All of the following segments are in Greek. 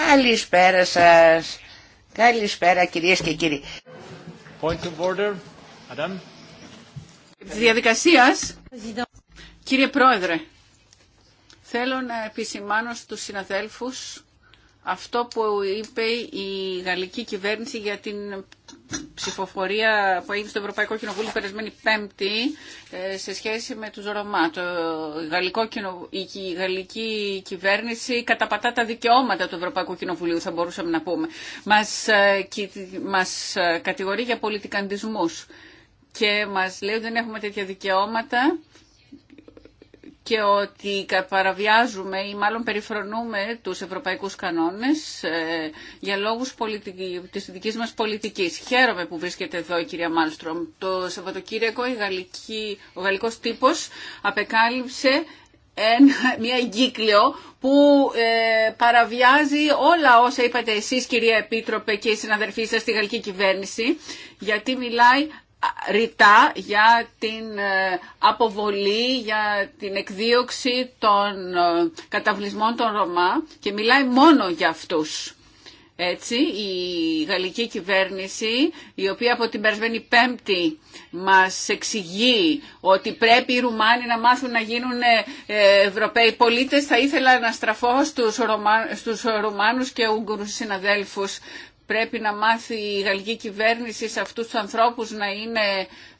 Καλησπέρα σας. Καλησπέρα κυρίες και κύριοι. Point of order. Adam. διαδικασίας, κύριε Πρόεδρε, θέλω να επισημάνω στους συναδέλφου αυτό που είπε η γαλλική κυβέρνηση για την ψηφοφορία που έγινε στο Ευρωπαϊκό Κοινοβούλιο περασμένη Πέμπτη ε, σε σχέση με τους Ρωμά. Το γαλλικό κοινο... Η γαλλική κυβέρνηση καταπατά τα δικαιώματα του Ευρωπαϊκού Κοινοβουλίου, θα μπορούσαμε να πούμε. Μας, ε, μας ε, κατηγορεί για πολιτικαντισμούς και μας λέει ότι δεν έχουμε τέτοια δικαιώματα και ότι παραβιάζουμε ή μάλλον περιφρονούμε τους ευρωπαϊκούς κανόνες ε, για λόγους πολιτική, της δικής μας πολιτικής. Χαίρομαι που βρίσκεται εδώ η κυρία κανονες για λογους τη Το Σαββατοκύριακο η γαλλική, ο γαλλικός τύπος απεκάλυψε μια εγκύκλιο που ε, παραβιάζει όλα όσα είπατε εσείς κυρία Επίτροπε και οι συναδελφοί σας στη γαλλική κυβέρνηση γιατί μιλάει ρητά για την ε, αποβολή, για την εκδίωξη των ε, καταβλισμών των Ρωμά και μιλάει μόνο για αυτούς. Έτσι, η γαλλική κυβέρνηση, η οποία από την περσμένη πέμπτη μας εξηγεί ότι πρέπει οι Ρουμάνοι να μάθουν να γίνουν ε, Ευρωπαίοι πολίτες, θα ήθελα να στραφώ στους, Ρωμα... στους Ρουμάνους και Ούγγρους συναδέλφους πρέπει να μάθει η γαλλική κυβέρνηση σε αυτούς τους ανθρώπους να είναι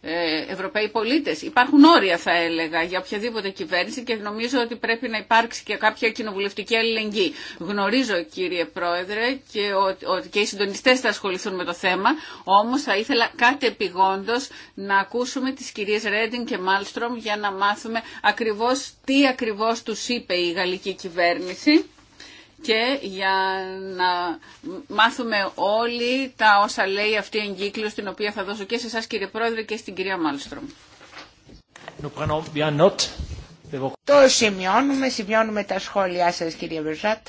ε, Ευρωπαίοι πολίτες. Υπάρχουν όρια θα έλεγα για οποιαδήποτε κυβέρνηση και νομίζω ότι πρέπει να υπάρξει και κάποια κοινοβουλευτική αλληλεγγύη. Γνωρίζω κύριε Πρόεδρε και ότι και οι συντονιστές θα ασχοληθούν με το θέμα, όμως θα ήθελα κάτι επιγόντως να ακούσουμε τις κυρίες Ρέντιν και Μάλστρομ για να μάθουμε ακριβώς τι ακριβώς τους είπε η γαλλική κυβέρνηση και για να μάθουμε όλοι τα όσα λέει αυτή η εγκύκλωση την οποία θα δώσω και σε εσά κύριε Πρόεδρε και στην κυρία Μάλστρομ. Το σημειώνουμε, σημειώνουμε τα σχόλιά σας κύριε Βερζάτ.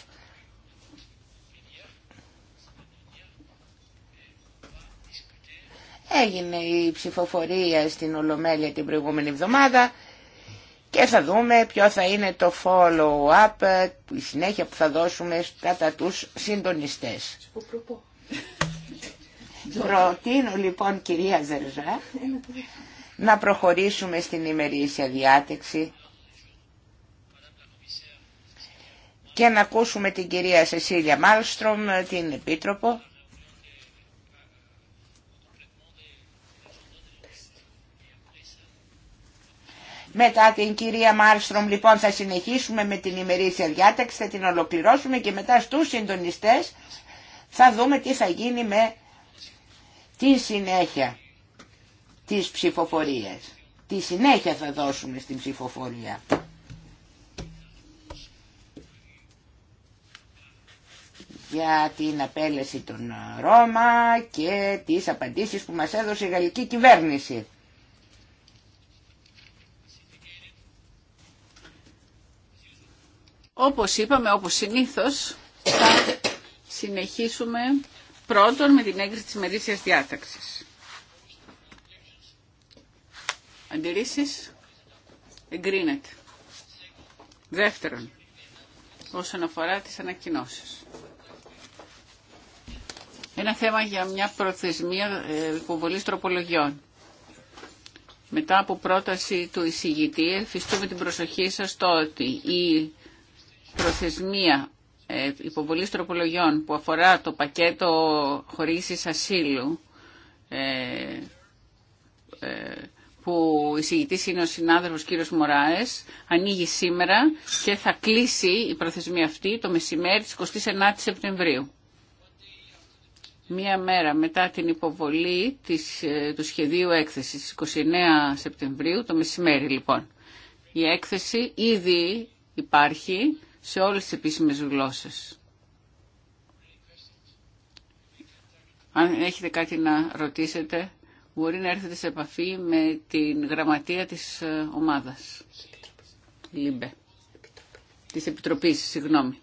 Έγινε η ψηφοφορία στην Ολομέλεια την προηγούμενη εβδομάδα και θα δούμε ποιο θα είναι το follow-up, η συνέχεια που θα δώσουμε κατά τους συντονιστές. Προτείνω λοιπόν κυρία Ζερζά να προχωρήσουμε στην ημερήσια διάταξη και να ακούσουμε την κυρία Σεσίλια Μάλστρομ, την Επίτροπο. Μετά την κυρία Μάρστρομ λοιπόν θα συνεχίσουμε με την ημερήσια διάταξη, θα την ολοκληρώσουμε και μετά στους συντονιστές θα δούμε τι θα γίνει με τη συνέχεια της ψηφοφορίας. Τη συνέχεια θα δώσουμε στην ψηφοφορία. για την απέλεση των Ρώμα και τις απαντήσεις που μας έδωσε η γαλλική κυβέρνηση. Όπως είπαμε, όπως συνήθως, θα συνεχίσουμε πρώτον με την έγκριση της μερίσιας διάταξης. Αντιρρήσεις εγκρίνεται. Δεύτερον, όσον αφορά τις ανακοινώσεις. Ένα θέμα για μια προθεσμία ε, υποβολή τροπολογιών. Μετά από πρόταση του εισηγητή, εφιστούμε την προσοχή σας στο ότι η προθεσμία ε, υποβολής τροπολογιών που αφορά το πακέτο χωρίς ασύλου ε, ε, που εισηγητή είναι ο συνάδελφος κύριος Μωράες ανοίγει σήμερα και θα κλείσει η προθεσμία αυτή το μεσημέρι της 29 Σεπτεμβρίου. Μία μέρα μετά την υποβολή της, του σχεδίου έκθεσης, 29 Σεπτεμβρίου, το μεσημέρι λοιπόν. Η έκθεση ήδη υπάρχει σε όλες τις επίσημες γλώσσες. Αν έχετε κάτι να ρωτήσετε, μπορεί να έρθετε σε επαφή με την γραμματεία της ε, ομάδας. Λίμπε. Της Επιτροπής, συγγνώμη.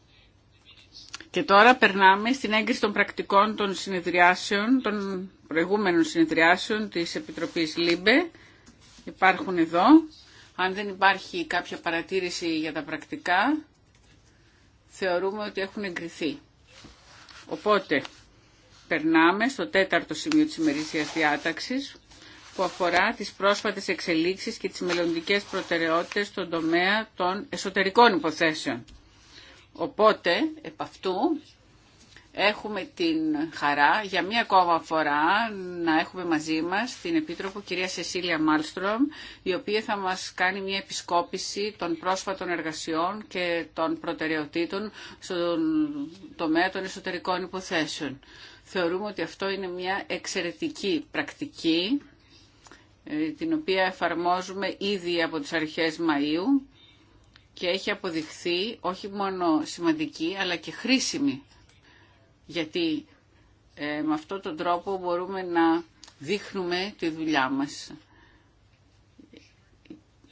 Και τώρα περνάμε στην έγκριση των πρακτικών των συνεδριάσεων, των προηγούμενων συνεδριάσεων της Επιτροπής ΛΥΜΠΕ. Υπάρχουν εδώ. Αν δεν υπάρχει κάποια παρατήρηση για τα πρακτικά, θεωρούμε ότι έχουν εγκριθεί. Οπότε, περνάμε στο τέταρτο σημείο της ημερήσιας διάταξης, που αφορά τις πρόσφατες εξελίξεις και τις μελλοντικέ προτεραιότητες στον τομέα των εσωτερικών υποθέσεων. Οπότε, επ' αυτού, έχουμε την χαρά για μία ακόμα φορά να έχουμε μαζί μας την Επίτροπο κυρία Σεσίλια Μάλστρομ, η οποία θα μας κάνει μία επισκόπηση των πρόσφατων εργασιών και των προτεραιοτήτων στον τομέα των εσωτερικών υποθέσεων. Θεωρούμε ότι αυτό είναι μία εξαιρετική πρακτική, ε, την οποία εφαρμόζουμε ήδη από τις αρχές Μαΐου και έχει αποδειχθεί όχι μόνο σημαντική αλλά και χρήσιμη γιατί ε, με αυτόν τον τρόπο μπορούμε να δείχνουμε τη δουλειά μας.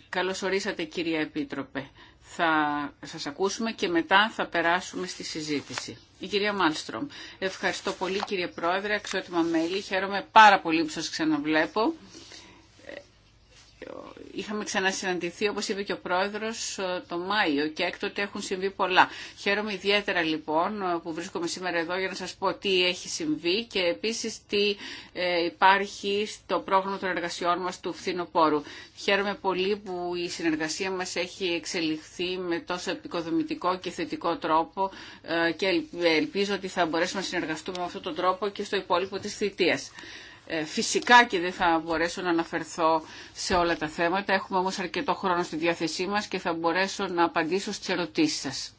Καλώς ορίσατε κυρία Επίτροπε. Θα σας ακούσουμε και μετά θα περάσουμε στη συζήτηση. Η κυρία Μάλστρομ. Ευχαριστώ πολύ κύριε Πρόεδρε, αξιότιμα μέλη. Χαίρομαι πάρα πολύ που σας ξαναβλέπω. Ε, Είχαμε ξανασυναντηθεί, όπως είπε και ο Πρόεδρος, το Μάιο και έκτοτε έχουν συμβεί πολλά. Χαίρομαι ιδιαίτερα λοιπόν που βρίσκομαι σήμερα εδώ για να σας πω τι έχει συμβεί και επίσης τι ε, υπάρχει στο πρόγραμμα των εργασιών μας του φθινοπόρου. Χαίρομαι πολύ που η συνεργασία μας έχει εξελιχθεί με τόσο επικοδομητικό και θετικό τρόπο ε, και ελπίζω ότι θα μπορέσουμε να συνεργαστούμε με αυτόν τον τρόπο και στο υπόλοιπο της θητείας. Ε, φυσικά και δεν θα μπορέσω να αναφερθώ σε όλα τα θέματα. Έχουμε όμως αρκετό χρόνο στη διάθεσή μας και θα μπορέσω να απαντήσω στις ερωτήσεις σας.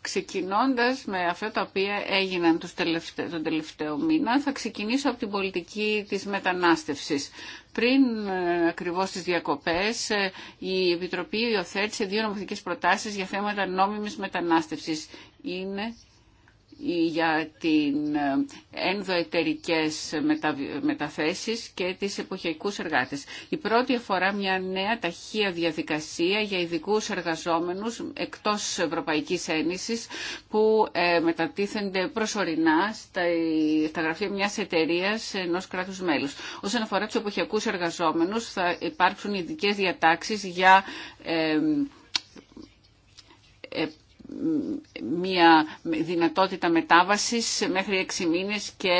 Ξεκινώντας με αυτά τα οποία έγιναν τους τον τελευταίο μήνα, θα ξεκινήσω από την πολιτική της μετανάστευσης. Πριν ε, ακριβώς τις διακοπές, ε, η Επιτροπή υιοθέτησε δύο νομοθετικές προτάσεις για θέματα νόμιμης μετανάστευσης. Είναι για την ε, ενδοετερικές μεταθέσεις και τις εποχιακούς εργάτες. Η πρώτη αφορά μια νέα ταχεία διαδικασία για ειδικούς εργαζόμενους εκτός Ευρωπαϊκής Ένωσης που ε, μετατίθενται προσωρινά στα γραφεία μιας εταιρείας ενός κράτους μέλους. Όσον αφορά τους εποχιακούς εργαζόμενους θα υπάρξουν ειδικέ διατάξεις για ε, μια δυνατότητα μετάβασης μέχρι 6 μήνες και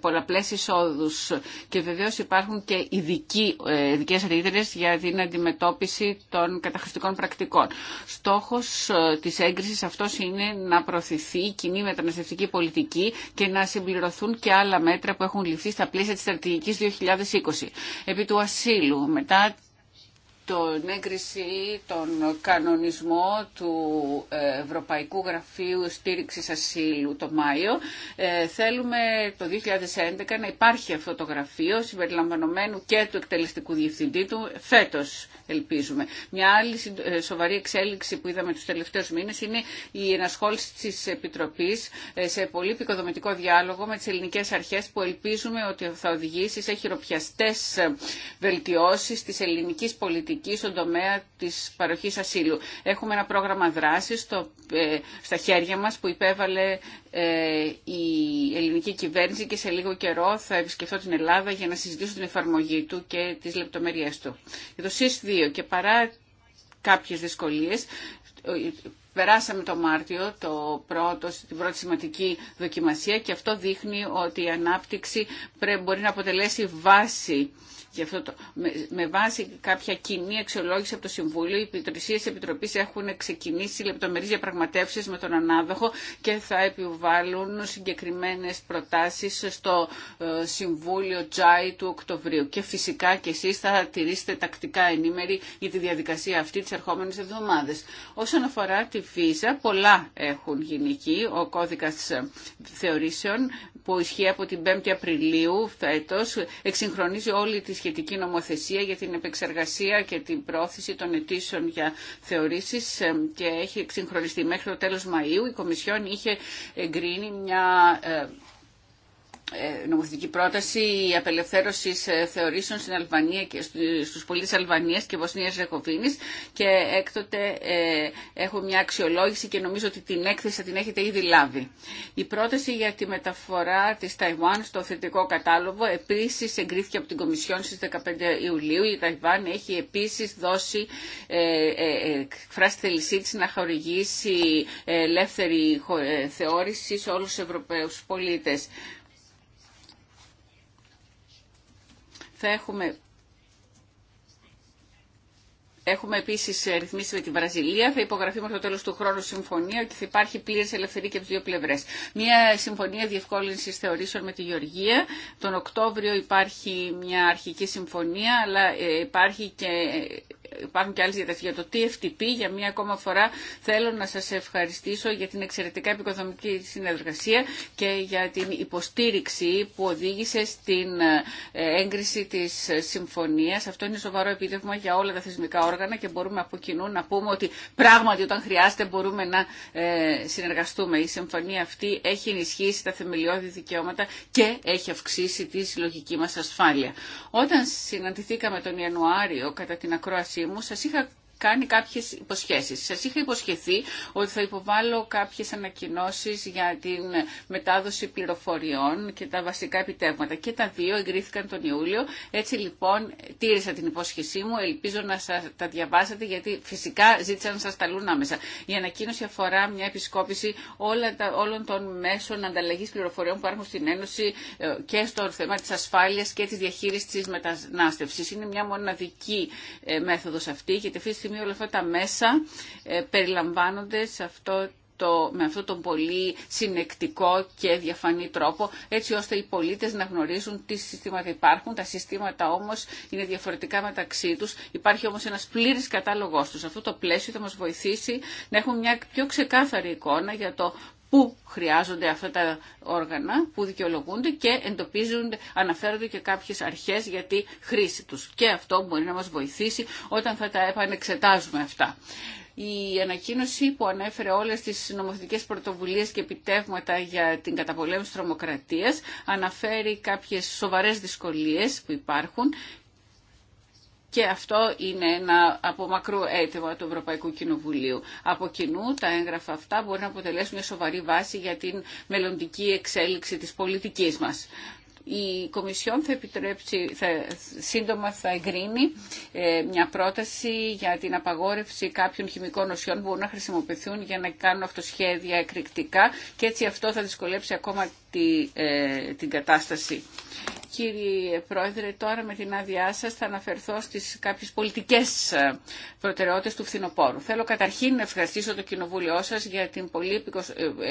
πολλαπλές εισόδους. Και βεβαίως υπάρχουν και ειδικοί, ε, ειδικές για την αντιμετώπιση των καταχρηστικών πρακτικών. Στόχος ε, της έγκρισης αυτός είναι να προωθηθεί η κοινή μεταναστευτική πολιτική και να συμπληρωθούν και άλλα μέτρα που έχουν ληφθεί στα πλαίσια της στρατηγικής 2020. Επί του ασύλου, μετά τον έγκριση, τον κανονισμό του Ευρωπαϊκού Γραφείου Στήριξης Ασύλου το Μάιο. Ε, θέλουμε το 2011 να υπάρχει αυτό το γραφείο συμπεριλαμβανομένου και του εκτελεστικού διευθυντή του φέτος ελπίζουμε. Μια άλλη ε, σοβαρή εξέλιξη που είδαμε τους τελευταίους μήνες είναι η ενασχόληση της Επιτροπής ε, σε πολύ πικοδομητικό διάλογο με τις ελληνικές αρχές που ελπίζουμε ότι θα οδηγήσει σε χειροπιαστές βελτιώσεις της ελληνικής πολιτικής στον τομέα της παροχής ασύλου. Έχουμε ένα πρόγραμμα δράσης ε, στα χέρια μας που υπέβαλε ε, η ελληνική κυβέρνηση και σε λίγο καιρό θα επισκεφθώ την Ελλάδα για να συζητήσω την εφαρμογή του και τις λεπτομέρειές του. Για το ΣΥΣ2 και παρά κάποιες δυσκολίες, Περάσαμε το Μάρτιο το πρώτο, την πρώτη σημαντική δοκιμασία και αυτό δείχνει ότι η ανάπτυξη μπορεί να αποτελέσει βάση και αυτό με, βάση κάποια κοινή αξιολόγηση από το Συμβούλιο, οι υπηρεσίε Επιτροπή έχουν ξεκινήσει λεπτομερεί διαπραγματεύσει με τον ανάδοχο και θα επιβάλλουν συγκεκριμένε προτάσει στο ε, Συμβούλιο Τζάι του Οκτωβρίου. Και φυσικά και εσεί θα τηρήσετε τακτικά ενήμεροι για τη διαδικασία αυτή τι ερχόμενε εβδομάδε. Όσον αφορά τη ΦΙΖΑ, πολλά έχουν γίνει Ο κώδικα θεωρήσεων που ισχύει από την 5η Απριλίου φέτος εξυγχρονίζει όλη τη σχετική νομοθεσία για την επεξεργασία και την πρόθεση των αιτήσεων για θεωρήσεις ε, και έχει εξυγχρονιστεί μέχρι το τέλος Μαΐου. Η Κομισιόν είχε εγκρίνει μια ε, νομοθετική πρόταση η απελευθέρωση θεωρήσεων στην Αλβανία και στους πολίτες Αλβανίας και Βοσνίας Ρεκοβίνης και έκτοτε ε, έχω μια αξιολόγηση και νομίζω ότι την έκθεση την έχετε ήδη λάβει. Η πρόταση για τη μεταφορά της Ταϊβάν στο θετικό κατάλογο επίσης εγκρίθηκε από την Κομισιόν στις 15 Ιουλίου. Η Ταϊβάν έχει επίση δώσει ε, ε, εκφράσει θελησή να χορηγήσει ελεύθερη θεώρηση σε όλου του ευρωπαίου πολίτε. Θα έχουμε... Έχουμε επίση ρυθμίσει με τη Βραζιλία. Θα υπογραφεί με το τέλο του χρόνου συμφωνία και θα υπάρχει πλήρη ελευθερία και από τι δύο πλευρέ. Μια συμφωνία διευκόλυνση θεωρήσεων με τη Γεωργία. Τον Οκτώβριο υπάρχει μια αρχική συμφωνία, αλλά ε, υπάρχει και υπάρχουν και άλλε διαταγές για το TFTP. Για μία ακόμα φορά θέλω να σας ευχαριστήσω για την εξαιρετικά επικοδομική συνεργασία και για την υποστήριξη που οδήγησε στην ε, έγκριση της συμφωνίας. Αυτό είναι σοβαρό επίτευγμα για όλα τα θεσμικά όργανα και μπορούμε από κοινού να πούμε ότι πράγματι όταν χρειάζεται μπορούμε να ε, συνεργαστούμε. Η συμφωνία αυτή έχει ενισχύσει τα θεμελιώδη δικαιώματα και έχει αυξήσει τη συλλογική μας ασφάλεια. Όταν συναντηθήκαμε τον Ιανουάριο κατά την ακρόαση μου σας είχα κάνει κάποιες υποσχέσεις. Σας είχα υποσχεθεί ότι θα υποβάλω κάποιες ανακοινώσεις για την μετάδοση πληροφοριών και τα βασικά επιτεύγματα. Και τα δύο εγκρίθηκαν τον Ιούλιο. Έτσι λοιπόν τήρησα την υπόσχεσή μου. Ελπίζω να σας τα διαβάσατε γιατί φυσικά ζήτησα να σας ταλούν άμεσα. Η ανακοίνωση αφορά μια επισκόπηση όλων των μέσων ανταλλαγής πληροφοριών που υπάρχουν στην Ένωση ε, και στο θέμα της ασφάλειας και της διαχείριση τη μετανάστευση. Είναι μια μοναδική ε, μέθοδος αυτή γιατί στιγμή όλα αυτά τα μέσα ε, περιλαμβάνονται σε αυτό το, με αυτόν τον πολύ συνεκτικό και διαφανή τρόπο, έτσι ώστε οι πολίτες να γνωρίζουν τι συστήματα υπάρχουν. Τα συστήματα όμως είναι διαφορετικά μεταξύ τους. Υπάρχει όμως ένας πλήρης κατάλογός τους. Αυτό το πλαίσιο θα μας βοηθήσει να έχουμε μια πιο ξεκάθαρη εικόνα για το πού χρειάζονται αυτά τα όργανα, πού δικαιολογούνται και αναφέρονται και κάποιες αρχές για τη χρήση τους. Και αυτό μπορεί να μας βοηθήσει όταν θα τα επανεξετάζουμε αυτά. Η ανακοίνωση που ανέφερε όλες τις νομοθετικές πρωτοβουλίες και επιτεύγματα για την καταπολέμηση τρομοκρατίας αναφέρει κάποιες σοβαρές δυσκολίες που υπάρχουν και αυτό είναι ένα από μακρού αίτημα του Ευρωπαϊκού Κοινοβουλίου. Από κοινού τα έγγραφα αυτά μπορεί να αποτελέσουν μια σοβαρή βάση για την μελλοντική εξέλιξη της πολιτικής μας η Κομισιόν θα επιτρέψει, θα, σύντομα θα εγκρίνει ε, μια πρόταση για την απαγόρευση κάποιων χημικών ουσιών που μπορούν να χρησιμοποιηθούν για να κάνουν αυτοσχέδια εκρηκτικά και έτσι αυτό θα δυσκολέψει ακόμα τη, ε, την κατάσταση. Κύριε Πρόεδρε, τώρα με την άδειά σας θα αναφερθώ στις κάποιες πολιτικές ε, προτεραιότητες του φθινοπόρου. Θέλω καταρχήν να ευχαριστήσω το Κοινοβούλιο σας για την πολύ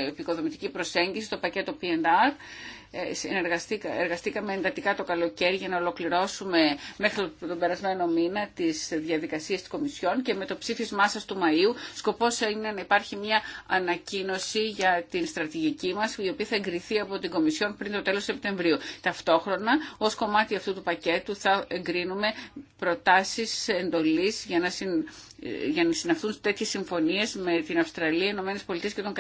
επικοδομητική προσέγγιση στο πακέτο PNR ε, εργαστήκαμε εντατικά το καλοκαίρι για να ολοκληρώσουμε μέχρι τον περασμένο μήνα τις διαδικασίες της Κομισιόν και με το ψήφισμά σα του Μαΐου σκοπός είναι να υπάρχει μια ανακοίνωση για την στρατηγική μας η οποία θα εγκριθεί από την Κομισιόν πριν το τέλος Σεπτεμβρίου. Ταυτόχρονα ως κομμάτι αυτού του πακέτου θα εγκρίνουμε προτάσεις εντολής για να, συν, για να συναυθούν τέτοιες συμφωνίες με την Αυστραλία, ΗΠΑ και τον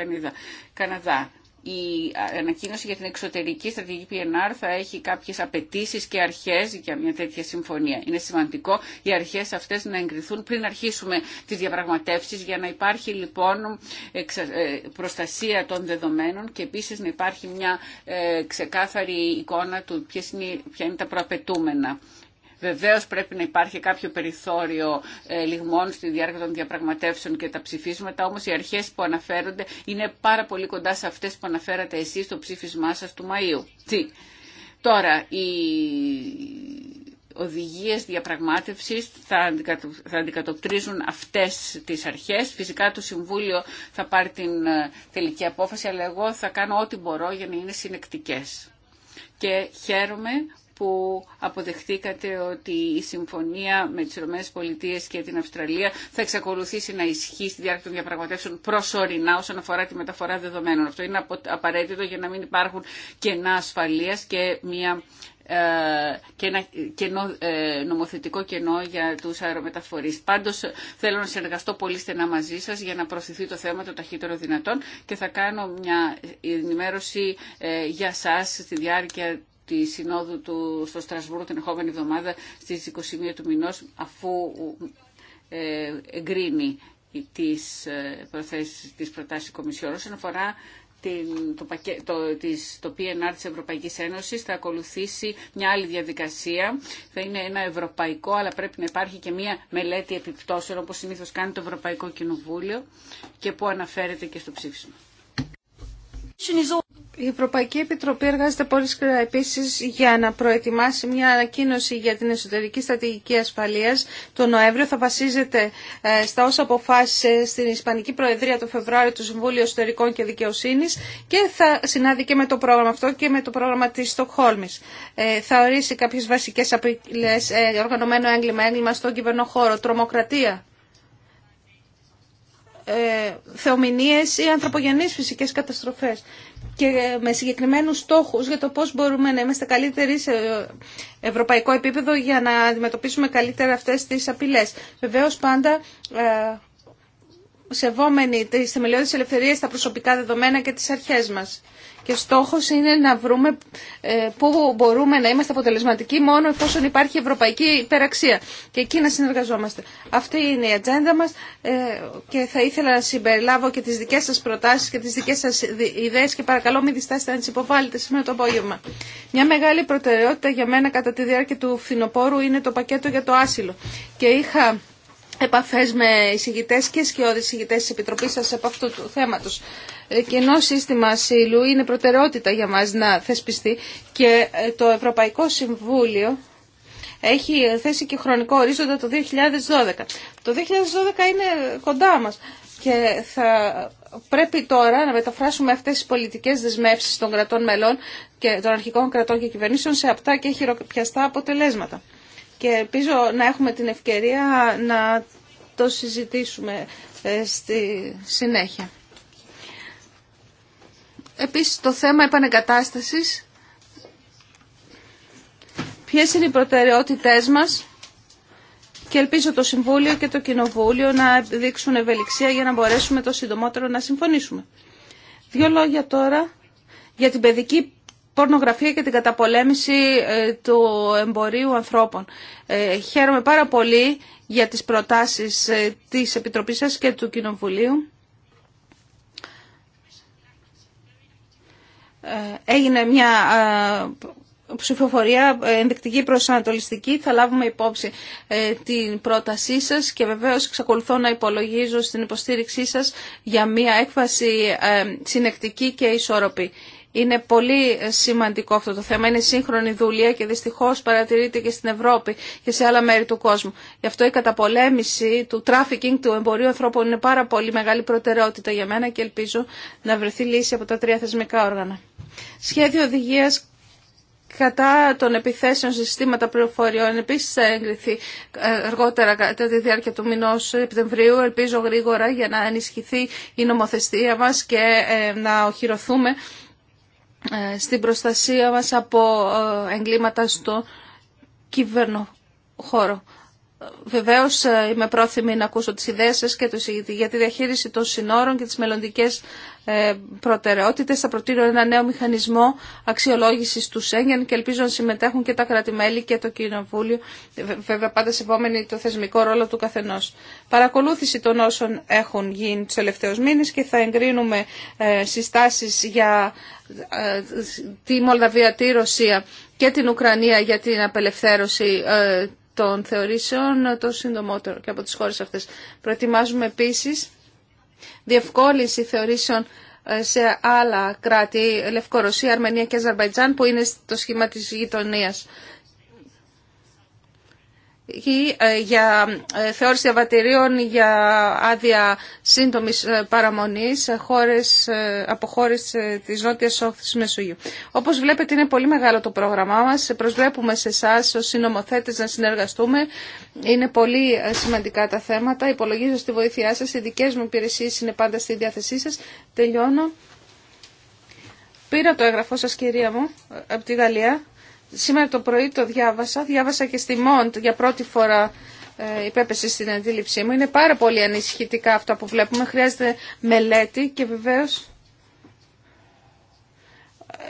Καναδά η ανακοίνωση για την εξωτερική στρατηγική PNR θα έχει κάποιες απαιτήσει και αρχές για μια τέτοια συμφωνία. Είναι σημαντικό οι αρχές αυτές να εγκριθούν πριν αρχίσουμε τι διαπραγματεύσει, για να υπάρχει λοιπόν ε, προστασία των δεδομένων και επίσης να υπάρχει μια ε, ξεκάθαρη εικόνα του ποια είναι τα προαπαιτούμενα. Βεβαίω πρέπει να υπάρχει κάποιο περιθώριο ε, λιγμών στη διάρκεια των διαπραγματεύσεων και τα ψηφίσματα, όμως οι αρχές που αναφέρονται είναι πάρα πολύ κοντά σε αυτές που αναφέρατε εσεί στο ψήφισμά σας του Μαΐου. Τι. Τώρα, οι οδηγίες διαπραγμάτευσης θα αντικατοπτρίζουν αυτές τις αρχές. Φυσικά το Συμβούλιο θα πάρει την ε, τελική απόφαση, αλλά εγώ θα κάνω ό,τι μπορώ για να είναι συνεκτικές. Και χαίρομαι που αποδεχτήκατε ότι η συμφωνία με τις Ρωμαίες Πολιτείες και την Αυστραλία θα εξακολουθήσει να ισχύει στη διάρκεια των διαπραγματεύσεων προσωρινά όσον αφορά τη μεταφορά δεδομένων. Αυτό είναι απαραίτητο για να μην υπάρχουν κενά ασφαλείας και μια ε, και ένα ε, νομοθετικό κενό για τους αερομεταφορείς. Πάντως θέλω να συνεργαστώ πολύ στενά μαζί σας για να προωθηθεί το θέμα το ταχύτερο δυνατόν και θα κάνω μια ενημέρωση ε, για σας στη διάρκεια τη Συνόδου του στο Στρασβούργο την ερχόμενη εβδομάδα στις 21 του μηνός αφού ε, εγκρίνει τις, ε, προθέσεις, πρότασης της Κομισιόν. Όσον αφορά την, το, πακέ, της, το PNR της Ευρωπαϊκής Ένωσης θα ακολουθήσει μια άλλη διαδικασία. Θα είναι ένα ευρωπαϊκό, αλλά πρέπει να υπάρχει και μια μελέτη επιπτώσεων, όπως συνήθως κάνει το Ευρωπαϊκό Κοινοβούλιο και που αναφέρεται και στο ψήφισμα. Η Ευρωπαϊκή Επιτροπή εργάζεται πολύ σκληρά επίση για να προετοιμάσει μια ανακοίνωση για την εσωτερική στρατηγική ασφαλεία. Το Νοέμβριο θα βασίζεται ε, στα όσα αποφάσισε στην Ισπανική Προεδρία το Φεβρουάριο του Συμβούλιο Εσωτερικών και Δικαιοσύνη και θα συνάδει και με το πρόγραμμα αυτό και με το πρόγραμμα τη Στοκχόλμη. Ε, θα ορίσει κάποιε βασικέ απειλέ, ε, οργανωμένο έγκλημα, έγκλημα στον κυβερνοχώρο, τρομοκρατία θεομηνίες ή ανθρωπογενείς φυσικές καταστροφές και με συγκεκριμένους στόχους για το πώς μπορούμε να είμαστε καλύτεροι σε ευρωπαϊκό επίπεδο για να αντιμετωπίσουμε καλύτερα αυτές τις απειλές. Βεβαίως πάντα ε, σεβόμενοι τις θεμελιώδεις ελευθερίες, τα προσωπικά δεδομένα και τις αρχές μας. Και στόχος είναι να βρούμε ε, πού μπορούμε να είμαστε αποτελεσματικοί μόνο εφόσον υπάρχει ευρωπαϊκή υπεραξία και εκεί να συνεργαζόμαστε. Αυτή είναι η ατζέντα μας ε, και θα ήθελα να συμπεριλάβω και τις δικές σας προτάσεις και τις δικές σας ιδέες και παρακαλώ μην διστάσετε να τις υποβάλλετε σήμερα το απόγευμα. Μια μεγάλη προτεραιότητα για μένα κατά τη διάρκεια του φθινοπόρου είναι το πακέτο για το άσυλο. Και είχα επαφές με εισηγητέ και σκιώδεις εισηγητέ της Επιτροπής σας από αυτού του θέματος. Ε, Κοινό σύστημα ασύλου είναι προτεραιότητα για μας να θεσπιστεί και ε, το Ευρωπαϊκό Συμβούλιο έχει θέσει και χρονικό ορίζοντα το 2012. Το 2012 είναι κοντά μας και θα πρέπει τώρα να μεταφράσουμε αυτές τις πολιτικές δεσμεύσεις των κρατών μελών και των αρχικών κρατών και κυβερνήσεων σε απτά και χειροπιαστά αποτελέσματα και ελπίζω να έχουμε την ευκαιρία να το συζητήσουμε ε, στη συνέχεια. Επίσης το θέμα επανεγκατάστασης. Ποιες είναι οι προτεραιότητές μας και ελπίζω το Συμβούλιο και το Κοινοβούλιο να δείξουν ευελιξία για να μπορέσουμε το συντομότερο να συμφωνήσουμε. Δύο λόγια τώρα για την παιδική πορνογραφία και την καταπολέμηση ε, του εμπορίου ανθρώπων. Ε, χαίρομαι πάρα πολύ για τις προτάσεις ε, της Επιτροπής σας και του Κοινοβουλίου. Έγινε μια ψηφοφορία ενδεικτική προσανατολιστική. Θα λάβουμε υπόψη την πρότασή σας και βεβαίως εξακολουθώ να υπολογίζω στην υποστήριξή σας για μια έκφαση συνεκτική και ισόρροπη. Είναι πολύ σημαντικό αυτό το θέμα. Είναι σύγχρονη δουλεία και δυστυχώ παρατηρείται και στην Ευρώπη και σε άλλα μέρη του κόσμου. Γι' αυτό η καταπολέμηση του τράφικινγκ του εμπορίου ανθρώπων είναι πάρα πολύ μεγάλη προτεραιότητα για μένα και ελπίζω να βρεθεί λύση από τα τρία θεσμικά όργανα. Σχέδιο οδηγία κατά των επιθέσεων σε συστήματα πληροφοριών επίση θα εγκριθεί ε, αργότερα κατά τη διάρκεια του μηνό Σεπτεμβρίου, ελπίζω γρήγορα για να ενισχυθεί η νομοθεσία μα και ε, να οχυρωθούμε ε, στην προστασία μας από ε, εγκλήματα στο κυβέρνοχώρο. Βεβαίω ε, είμαι πρόθυμη να ακούσω τι ιδέες σα και το, για τη διαχείριση των συνόρων και τι μελλοντικέ ε, προτεραιότητε, Θα προτείνω ένα νέο μηχανισμό αξιολόγηση του Σέγγεν και ελπίζω να συμμετέχουν και τα κράτη-μέλη και το Κοινοβούλιο, βέβαια πάντα σεβόμενοι το θεσμικό ρόλο του καθενό. Παρακολούθηση των όσων έχουν γίνει του τελευταίου μήνε και θα εγκρίνουμε ε, συστάσει για τη Μολδαβία, τη Ρωσία και την Ουκρανία για την απελευθέρωση των θεωρήσεων το συντομότερο και από τις χώρες αυτές. Προετοιμάζουμε επίσης διευκόλυνση θεωρήσεων ε, σε άλλα κράτη, Λευκορωσία, Αρμενία και Αζερβαϊτζάν που είναι στο σχήμα της γειτονίας. Ε, για ε, θεώρηση διαβατηρίων για άδεια σύντομη ε, παραμονή χώρες, από χώρε τη νότια όχθη Μεσογείου. Όπω βλέπετε, είναι πολύ μεγάλο το πρόγραμμά μα. Προσβλέπουμε σε εσά ω συνομοθέτε να συνεργαστούμε. Είναι πολύ σημαντικά τα θέματα. Υπολογίζω στη βοήθειά σα. Οι δικέ μου υπηρεσίε είναι πάντα στη διάθεσή σα. Τελειώνω. Πήρα το έγγραφό σα κυρία μου από τη Γαλλία Σήμερα το πρωί το διάβασα, διάβασα και στη Μοντ για πρώτη φορά υπέπεσε ε, στην αντίληψή μου. Είναι πάρα πολύ ανησυχητικά αυτά που βλέπουμε. Χρειάζεται μελέτη και βεβαίως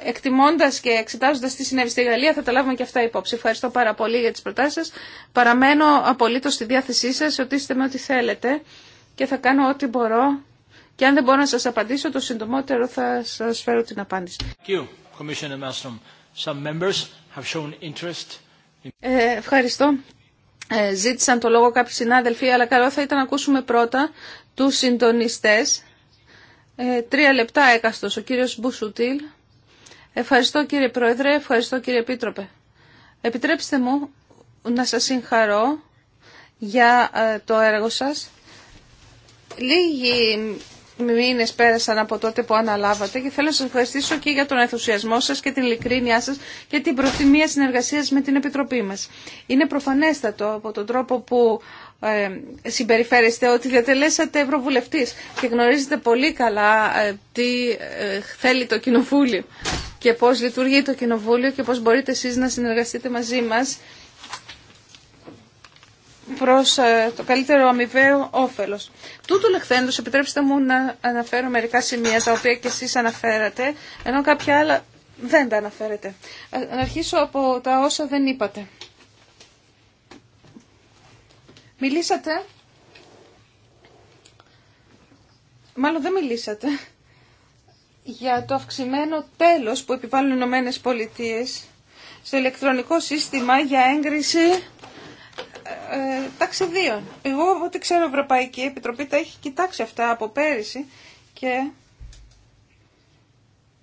ε, εκτιμώντας και εξετάζοντας τι συνέβη στη Γαλλία θα τα λάβουμε και αυτά υπόψη. Ευχαριστώ πάρα πολύ για τις προτάσεις σας. Παραμένω απολύτως στη διάθεσή σας, ρωτήστε με ό,τι θέλετε και θα κάνω ό,τι μπορώ. Και αν δεν μπορώ να σας απαντήσω, το συντομότερο θα σας φέρω την απάντηση. Thank you, Some members ε, ευχαριστώ. Ε, ζήτησαν το λόγο κάποιοι συνάδελφοι, αλλά καλό θα ήταν να ακούσουμε πρώτα τους συντονιστές. Ε, τρία λεπτά έκαστος ο κύριος Μπουσουτήλ. Ευχαριστώ κύριε Πρόεδρε, ευχαριστώ κύριε Επίτροπε. Επιτρέψτε μου να σας συγχαρώ για το έργο σας μήνες πέρασαν από τότε που αναλάβατε και θέλω να σας ευχαριστήσω και για τον ενθουσιασμό σας και την ειλικρίνειά σας και την προθυμία συνεργασίας με την Επιτροπή μας. Είναι προφανέστατο από τον τρόπο που ε, συμπεριφέρεστε ότι διατελέσατε Ευρωβουλευτής και γνωρίζετε πολύ καλά ε, τι ε, θέλει το Κοινοβούλιο και πώς λειτουργεί το Κοινοβούλιο και πώς μπορείτε εσείς να συνεργαστείτε μαζί μας προς ε, το καλύτερο αμοιβαίο όφελος. Τούτου λεχθέντος, επιτρέψτε μου να αναφέρω μερικά σημεία τα οποία και εσεί αναφέρατε, ενώ κάποια άλλα δεν τα αναφέρετε. Να αρχίσω από τα όσα δεν είπατε. Μιλήσατε, μάλλον δεν μιλήσατε, για το αυξημένο τέλος που επιβάλλουν οι Ηνωμένε Πολιτείε στο ηλεκτρονικό σύστημα για έγκριση ε, ταξιδίων. Εγώ ό,τι ξέρω η Ευρωπαϊκή Επιτροπή τα έχει κοιτάξει αυτά από πέρυσι και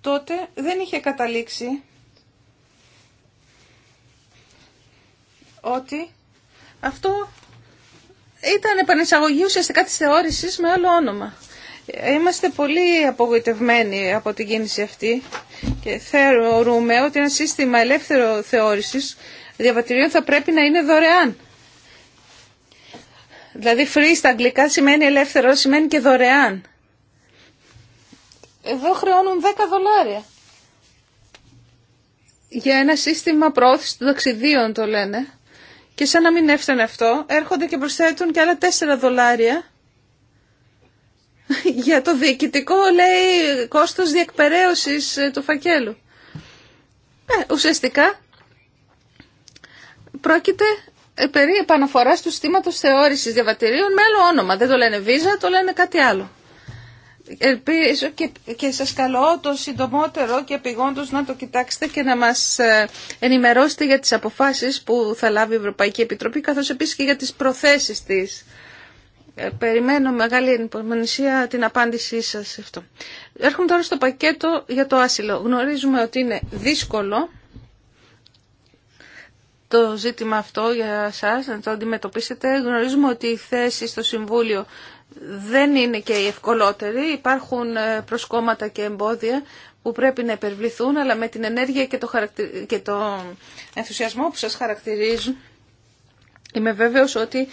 τότε δεν είχε καταλήξει ότι αυτό ήταν επανεισαγωγή ουσιαστικά της θεώρησης με άλλο όνομα. Είμαστε πολύ απογοητευμένοι από την κίνηση αυτή και θεωρούμε ότι ένα σύστημα ελεύθερο θεώρησης διαβατηρίων θα πρέπει να είναι δωρεάν. Δηλαδή free στα αγγλικά σημαίνει ελεύθερο, σημαίνει και δωρεάν. Εδώ χρεώνουν 10 δολάρια. Για ένα σύστημα προώθηση των ταξιδίων το λένε. Και σαν να μην έφτανε αυτό, έρχονται και προσθέτουν και άλλα 4 δολάρια για το διοικητικό, λέει, κόστος διεκπαιρέωσης ε, του φακέλου. Ε, ουσιαστικά, πρόκειται ε, περί επαναφοράς του στήματος θεώρησης διαβατηρίων με άλλο όνομα. Δεν το λένε Visa, το λένε κάτι άλλο. Ελπίζω και, και σας καλώ το συντομότερο και επιγόντως να το κοιτάξετε και να μας ε, ενημερώσετε για τις αποφάσεις που θα λάβει η Ευρωπαϊκή Επιτροπή καθώς επίσης και για τις προθέσεις της. Ε, περιμένω μεγάλη ενυπομονησία την απάντησή σας αυτό. Έρχομαι τώρα στο πακέτο για το άσυλο. Γνωρίζουμε ότι είναι δύσκολο το ζήτημα αυτό για σας να το αντιμετωπίσετε. Γνωρίζουμε ότι η θέση στο Συμβούλιο δεν είναι και η ευκολότερη. Υπάρχουν ε, προσκόμματα και εμπόδια που πρέπει να υπερβληθούν, αλλά με την ενέργεια και το, και το ενθουσιασμό που σας χαρακτηρίζουν, είμαι βέβαιος ότι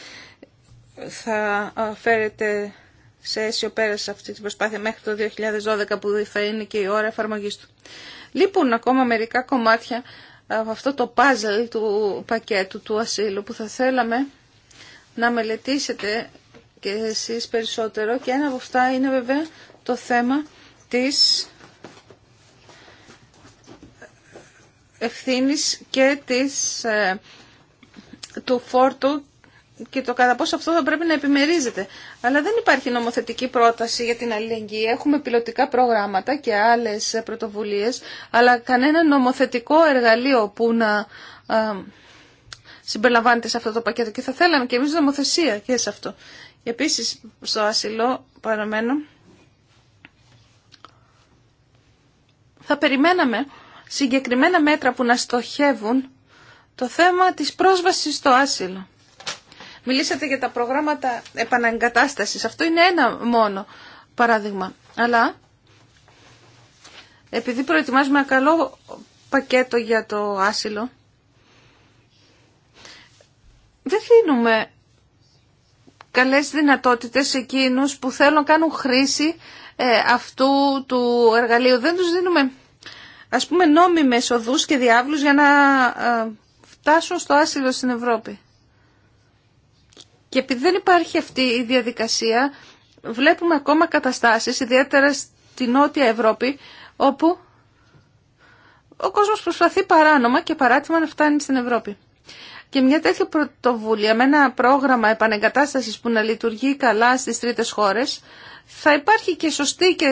θα ε, φέρετε σε αίσιο πέρα αυτή την προσπάθεια μέχρι το 2012 που θα είναι και η ώρα εφαρμογής του. Λείπουν ακόμα μερικά κομμάτια από αυτό το παζλ του πακέτου του ασύλου που θα θέλαμε να μελετήσετε και εσείς περισσότερο και ένα από αυτά είναι βέβαια το θέμα της ευθύνης και της, ε, του φόρτου και το κατά πόσο αυτό θα πρέπει να επιμερίζεται. Αλλά δεν υπάρχει νομοθετική πρόταση για την αλληλεγγύη. Έχουμε πιλωτικά προγράμματα και άλλες πρωτοβουλίες, αλλά κανένα νομοθετικό εργαλείο που να συμπεριλαμβάνεται σε αυτό το πακέτο. Και θα θέλαμε και εμείς νομοθεσία και σε αυτό. Επίσης, στο ασυλό παραμένω, θα περιμέναμε συγκεκριμένα μέτρα που να στοχεύουν το θέμα της πρόσβασης στο άσυλο. Μιλήσατε για τα προγράμματα επαναγκατάστασης. Αυτό είναι ένα μόνο παράδειγμα. Αλλά επειδή προετοιμάζουμε ένα καλό πακέτο για το άσυλο, δεν δίνουμε καλές δυνατότητες εκείνους που θέλουν να κάνουν χρήση ε, αυτού του εργαλείου. Δεν τους δίνουμε ας πούμε νόμιμες οδούς και διάβλους για να ε, φτάσουν στο άσυλο στην Ευρώπη. Και επειδή δεν υπάρχει αυτή η διαδικασία, βλέπουμε ακόμα καταστάσεις, ιδιαίτερα στη Νότια Ευρώπη, όπου ο κόσμος προσπαθεί παράνομα και παράτημα να φτάνει στην Ευρώπη. Και μια τέτοια πρωτοβουλία με ένα πρόγραμμα επανεγκατάστασης που να λειτουργεί καλά στις τρίτες χώρες, θα υπάρχει και σωστή και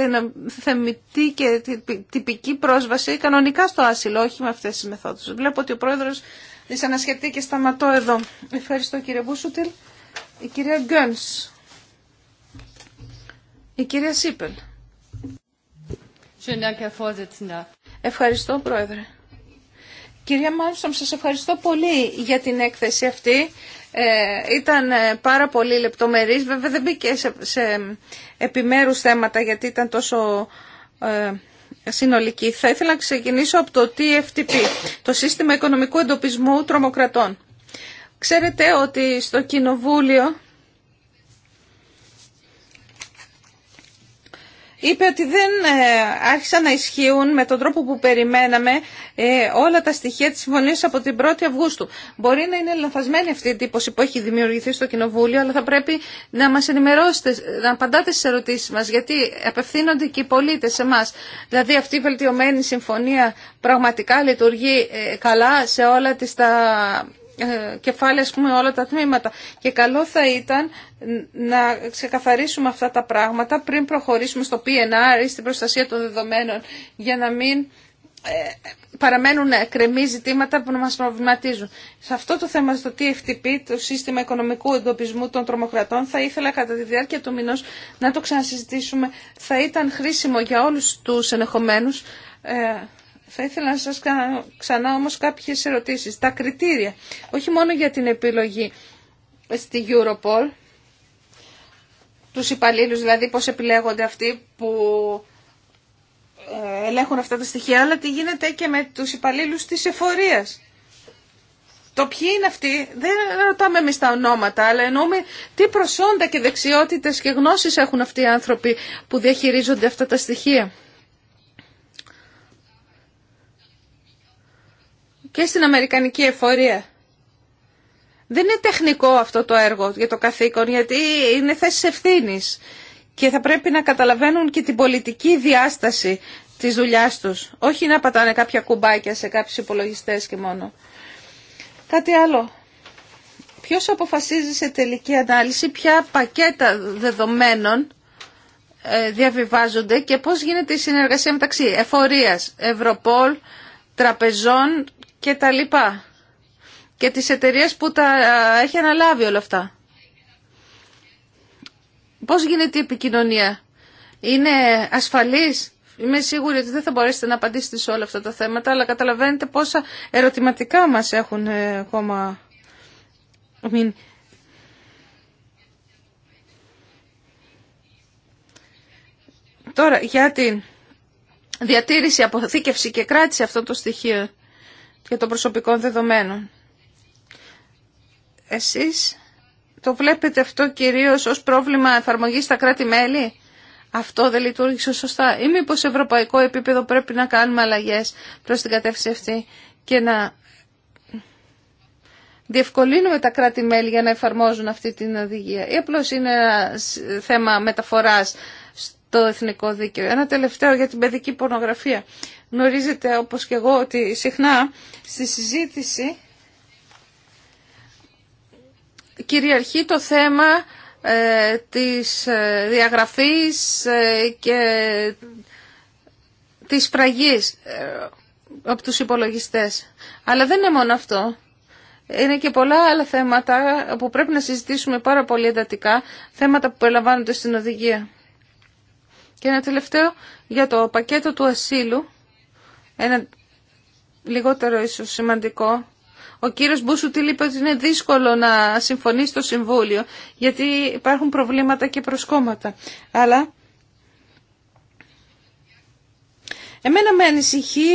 θεμητή και τυπική πρόσβαση κανονικά στο άσυλο, όχι με αυτές τις μεθόδους. Βλέπω ότι ο πρόεδρος δυσανασχετεί και σταματώ εδώ. Ευχαριστώ κύριε Μπούσουτιλ η κυρία Γκένς, η κυρία Σίπελ. Ευχαριστώ, Πρόεδρε. Κυρία Μάλμστρομ, σας ευχαριστώ πολύ για την έκθεση αυτή. Ε, ήταν ε, πάρα πολύ λεπτομερής. Βέβαια δεν μπήκε σε, σε επιμέρους θέματα γιατί ήταν τόσο ε, συνολική. Θα ήθελα να ξεκινήσω από το TFTP, το Σύστημα Οικονομικού Εντοπισμού Τρομοκρατών. Ξέρετε ότι στο Κοινοβούλιο είπε ότι δεν ε, άρχισαν να ισχύουν με τον τρόπο που περιμέναμε ε, όλα τα στοιχεία της συμφωνίας από την 1η Αυγούστου. Μπορεί να είναι λανθασμένη αυτή η τύπωση που έχει δημιουργηθεί στο Κοινοβούλιο, αλλά θα πρέπει να μας ενημερώσετε, να απαντάτε στις ερωτήσεις μας, γιατί απευθύνονται και οι πολίτες σε εμά. Δηλαδή αυτή η βελτιωμένη συμφωνία πραγματικά λειτουργεί ε, καλά σε όλα τις τα ε, κεφάλαια, ας πούμε, όλα τα τμήματα. Και καλό θα ήταν να ξεκαθαρίσουμε αυτά τα πράγματα πριν προχωρήσουμε στο PNR ή στην προστασία των δεδομένων για να μην ε, παραμένουν κρεμή ζητήματα που να μας προβληματίζουν. Σε αυτό το θέμα, στο TFTP, το σύστημα οικονομικού εντοπισμού των τρομοκρατών, θα ήθελα κατά τη διάρκεια του μηνός να το ξανασυζητήσουμε. Θα ήταν χρήσιμο για όλους τους ενεχομένους ε, θα ήθελα να σας κάνω ξανά όμως κάποιες ερωτήσεις. Τα κριτήρια, όχι μόνο για την επιλογή στη Europol, τους υπαλλήλους δηλαδή πώς επιλέγονται αυτοί που ε, ελέγχουν αυτά τα στοιχεία, αλλά τι γίνεται και με τους υπαλλήλους της εφορίας. Το ποιοι είναι αυτοί, δεν ρωτάμε εμεί τα ονόματα, αλλά εννοούμε τι προσόντα και δεξιότητες και γνώσεις έχουν αυτοί οι άνθρωποι που διαχειρίζονται αυτά τα στοιχεία. και στην Αμερικανική εφορία. Δεν είναι τεχνικό αυτό το έργο για το καθήκον, γιατί είναι θέσεις ευθύνη και θα πρέπει να καταλαβαίνουν και την πολιτική διάσταση της δουλειά τους, όχι να πατάνε κάποια κουμπάκια σε κάποιους υπολογιστέ και μόνο. Κάτι άλλο. Ποιος αποφασίζει σε τελική ανάλυση ποια πακέτα δεδομένων ε, διαβιβάζονται και πώς γίνεται η συνεργασία μεταξύ εφορίας, ευρωπόλ, τραπεζών και τα λοιπά και τις εταιρείες που τα έχει αναλάβει όλα αυτά. Πώς γίνεται η επικοινωνία. Είναι ασφαλής. Είμαι σίγουρη ότι δεν θα μπορέσετε να απαντήσετε σε όλα αυτά τα θέματα, αλλά καταλαβαίνετε πόσα ερωτηματικά μας έχουν ε, ακόμα Τώρα, για την διατήρηση, αποθήκευση και κράτηση αυτών των στοιχείων και των προσωπικών δεδομένων. Εσείς το βλέπετε αυτό κυρίως ως πρόβλημα εφαρμογής στα κράτη-μέλη. Αυτό δεν λειτουργήσε σωστά. Ή μήπω σε ευρωπαϊκό επίπεδο πρέπει να κάνουμε αλλαγές προς την κατεύθυνση αυτή και να διευκολύνουμε τα κράτη-μέλη για να εφαρμόζουν αυτή την οδηγία. Ή απλώς είναι ένα θέμα μεταφοράς στο εθνικό δίκαιο. Ένα τελευταίο για την παιδική πορνογραφία. Γνωρίζετε όπως και εγώ ότι συχνά στη συζήτηση κυριαρχεί το θέμα ε, της ε, διαγραφής ε, και της πραγής από τους υπολογιστές. Αλλά δεν είναι μόνο αυτό. Είναι και πολλά άλλα θέματα που πρέπει να συζητήσουμε πάρα πολύ εντατικά, θέματα που περιλαμβάνονται στην οδηγία. Και ένα τελευταίο για το πακέτο του ασύλου. Ένα λιγότερο ίσως σημαντικό. Ο κύριος τι είπε ότι είναι δύσκολο να συμφωνεί στο Συμβούλιο γιατί υπάρχουν προβλήματα και προσκόμματα. Αλλά Εμένα με ανησυχεί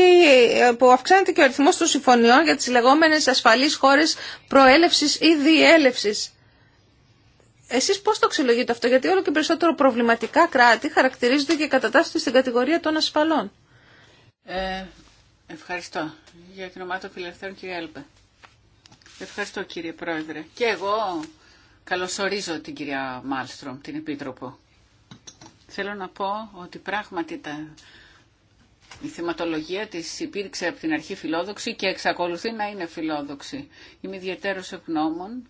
ε, που αυξάνεται και ο αριθμό των συμφωνιών για τις λεγόμενες ασφαλείς χώρες προέλευσης ή διέλευσης. Εσείς πώς το αξιολογείτε αυτό, γιατί όλο και περισσότερο προβληματικά κράτη χαρακτηρίζονται και κατατάσσονται στην κατηγορία των ασφαλών. Ε, ευχαριστώ. Για την ομάδα των φιλελευθέρων, κύριε Έλπε. Ευχαριστώ, κύριε Πρόεδρε. Και εγώ καλωσορίζω την κυρία Μάλστρομ, την Επίτροπο. Θέλω να πω ότι πράγματι τα... η θεματολογία της υπήρξε από την αρχή φιλόδοξη και εξακολουθεί να είναι φιλόδοξη. Είμαι ιδιαίτερος ευγνώμων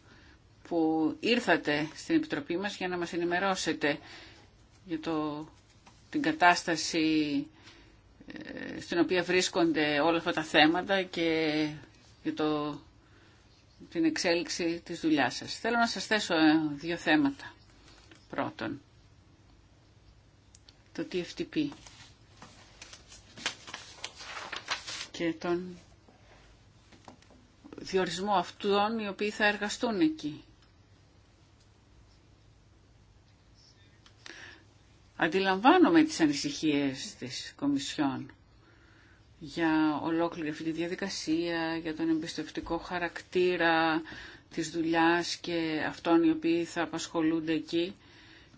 που ήρθατε στην Επιτροπή μας για να μας ενημερώσετε για το... την κατάσταση στην οποία βρίσκονται όλα αυτά τα θέματα και το, την εξέλιξη της δουλειάς σας. Θέλω να σας θέσω ε, δύο θέματα. Πρώτον, το TFTP και τον διορισμό αυτών οι οποίοι θα εργαστούν εκεί. Αντιλαμβάνομαι τις ανησυχίες της Κομισιόν για ολόκληρη αυτή τη διαδικασία, για τον εμπιστευτικό χαρακτήρα της δουλειάς και αυτών οι οποίοι θα απασχολούνται εκεί.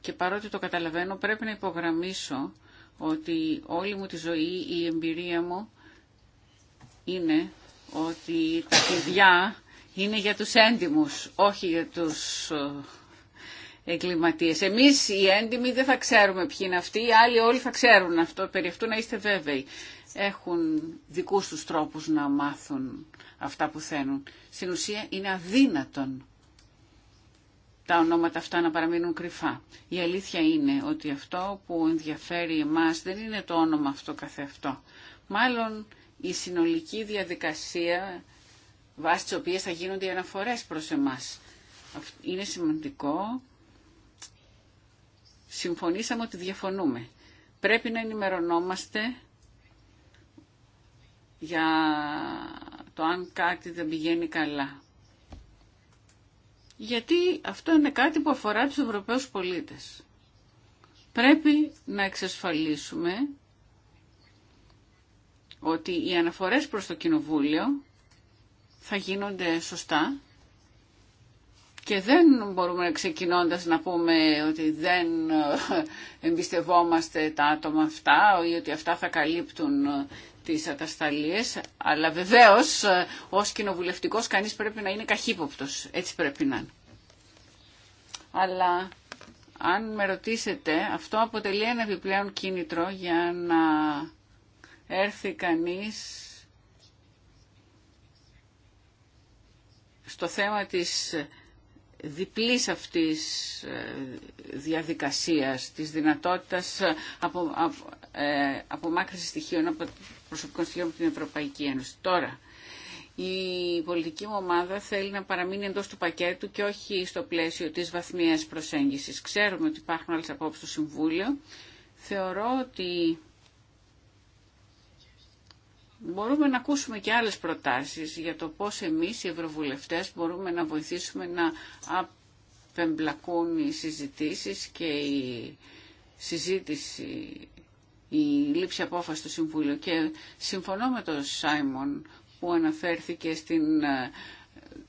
Και παρότι το καταλαβαίνω πρέπει να υπογραμμίσω ότι όλη μου τη ζωή η εμπειρία μου είναι ότι τα παιδιά είναι για τους έντιμους, όχι για τους ε, εγκληματίες. Εμείς οι έντιμοι δεν θα ξέρουμε ποιοι είναι αυτοί, οι άλλοι όλοι θα ξέρουν αυτό, περί αυτού να είστε βέβαιοι. Έχουν δικού του τρόπους να μάθουν αυτά που θέλουν. Στην ουσία είναι αδύνατον τα ονόματα αυτά να παραμείνουν κρυφά. Η αλήθεια είναι ότι αυτό που ενδιαφέρει εμάς δεν είναι το όνομα αυτό καθεαυτό. Μάλλον η συνολική διαδικασία βάσει της οποίας θα γίνονται οι αναφορές προς εμάς. Είναι σημαντικό συμφωνήσαμε ότι διαφωνούμε. Πρέπει να ενημερωνόμαστε για το αν κάτι δεν πηγαίνει καλά. Γιατί αυτό είναι κάτι που αφορά τους Ευρωπαίους πολίτες. Πρέπει να εξασφαλίσουμε ότι οι αναφορές προς το Κοινοβούλιο θα γίνονται σωστά και δεν μπορούμε ξεκινώντας να πούμε ότι δεν ε, εμπιστευόμαστε τα άτομα αυτά ή ότι αυτά θα καλύπτουν ε, τις ατασταλίες, αλλά βεβαίως ε, ως κοινοβουλευτικός κανείς πρέπει να είναι καχύποπτος, έτσι πρέπει να είναι. Αλλά αν με ρωτήσετε, αυτό αποτελεί ένα επιπλέον κίνητρο για να έρθει κανείς στο θέμα της διπλής αυτής ε, διαδικασίας, της δυνατότητας ε, απο, ε, απο, στοιχείων από προσωπικών στοιχείων από την Ευρωπαϊκή Ένωση. Τώρα, η πολιτική μου ομάδα θέλει να παραμείνει εντός του πακέτου και όχι στο πλαίσιο της βαθμίας προσέγγισης. Ξέρουμε ότι υπάρχουν άλλες απόψεις στο Συμβούλιο. Θεωρώ ότι μπορούμε να ακούσουμε και άλλες προτάσεις για το πώς εμείς οι ευρωβουλευτές μπορούμε να βοηθήσουμε να απεμπλακούν οι συζητήσεις και η συζήτηση, η λήψη απόφαση του Συμβούλιο. Και συμφωνώ με τον Σάιμον που αναφέρθηκε στην ε,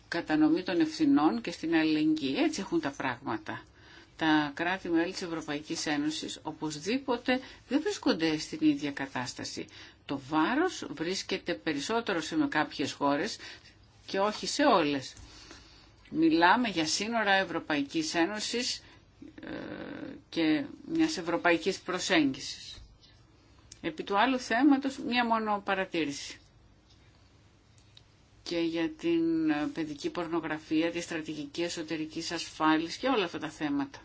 κατανομή των ευθυνών και στην αλληλεγγύη. Έτσι έχουν τα πράγματα. Τα κράτη-μέλη της Ευρωπαϊκής Ένωσης οπωσδήποτε δεν βρίσκονται στην ίδια κατάσταση το βάρος βρίσκεται περισσότερο σε με κάποιες χώρες και όχι σε όλες. Μιλάμε για σύνορα Ευρωπαϊκής Ένωσης ε, και μιας ευρωπαϊκής προσέγγισης. Επί του άλλου θέματος μία μόνο παρατήρηση. Και για την ε, παιδική πορνογραφία, τη στρατηγική εσωτερικής ασφάλειας και όλα αυτά τα θέματα.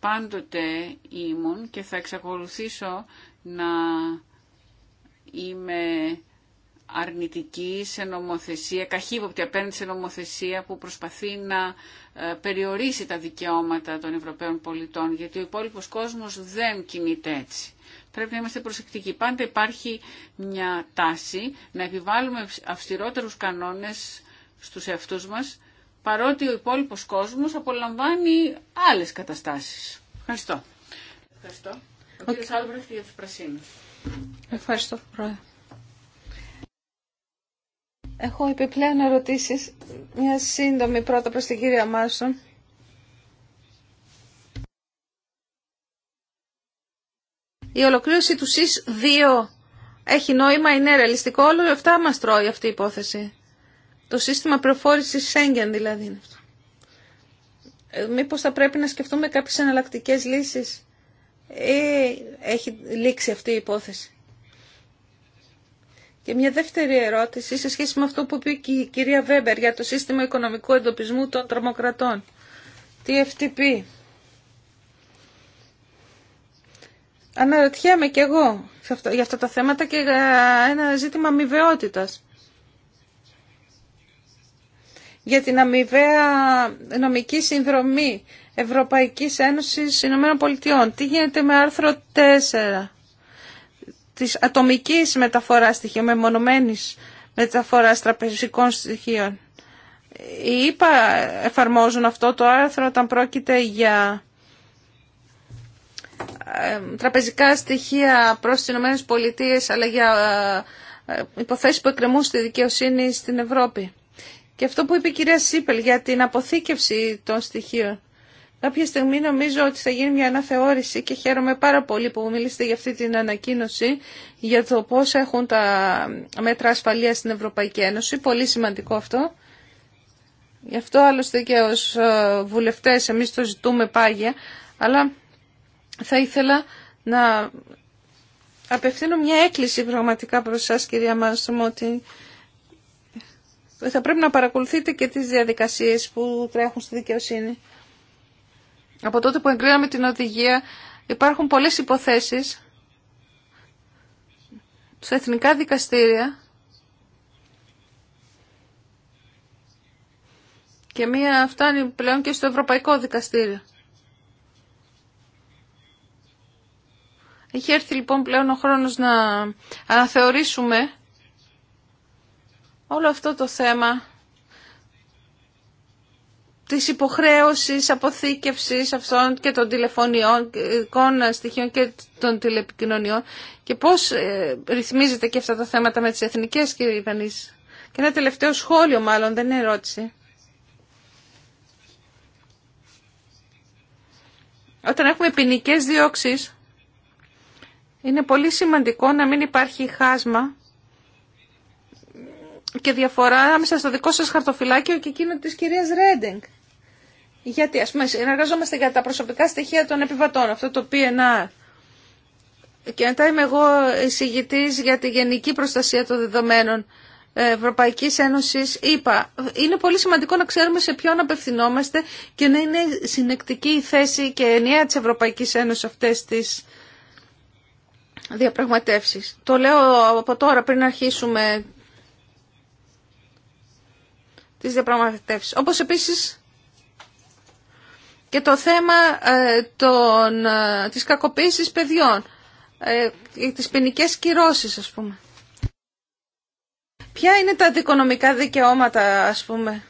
Πάντοτε ήμουν και θα εξακολουθήσω να είμαι αρνητική σε νομοθεσία, καχύποπτη απέναντι σε νομοθεσία που προσπαθεί να ε, περιορίσει τα δικαιώματα των Ευρωπαίων πολιτών, γιατί ο υπόλοιπος κόσμος δεν κινείται έτσι. Πρέπει να είμαστε προσεκτικοί. Πάντα υπάρχει μια τάση να επιβάλλουμε αυστηρότερους κανόνες στους εαυτούς μας, παρότι ο υπόλοιπος κόσμος απολαμβάνει άλλες καταστάσεις. Ευχαριστώ. Ευχαριστώ. Ο κύριος Άλμπρεχτ για τους Πρασίνους. Ευχαριστώ, Πρόεδρε. Έχω επιπλέον ερωτήσεις. Μια σύντομη πρώτα προς την κυρία Μάρσον. Η ολοκλήρωση του ΣΥΣ 2 έχει νόημα, είναι ρεαλιστικό, όλο αυτά μας τρώει αυτή η υπόθεση. Το σύστημα προφόρηση Σέγγεν δηλαδή είναι αυτό. Ε, μήπως θα πρέπει να σκεφτούμε κάποιες εναλλακτικέ λύσεις ε, υπόθεση. Και μια δεύτερη ερώτηση σε σχέση με αυτό που είπε και η κυρία Βέμπερ για το σύστημα οικονομικού εντοπισμού των τρομοκρατών. FTP. Αναρωτιέμαι κι εγώ για αυτά τα θέματα και για ένα ζήτημα αμοιβαιότητας για την αμοιβαία νομική συνδρομή Ευρωπαϊκής Ένωσης Ηνωμένων Πολιτειών. Τι γίνεται με άρθρο 4 της ατομικής μεταφοράς στοιχείων, μεμονωμένης μεταφοράς τραπεζικών στοιχείων. Οι ΙΠΑ εφαρμόζουν αυτό το άρθρο όταν πρόκειται για τραπεζικά στοιχεία προς τις Ηνωμένες Πολιτείες αλλά για ε, υποθέσεις που εκκρεμούν στη δικαιοσύνη στην Ευρώπη. Και αυτό που είπε η κυρία Σίπελ για την αποθήκευση των στοιχείων. Κάποια στιγμή νομίζω ότι θα γίνει μια αναθεώρηση και χαίρομαι πάρα πολύ που μιλήσετε για αυτή την ανακοίνωση για το πώς έχουν τα μέτρα ασφαλείας στην Ευρωπαϊκή Ένωση. Πολύ σημαντικό αυτό. Γι' αυτό άλλωστε και ως ε, βουλευτές εμείς το ζητούμε πάγια. Αλλά θα ήθελα να απευθύνω μια έκκληση πραγματικά προς εσάς κυρία Μάστομα ότι θα πρέπει να παρακολουθείτε και τις διαδικασίες που τρέχουν στη δικαιοσύνη. Από τότε που εγκρίναμε την οδηγία υπάρχουν πολλές υποθέσεις στα εθνικά δικαστήρια και μία φτάνει πλέον και στο Ευρωπαϊκό Δικαστήριο. Έχει έρθει λοιπόν πλέον ο χρόνος να αναθεωρήσουμε όλο αυτό το θέμα της υποχρέωσης αποθήκευσης αυτών και των τηλεφωνιών στοιχείων και των τηλεπικοινωνιών και πώς ε, ρυθμίζεται και αυτά τα θέματα με τις εθνικές κυβερνήσεις. Και ένα τελευταίο σχόλιο μάλλον, δεν είναι ερώτηση. Όταν έχουμε ποινικέ διώξεις, είναι πολύ σημαντικό να μην υπάρχει χάσμα και διαφορά άμεσα στο δικό σας χαρτοφυλάκιο και εκείνο της κυρίας Ρέντινγκ. Γιατί, ας πούμε, συνεργαζόμαστε για τα προσωπικά στοιχεία των επιβατών, αυτό το PNR. Και μετά είμαι εγώ εισηγητής για τη γενική προστασία των δεδομένων Ευρωπαϊκής Ένωσης. Είπα, είναι πολύ σημαντικό να ξέρουμε σε ποιον απευθυνόμαστε και να είναι συνεκτική η θέση και ενιαία της Ευρωπαϊκής Ένωσης αυτές τις διαπραγματεύσεις. Το λέω από τώρα πριν αρχίσουμε τις διαπραγματεύσεις. Όπως επίσης και το θέμα ε, των, ε, της κακοποίησης παιδιών, ε, τις ποινικέ κυρώσεις ας πούμε. Ποια είναι τα δικονομικά δικαιώματα ας πούμε.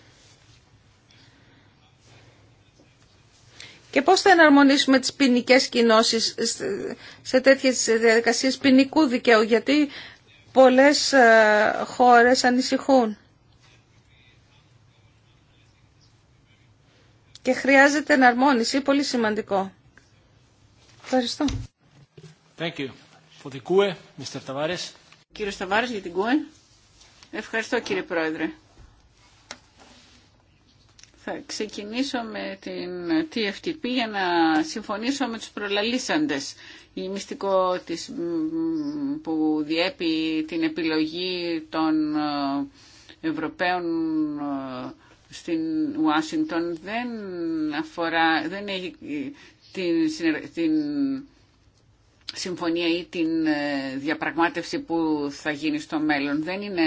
Και πώς θα εναρμονίσουμε τις ποινικέ κοινώσεις σε τέτοιες διαδικασίες ποινικού δικαίου, γιατί πολλές χώρες ανησυχούν. και χρειάζεται εναρμόνιση, πολύ σημαντικό. Ευχαριστώ. Thank you. For Mr. Tavares. για την Ευχαριστώ κύριε Πρόεδρε. Θα ξεκινήσω με την TFTP για να συμφωνήσω με τους προλαλήσαντες. Η μυστικό της που διέπει την επιλογή των ε, Ευρωπαίων ε, στην Ουάσιγκτον δεν αφορά, δεν έχει την, την συμφωνία ή την ε, διαπραγμάτευση που θα γίνει στο μέλλον. Δεν είναι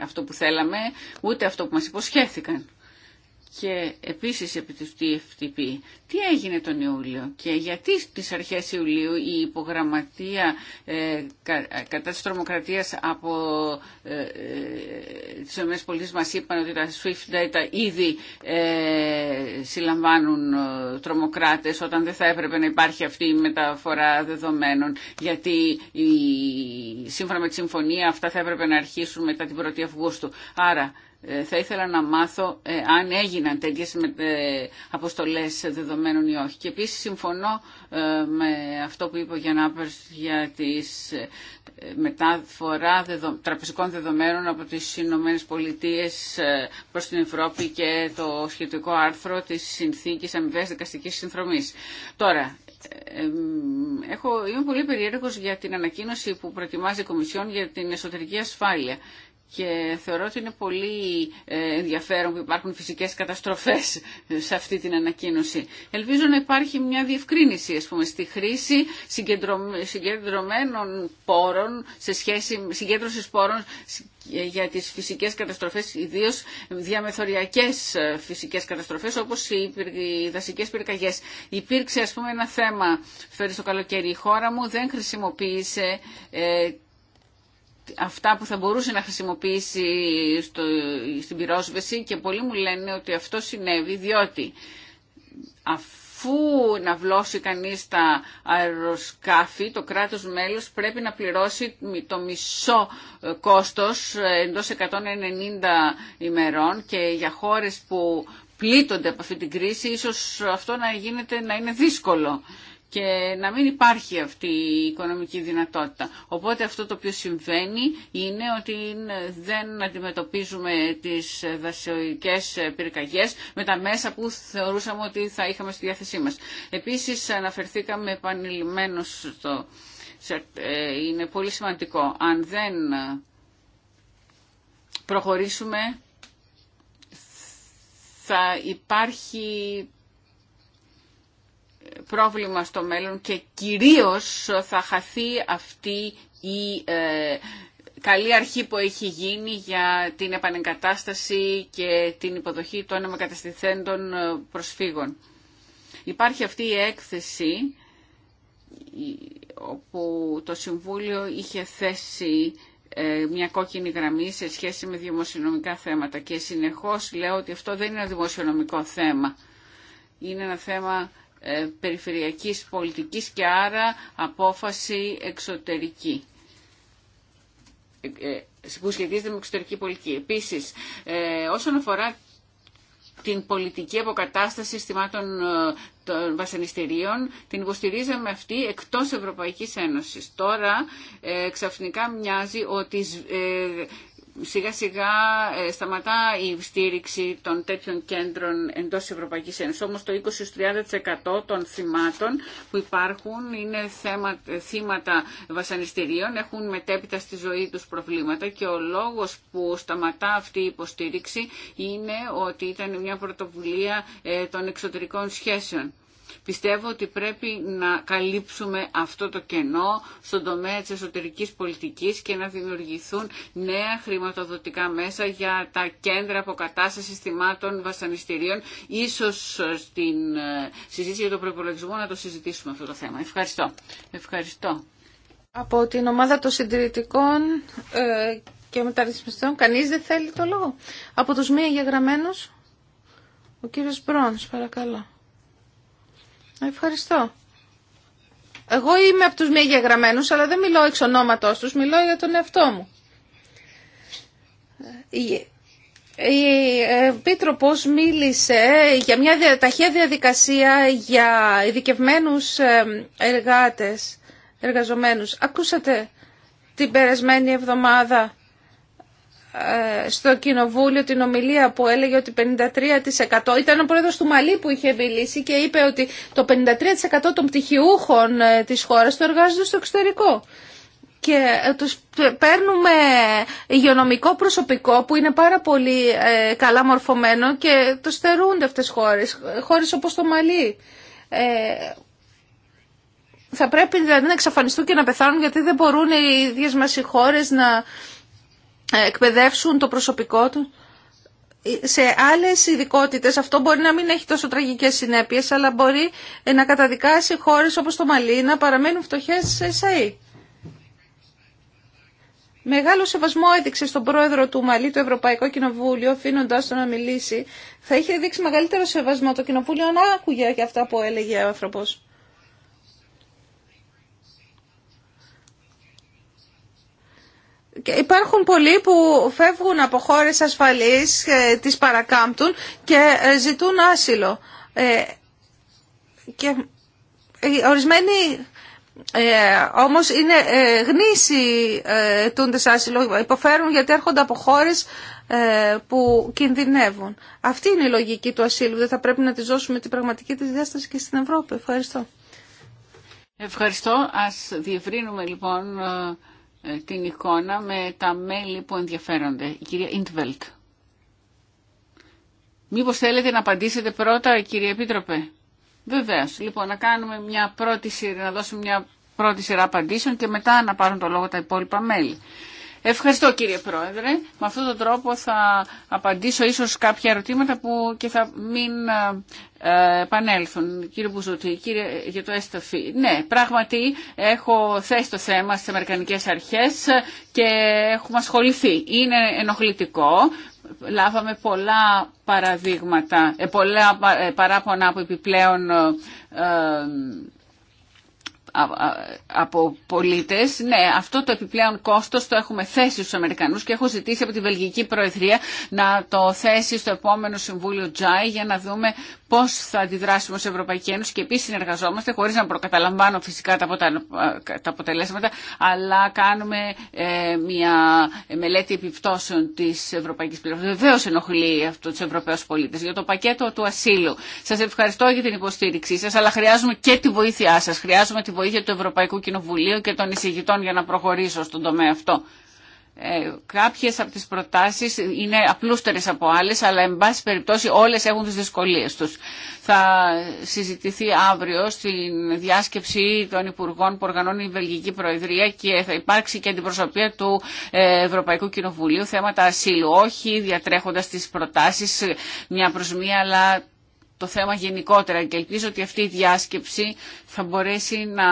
αυτό που θέλαμε, ούτε αυτό που μας υποσχέθηκαν και επίσης επί του TFTP. Τι έγινε τον Ιούλιο και γιατί στις αρχές Ιουλίου η υπογραμματεία ε, ε, κατά της τρομοκρατίας από ε, ε, τις ΟΠΑ μας είπαν ότι τα SWIFT data ήδη ε, συλλαμβάνουν ε, τρομοκράτες όταν δεν θα έπρεπε να υπάρχει αυτή η μεταφορά δεδομένων γιατί η, σύμφωνα με τη συμφωνία αυτά θα έπρεπε να αρχίσουν μετά την 1η Αυγούστου. Άρα ε, θα ήθελα να μάθω ε, αν έγιναν τέτοιες ε, αποστολές δεδομένων ή όχι. Και επίσης συμφωνώ με αυτό που είπε ο Γιαννάπερς για τις μεταφορά τραπεζικών δεδομένων από τις Ηνωμένε Πολιτείε προς την Ευρώπη και το σχετικό άρθρο της Συνθήκης Αμοιβές Δικαστικής Συνθρομής. Τώρα, έχω, είμαι πολύ περίεργος για την ανακοίνωση που προετοιμάζει η Κομισιόν για την εσωτερική ασφάλεια και θεωρώ ότι είναι πολύ ε, ενδιαφέρον που υπάρχουν φυσικές καταστροφές σε αυτή την ανακοίνωση. Ελπίζω να υπάρχει μια διευκρίνηση ας πούμε, στη χρήση συγκεντρωμένων πόρων, σε σχέση, συγκέντρωσης πόρων για τις φυσικές καταστροφές, ιδίως διαμεθοριακές ε, φυσικές καταστροφές όπως οι δασικές πυρκαγιές. Υπήρξε ας πούμε ένα θέμα φέρει στο καλοκαίρι. Η χώρα μου δεν χρησιμοποίησε ε, αυτά που θα μπορούσε να χρησιμοποιήσει στο, στην πυρόσβεση και πολλοί μου λένε ότι αυτό συνέβη διότι αφού να βλώσει κανείς τα αεροσκάφη, το κράτος μέλος πρέπει να πληρώσει το μισό ε, κόστος ε, εντός 190 ημερών και για χώρες που πλήττονται από αυτή την κρίση ίσως αυτό να γίνεται να είναι δύσκολο και να μην υπάρχει αυτή η οικονομική δυνατότητα. Οπότε αυτό το οποίο συμβαίνει είναι ότι δεν αντιμετωπίζουμε τις δασιοικές πυρκαγιές με τα μέσα που θεωρούσαμε ότι θα είχαμε στη διάθεσή μας. Επίσης αναφερθήκαμε επανειλημμένως στο... Ε, είναι πολύ σημαντικό. Αν δεν προχωρήσουμε θα υπάρχει πρόβλημα στο μέλλον και κυρίως θα χαθεί αυτή η ε, καλή αρχή που έχει γίνει για την επανεγκατάσταση και την υποδοχή των αναμεκαταστηθέντων ε, προσφύγων. Υπάρχει αυτή η έκθεση όπου το Συμβούλιο είχε θέσει ε, μια κόκκινη γραμμή σε σχέση με δημοσιονομικά θέματα και συνεχώς λέω ότι αυτό δεν είναι ένα δημοσιονομικό θέμα. Είναι ένα θέμα ε, περιφερειακής πολιτικής και άρα απόφαση εξωτερική ε, ε, που σχετίζεται με εξωτερική πολιτική. Επίσης, όσον αφορά την πολιτική αποκατάσταση συστημάτων των βασανιστήριων, την υποστηρίζαμε αυτή εκτός Ευρωπαϊκής Ένωσης. Τώρα ε, ξαφνικά μοιάζει ότι σιγά σιγά ε, σταματά η στήριξη των τέτοιων κέντρων εντός Ευρωπαϊκής Ένωσης. Όμως το 20-30% των θυμάτων που υπάρχουν είναι θέματα, ε, θύματα βασανιστήριων, έχουν μετέπειτα στη ζωή τους προβλήματα και ο λόγος που σταματά αυτή η υποστήριξη είναι ότι ήταν μια πρωτοβουλία ε, των εξωτερικών σχέσεων. Πιστεύω ότι πρέπει να καλύψουμε αυτό το κενό στον τομέα της εσωτερικής πολιτικής και να δημιουργηθούν νέα χρηματοδοτικά μέσα για τα κέντρα αποκατάστασης θυμάτων βασανιστήριων. Ίσως ε, στην ε, συζήτηση για τον προπολογισμό να το συζητήσουμε αυτό το θέμα. Ευχαριστώ. Ευχαριστώ. Από την ομάδα των συντηρητικών ε, και μεταρρυθμιστών, κανείς δεν θέλει το λόγο. Από τους μία εγγεγραμμένου, ο κύριος Μπρόνς, παρακαλώ. Ευχαριστώ. Εγώ είμαι από τους μη εγγεγραμμένους, αλλά δεν μιλώ εξ ονόματός τους, μιλώ για τον εαυτό μου. Η Επίτροπος μίλησε για μια ταχεία διαδικασία για ειδικευμένου ε, εργάτες, εργαζομένους. Ακούσατε την περασμένη εβδομάδα ε, στο κοινοβούλιο την ομιλία που έλεγε ότι 53% ήταν ο πρόεδρος του Μαλή που είχε μιλήσει και είπε ότι το 53% των πτυχιούχων ε, της χώρας το εργάζονται στο εξωτερικό και ε, τους παίρνουμε υγειονομικό προσωπικό που είναι πάρα πολύ καλά μορφωμένο και το στερούνται αυτές χώρες, χώρες όπως το Μαλή. θα πρέπει δηλαδή να εξαφανιστούν και να πεθάνουν γιατί δεν μπορούν οι ίδιες μας οι χώρες να ε, εκπαιδεύσουν το προσωπικό του ε, σε άλλες ειδικότητε. Αυτό μπορεί να μην έχει τόσο τραγικές συνέπειες, αλλά μπορεί ε, να καταδικάσει χώρες όπως το Μαλή να παραμένουν φτωχές σε ΣΑΗ. Μεγάλο σεβασμό έδειξε στον πρόεδρο του Μαλή το Ευρωπαϊκό Κοινοβούλιο, αφήνοντά τον να μιλήσει. Θα είχε δείξει μεγαλύτερο σεβασμό το Κοινοβούλιο να άκουγε για αυτά που έλεγε ο άνθρωπο. Υπάρχουν πολλοί που φεύγουν από χώρες ασφαλείς, ε, τις παρακάμπτουν και ε, ζητούν άσυλο. Ε, και ορισμένοι όμως είναι γνήσιοι τούντες άσυλο, υποφέρουν γιατί έρχονται από χώρες που κινδυνεύουν. Αυτή είναι η λογική του ασύλου. Δεν θα πρέπει να τη δώσουμε την πραγματική της διάσταση και στην Ευρώπη. Ευχαριστώ. Ευχαριστώ. Ας διευρύνουμε λοιπόν ε, την εικόνα με τα μέλη που ενδιαφέρονται. Η κυρία Ιντβελτ. Μήπως θέλετε να απαντήσετε πρώτα, κύριε Επίτροπε. Βεβαίω. Λοιπόν, να κάνουμε μια πρώτη σειρά, να δώσουμε μια πρώτη σειρά απαντήσεων και μετά να πάρουν το λόγο τα υπόλοιπα μέλη. Ευχαριστώ κύριε Πρόεδρε. Με αυτόν τον τρόπο θα απαντήσω ίσως κάποια ερωτήματα που και θα μην ε, επανέλθουν. Κύριε Μπουζούτη, κύριε για το έστωφι. Ναι, πράγματι έχω θέσει το θέμα στις Αμερικανικές Αρχές και έχουμε ασχοληθεί. Είναι ενοχλητικό. Λάβαμε πολλά παραδείγματα, ε, πολλά ε, παράπονα από επιπλέον από πολίτε, Ναι, αυτό το επιπλέον κόστος το έχουμε θέσει στου Αμερικανού και έχω ζητήσει από τη Βελγική Προεδρία να το θέσει στο επόμενο Συμβούλιο Τζάι για να δούμε πώ θα αντιδράσουμε ως Ευρωπαϊκή Ένωση και επίσης συνεργαζόμαστε χωρίς να προκαταλαμβάνω φυσικά τα αποτελέσματα αλλά κάνουμε ε, μια μελέτη επιπτώσεων τη Ευρωπαϊκή Πληροφορίας. Βεβαίω ενοχλεί αυτό τους Ευρωπαίους πολίτες για το πακέτο του ασύλου. Σας ευχαριστώ για την υποστήριξή σας αλλά χρειάζομαι και τη βοήθειά σα. Χρειάζομαι τη βοήθεια του Ευρωπαϊκού Κοινοβουλίου και των εισηγητών για να προχωρήσω στον τομέα αυτό. Ε, κάποιες από τις προτάσεις είναι απλούστερες από άλλες, αλλά εν πάση περιπτώσει όλες έχουν τις δυσκολίες τους. Θα συζητηθεί αύριο στην διάσκεψη των Υπουργών που οργανώνει η Βελγική Προεδρία και θα υπάρξει και αντιπροσωπεία του Ευρωπαϊκού Κοινοβουλίου θέματα ασύλου, όχι διατρέχοντας τις προτάσεις ε, μια προς μία, αλλά το θέμα γενικότερα και ελπίζω ότι αυτή η διάσκεψη θα μπορέσει να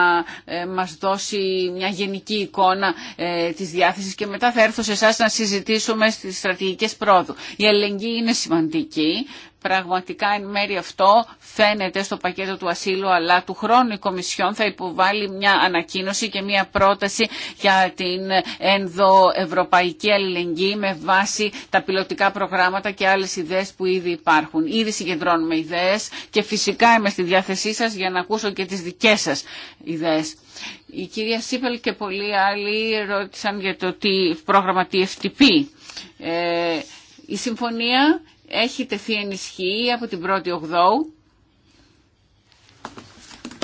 ε, μας δώσει μια γενική εικόνα ε, της διάθεσης και μετά θα έρθω σε εσά να συζητήσουμε στις στρατηγικές πρόοδου. Η ελεγγύη είναι σημαντική. Πραγματικά εν μέρει αυτό φαίνεται στο πακέτο του ασύλου, αλλά του χρόνου η Κομισιόν θα υποβάλει μια ανακοίνωση και μια πρόταση για την ενδοευρωπαϊκή αλληλεγγύη με βάση τα πιλωτικά προγράμματα και άλλες ιδέες που ήδη υπάρχουν. Ήδη συγκεντρώνουμε ιδέες και φυσικά είμαι στη διάθεσή σας για να ακούσω και τις δικές σας ιδέες. Η κυρία Σίπελ και πολλοί άλλοι ρώτησαν για το τι πρόγραμμα TFTP. Ε, η συμφωνία έχει τεθεί ενισχύει από την πρώτη Ογδόου.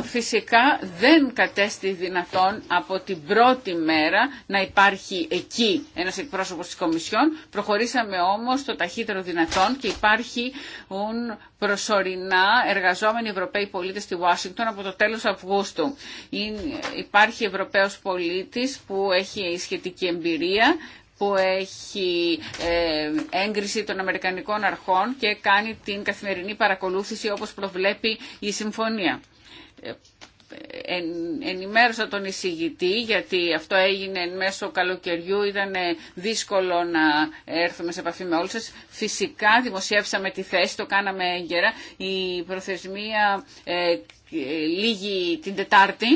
Φυσικά δεν κατέστη δυνατόν από την πρώτη μέρα να υπάρχει εκεί ένας εκπρόσωπος της Κομισιόν. Προχωρήσαμε όμως το ταχύτερο δυνατόν και υπάρχουν προσωρινά εργαζόμενοι Ευρωπαίοι πολίτες στη Ουάσιγκτον από το τέλος Αυγούστου. Υπάρχει Ευρωπαίος πολίτης που έχει σχετική εμπειρία που έχει ε, έγκριση των Αμερικανικών αρχών και κάνει την καθημερινή παρακολούθηση όπως προβλέπει η συμφωνία. Ε, ενημέρωσα τον εισηγητή γιατί αυτό έγινε εν μέσω καλοκαιριού, ήταν ε, δύσκολο να έρθουμε σε επαφή με όλους σας. Φυσικά δημοσιεύσαμε τη θέση, το κάναμε έγκαιρα. Η προθεσμία ε, λίγη την Τετάρτη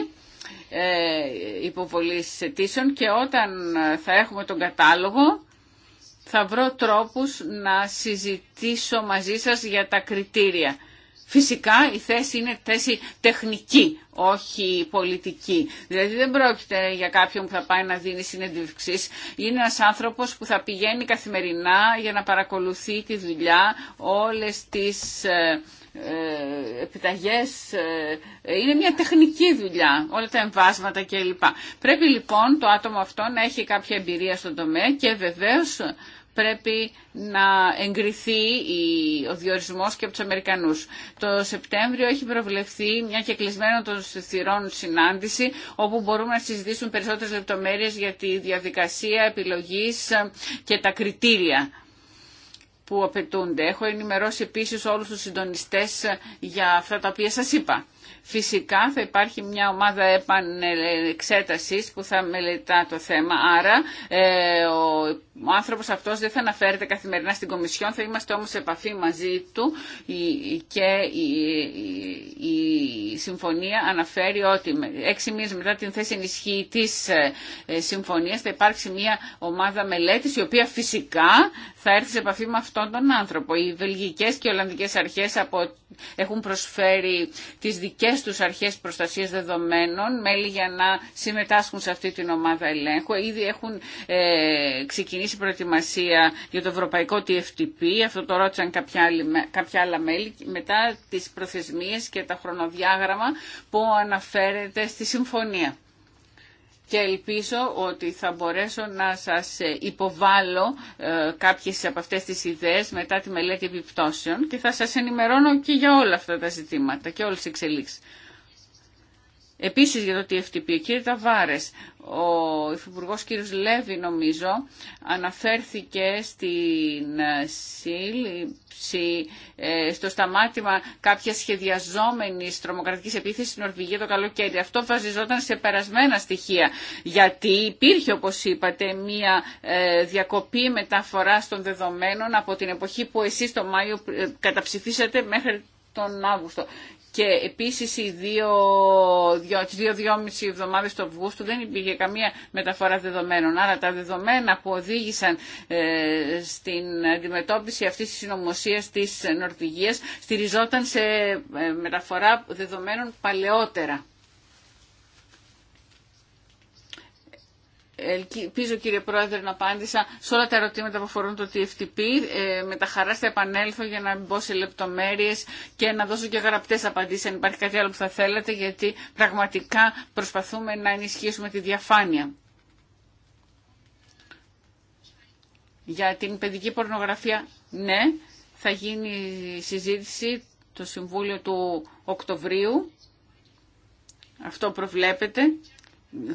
ε, υποβολής αιτήσεων και όταν θα έχουμε τον κατάλογο θα βρω τρόπους να συζητήσω μαζί σας για τα κριτήρια. Φυσικά η θέση είναι θέση τεχνική, όχι πολιτική. Δηλαδή δεν πρόκειται για κάποιον που θα πάει να δίνει συνεντευξείς. Είναι ένας άνθρωπος που θα πηγαίνει καθημερινά για να παρακολουθεί τη δουλειά, όλες τις ε, ε, επιταγές, ε, είναι μια τεχνική δουλειά, όλα τα εμβάσματα κλπ. Πρέπει λοιπόν το άτομο αυτό να έχει κάποια εμπειρία στον τομέα και βεβαίως πρέπει να εγκριθεί ο διορισμός και από τους Αμερικανούς. Το Σεπτέμβριο έχει προβλεφθεί μια κεκλεισμένο των θυρών συνάντηση όπου μπορούμε να συζητήσουμε περισσότερες λεπτομέρειες για τη διαδικασία επιλογής και τα κριτήρια που απαιτούνται. Έχω ενημερώσει επίσης όλους τους συντονιστές για αυτά τα οποία σας είπα. Φυσικά θα υπάρχει μια ομάδα επανεξέτασης που θα μελετά το θέμα. Άρα ε, ο άνθρωπος αυτός δεν θα αναφέρεται καθημερινά στην Κομισιόν, θα είμαστε όμως σε επαφή μαζί του και η, η, η συμφωνία αναφέρει ότι έξι μήνες μετά την θέση ενισχύτη της ε, συμφωνίας θα υπάρξει μια ομάδα μελέτης η οποία φυσικά θα έρθει σε επαφή με αυτόν τον άνθρωπο. Οι βελγικές και οι ολλανδικές αρχές από... έχουν προσφέρει τις δικές τους αρχές προστασίας δεδομένων, μέλη για να συμμετάσχουν σε αυτή την ομάδα ελέγχου. Ήδη έχουν ε, ξεκινήσει προετοιμασία για το ευρωπαϊκό TFTP, αυτό το ρώτησαν κάποια, άλλα μέλη, μετά τις προθεσμίες και τα χρονοδιάγραμμα που αναφέρεται στη συμφωνία και ελπίζω ότι θα μπορέσω να σας ε, υποβάλω ε, κάποιες από αυτές τις ιδέες μετά τη μελέτη επιπτώσεων και θα σας ενημερώνω και για όλα αυτά τα ζητήματα και όλες τις εξελίξεις. Επίσης για το TFTP, κύριε Ταβάρες, ο Υφυπουργός κύριος Λέβη νομίζω αναφέρθηκε στην ε, σύλληψη, ε, στο σταμάτημα κάποια σχεδιαζόμενης τρομοκρατικής επίθεσης στην Ορβηγία το καλοκαίρι. Αυτό βασιζόταν σε περασμένα στοιχεία, γιατί υπήρχε όπως είπατε μια ε, διακοπή μεταφοράς των δεδομένων από την εποχή που εσείς το Μάιο καταψηφίσατε μέχρι τον Αύγουστο και επίση, οι δύο, δύο, τις δύο, δυόμιση εβδομάδες του Αυγούστου δεν υπήρχε καμία μεταφορά δεδομένων. Άρα τα δεδομένα που οδήγησαν ε, στην αντιμετώπιση αυτής της συνωμοσία τη Νορβηγίας στηριζόταν σε ε, μεταφορά δεδομένων παλαιότερα. Ελπίζω κύριε Πρόεδρε να απάντησα σε όλα τα ερωτήματα που αφορούν το TFTP. Ε, με τα χαρά θα επανέλθω για να μπω σε λεπτομέρειες και να δώσω και γραπτές απαντήσεις αν υπάρχει κάτι άλλο που θα θέλατε γιατί πραγματικά προσπαθούμε να ενισχύσουμε τη διαφάνεια. Για την παιδική πορνογραφία, ναι, θα γίνει συζήτηση το Συμβούλιο του Οκτωβρίου. Αυτό προβλέπεται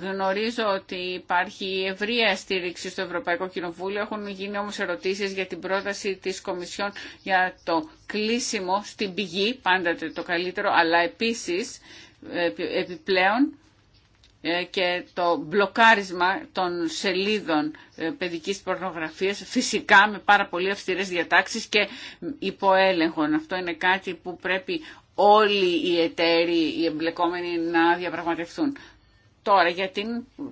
Γνωρίζω ότι υπάρχει ευρία στήριξη στο Ευρωπαϊκό Κοινοβούλιο. Έχουν γίνει όμως ερωτήσεις για την πρόταση της Κομισιόν για το κλείσιμο στην πηγή, πάντα το καλύτερο, αλλά επίσης ε, επιπλέον ε, και το μπλοκάρισμα των σελίδων ε, παιδικής πορνογραφίας φυσικά με πάρα πολύ αυστηρές διατάξεις και υποέλεγχον. Αυτό είναι κάτι που πρέπει όλοι οι εταίροι, οι εμπλεκόμενοι να διαπραγματευτούν. Τώρα για την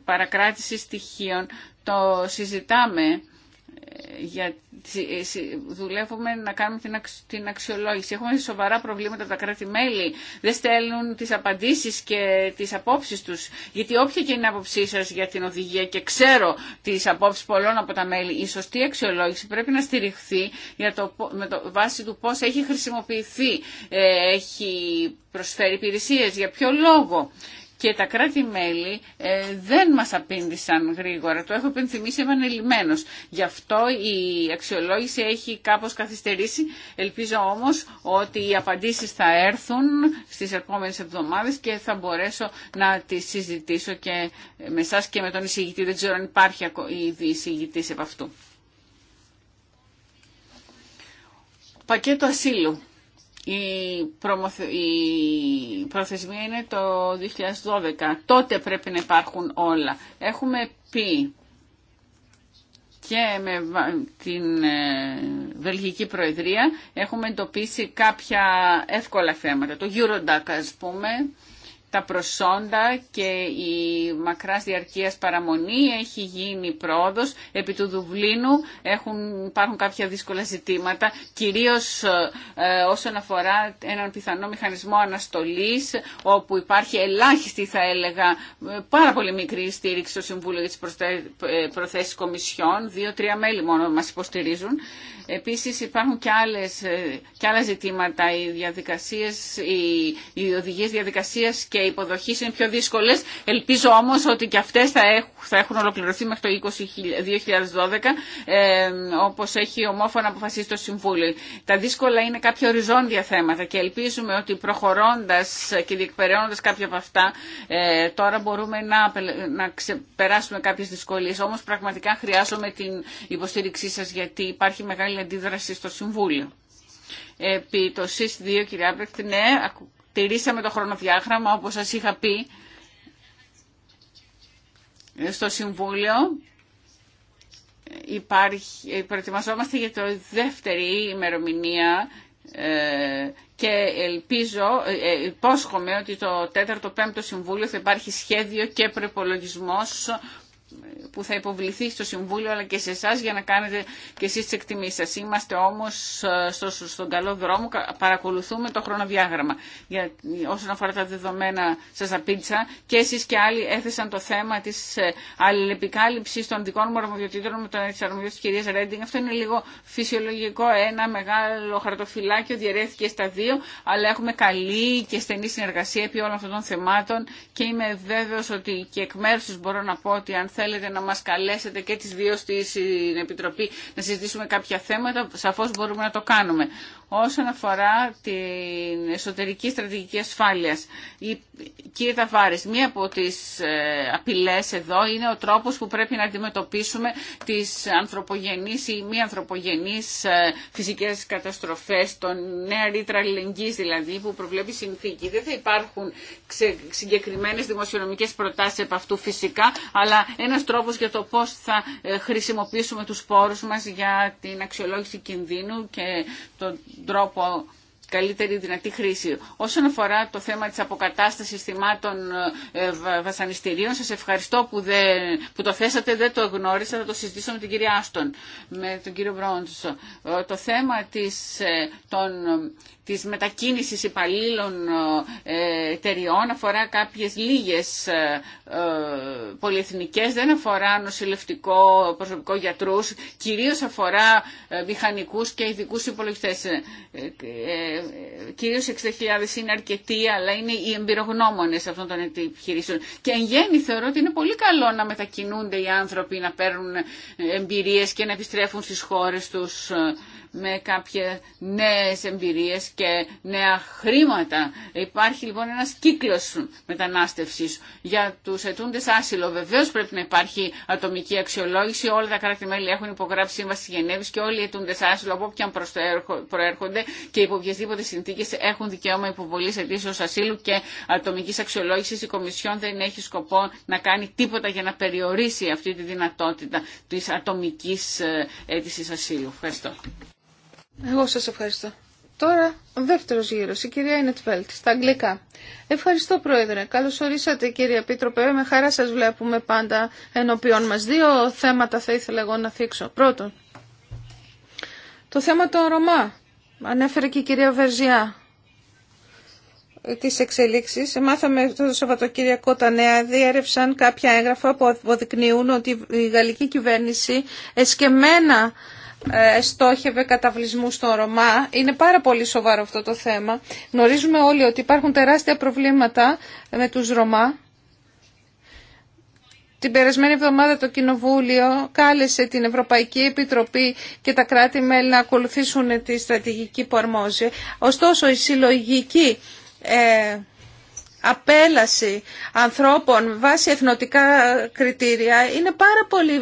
παρακράτηση στοιχείων το συζητάμε ε, για, ε, δουλεύουμε να κάνουμε την, την αξιολόγηση. Έχουμε σοβαρά προβλήματα τα κράτη-μέλη. Δεν στέλνουν τις απαντήσεις και τις απόψεις τους. Γιατί όποια και είναι η απόψή σα για την οδηγία και ξέρω τις απόψεις πολλών από τα μέλη, η σωστή αξιολόγηση πρέπει να στηριχθεί για το, με το βάση του πώς έχει χρησιμοποιηθεί, ε, έχει προσφέρει υπηρεσίες, για ποιο λόγο και τα κράτη-μέλη ε, δεν μας απήντησαν γρήγορα. Το έχω πενθυμίσει επανελειμμένος. Γι' αυτό η αξιολόγηση έχει κάπως καθυστερήσει. Ελπίζω όμως ότι οι απαντήσεις θα έρθουν στις επόμενες εβδομάδες και θα μπορέσω να τις συζητήσω και με εσά και με τον εισηγητή. Δεν ξέρω αν υπάρχει ήδη εισηγητής επ' αυτού. Πακέτο ασύλου. Η, προμοθε... η προθεσμία είναι το 2012. Τότε πρέπει να υπάρχουν όλα. Έχουμε πει και με την ε, Βελγική Προεδρία έχουμε εντοπίσει κάποια εύκολα θέματα. Το Eurodac ας πούμε, τα προσόντα και η μακράς διαρκείας παραμονή έχει γίνει πρόοδος. Επί του Δουβλίνου έχουν, υπάρχουν κάποια δύσκολα ζητήματα, κυρίως ε, όσον αφορά έναν πιθανό μηχανισμό αναστολής, όπου υπάρχει ελάχιστη θα έλεγα, ε, πάρα πολύ μικρή στήριξη στο Συμβούλιο για τις ε, προθέσεις κομισιών, δύο-τρία μέλη μόνο μας υποστηρίζουν. Επίσης υπάρχουν και, άλλες, άλλα ζητήματα, οι διαδικασίες, οι, οδηγίες διαδικασίας και υποδοχής είναι πιο δύσκολε. Ελπίζω όμω ότι και αυτέ θα έχουν, θα έχουν ολοκληρωθεί μέχρι το 2012 ε, όπως έχει ομόφωνα αποφασίσει το Συμβούλιο. Τα δύσκολα είναι κάποια οριζόντια θέματα και ελπίζουμε ότι προχωρώντας και διεκπεραιώνοντα κάποια από αυτά ε, τώρα μπορούμε να, να ξεπεράσουμε κάποιε δυσκολίε. Όμω πραγματικά χρειάζομαι την υποστήριξή σα γιατί υπάρχει μεγάλη αντίδραση στο Συμβούλιο. Επί το ΣΥΣ2, κυρία ναι, τηρήσαμε το χρονοδιάγραμμα όπως σας είχα πει στο Συμβούλιο. Υπάρχει, ε, προετοιμαζόμαστε για το δεύτερη ημερομηνία ε, και ελπίζω, ε, ε υπόσχομαι ότι το τέταρτο πέμπτο Συμβούλιο θα υπάρχει σχέδιο και προπολογισμό που θα υποβληθεί στο Συμβούλιο αλλά και σε εσά για να κάνετε και εσείς τις εκτιμήσεις σας. Είμαστε όμως ε, στο, στον καλό δρόμο, παρακολουθούμε το χρονοδιάγραμμα. Για, όσον αφορά τα δεδομένα σας απίτσα και εσείς και άλλοι έθεσαν το θέμα της ε, αλληλεπικάλυψης των δικών μου αρμοδιοτήτων με τον αρμοδιότητα της κυρίας Ρέντινγκ. Αυτό είναι λίγο φυσιολογικό. Ένα μεγάλο χαρτοφυλάκιο διαιρέθηκε στα δύο, αλλά έχουμε καλή και στενή συνεργασία επί όλων αυτών των θεμάτων και είμαι βέβαιος ότι και εκ μέρους μπορώ να πω ότι αν θέλετε να μας καλέσετε και τις δύο στην Επιτροπή να συζητήσουμε κάποια θέματα, σαφώς μπορούμε να το κάνουμε. Όσον αφορά την εσωτερική στρατηγική ασφάλειας, η, κύριε Ταβάρης, μία από τις ε, απειλές εδώ είναι ο τρόπος που πρέπει να αντιμετωπίσουμε τις ανθρωπογενείς ή μη ανθρωπογενείς ε, φυσικές καταστροφές, τον νέα ρήτρα δηλαδή που προβλέπει συνθήκη. Δεν θα υπάρχουν συγκεκριμένες δημοσιονομικές προτάσεις από αυτού φυσικά, αλλά ένας τρόπος για το πώς θα ε, χρησιμοποιήσουμε τους πόρους μας για την αξιολόγηση κινδύνου και τον τρόπο καλύτερη δυνατή χρήση. Όσον αφορά το θέμα της αποκατάστασης θυμάτων ε, ε, βασανιστήριων, σας ευχαριστώ που, δεν, που το θέσατε, δεν το γνώρισα, θα το συζητήσω με την κυρία Άστον, με τον κύριο Μπρόντσο. Ε, το θέμα της, των, της μετακίνησης υπαλλήλων εταιριών αφορά κάποιες λίγες πολυεθνικές, δεν αφορά νοσηλευτικό προσωπικό γιατρούς, κυρίως αφορά μηχανικούς και ειδικούς υπολογιστές κυρίω 60.000 είναι αρκετοί, αλλά είναι οι εμπειρογνώμονε αυτών των επιχειρήσεων. Και εν γέννη θεωρώ ότι είναι πολύ καλό να μετακινούνται οι άνθρωποι, να παίρνουν εμπειρίε και να επιστρέφουν στις χώρες τους με κάποιες νέες εμπειρίες και νέα χρήματα. Υπάρχει λοιπόν ένας κύκλος μετανάστευσης για τους αιτούντες άσυλο. Βεβαίως πρέπει να υπάρχει ατομική αξιολόγηση. Όλα τα κράτη-μέλη έχουν υπογράψει σύμβαση της Γενέβης και όλοι οι αιτούντες άσυλο από όποιαν προέρχονται και υπό οποιασδήποτε συνθήκες έχουν δικαίωμα υποβολής αιτήσεως ασύλου και ατομικής αξιολόγησης. Η Κομισιόν δεν έχει σκοπό να κάνει τίποτα για να περιορίσει αυτή τη δυνατότητα της ατομικής ε, αίτησης ασύλου. Ευχαριστώ. Εγώ σα ευχαριστώ. Τώρα ο δεύτερος γύρος, η κυρία Ινετφέλτ, στα αγγλικά. Ευχαριστώ Πρόεδρε. Καλώς ορίσατε κύριε Επίτροπε. Με χαρά σα βλέπουμε πάντα ενώπιον μα Δύο θέματα θα ήθελα εγώ να θίξω. Πρώτον, το θέμα των Ρωμά. Ανέφερε και η κυρία Βερζιά ε, τις εξελίξεις. Μάθαμε το Σαββατοκύριακο τα νέα διέρευσαν κάποια έγγραφα που αποδεικνύουν ότι η γαλλική κυβέρνηση εσκεμμένα ε, στόχευε καταβλισμού στον Ρωμά. Είναι πάρα πολύ σοβαρό αυτό το θέμα. Γνωρίζουμε όλοι ότι υπάρχουν τεράστια προβλήματα με τους Ρωμά. Την περασμένη εβδομάδα το Κοινοβούλιο κάλεσε την Ευρωπαϊκή Επιτροπή και τα κράτη-μέλη να ακολουθήσουν τη στρατηγική που αρμόζει. Ωστόσο, η συλλογική ε, απέλαση ανθρώπων βάσει εθνοτικά κριτήρια είναι πάρα πολύ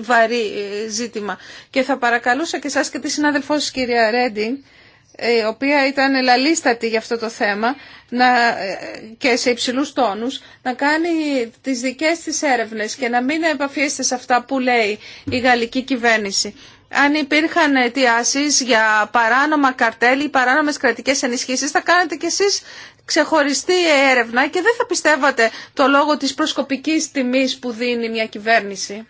βαρύ ζήτημα. Και θα παρακαλούσα και εσάς και τη συνάδελφό σας κυρία Ρέντι ε, η οποία ήταν ελαλίστατη για αυτό το θέμα να, ε, και σε υψηλούς τόνους, να κάνει τις δικές της έρευνες και να μην επαφίεστε σε αυτά που λέει η γαλλική κυβέρνηση αν υπήρχαν αιτιάσει για παράνομα καρτέλ ή παράνομε κρατικέ ενισχύσει, θα κάνετε κι εσεί ξεχωριστή έρευνα και δεν θα πιστεύατε το λόγο της προσκοπικής τιμής που δίνει μια κυβέρνηση.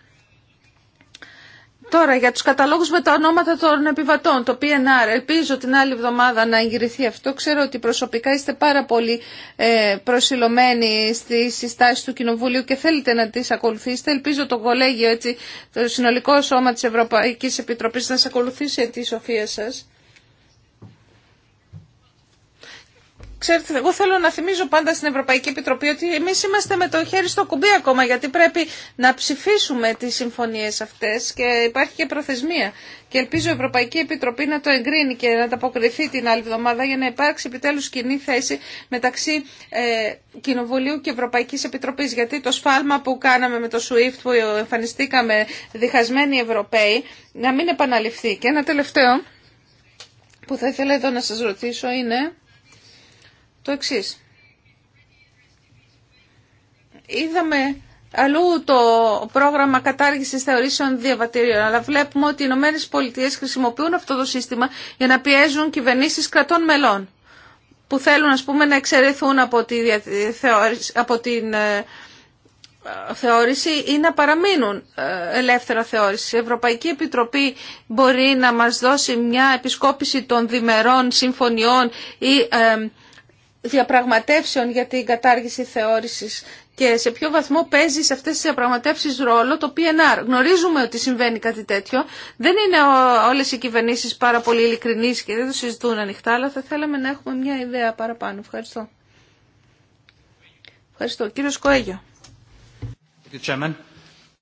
Τώρα για τους καταλόγους με τα ονόματα των επιβατών, το PNR, ελπίζω την άλλη εβδομάδα να εγκριθεί αυτό. Ξέρω ότι προσωπικά είστε πάρα πολύ ε, προσιλωμένοι στις συστάσεις του Κοινοβουλίου και θέλετε να τις ακολουθήσετε. Ελπίζω το κολέγιο, έτσι, το συνολικό σώμα της Ευρωπαϊκής Επιτροπής να σας ακολουθήσει τη σοφία σας. Ξέρετε, εγώ θέλω να θυμίζω πάντα στην Ευρωπαϊκή Επιτροπή ότι εμείς είμαστε με το χέρι στο κουμπί ακόμα γιατί πρέπει να ψηφίσουμε τις συμφωνίες αυτές και υπάρχει και προθεσμία. Και ελπίζω η Ευρωπαϊκή Επιτροπή να το εγκρίνει και να τα αποκριθεί την άλλη εβδομάδα για να υπάρξει επιτέλους κοινή θέση μεταξύ ε, Κοινοβουλίου και Ευρωπαϊκής Επιτροπής. Γιατί το σφάλμα που κάναμε με το SWIFT που εμφανιστήκαμε διχασμένοι Ευρωπαίοι να μην επαναληφθεί. Και ένα τελευταίο που θα ήθελα εδώ να σας ρωτήσω είναι το εξή. Είδαμε αλλού το πρόγραμμα κατάργησης θεωρήσεων διαβατήριων, αλλά βλέπουμε ότι οι Ηνωμένε Πολιτείε χρησιμοποιούν αυτό το σύστημα για να πιέζουν κυβερνήσει κρατών μελών, που θέλουν ας πούμε, να εξαιρεθούν από, τη, από την ε, θεώρηση ή να παραμείνουν ε, ελεύθερα θεώρηση. Η Ευρωπαϊκή Επιτροπή μπορεί να μας δώσει μια επισκόπηση των διμερών συμφωνιών ή ε, διαπραγματεύσεων για την κατάργηση θεώρησης και σε ποιο βαθμό παίζει σε αυτές τις διαπραγματεύσεις ρόλο το PNR. Γνωρίζουμε ότι συμβαίνει κάτι τέτοιο. Δεν είναι όλες οι κυβερνήσεις πάρα πολύ ειλικρινείς και δεν το συζητούν ανοιχτά, αλλά θα θέλαμε να έχουμε μια ιδέα παραπάνω. Ευχαριστώ. Ευχαριστώ. Κύριο Κοέγιο.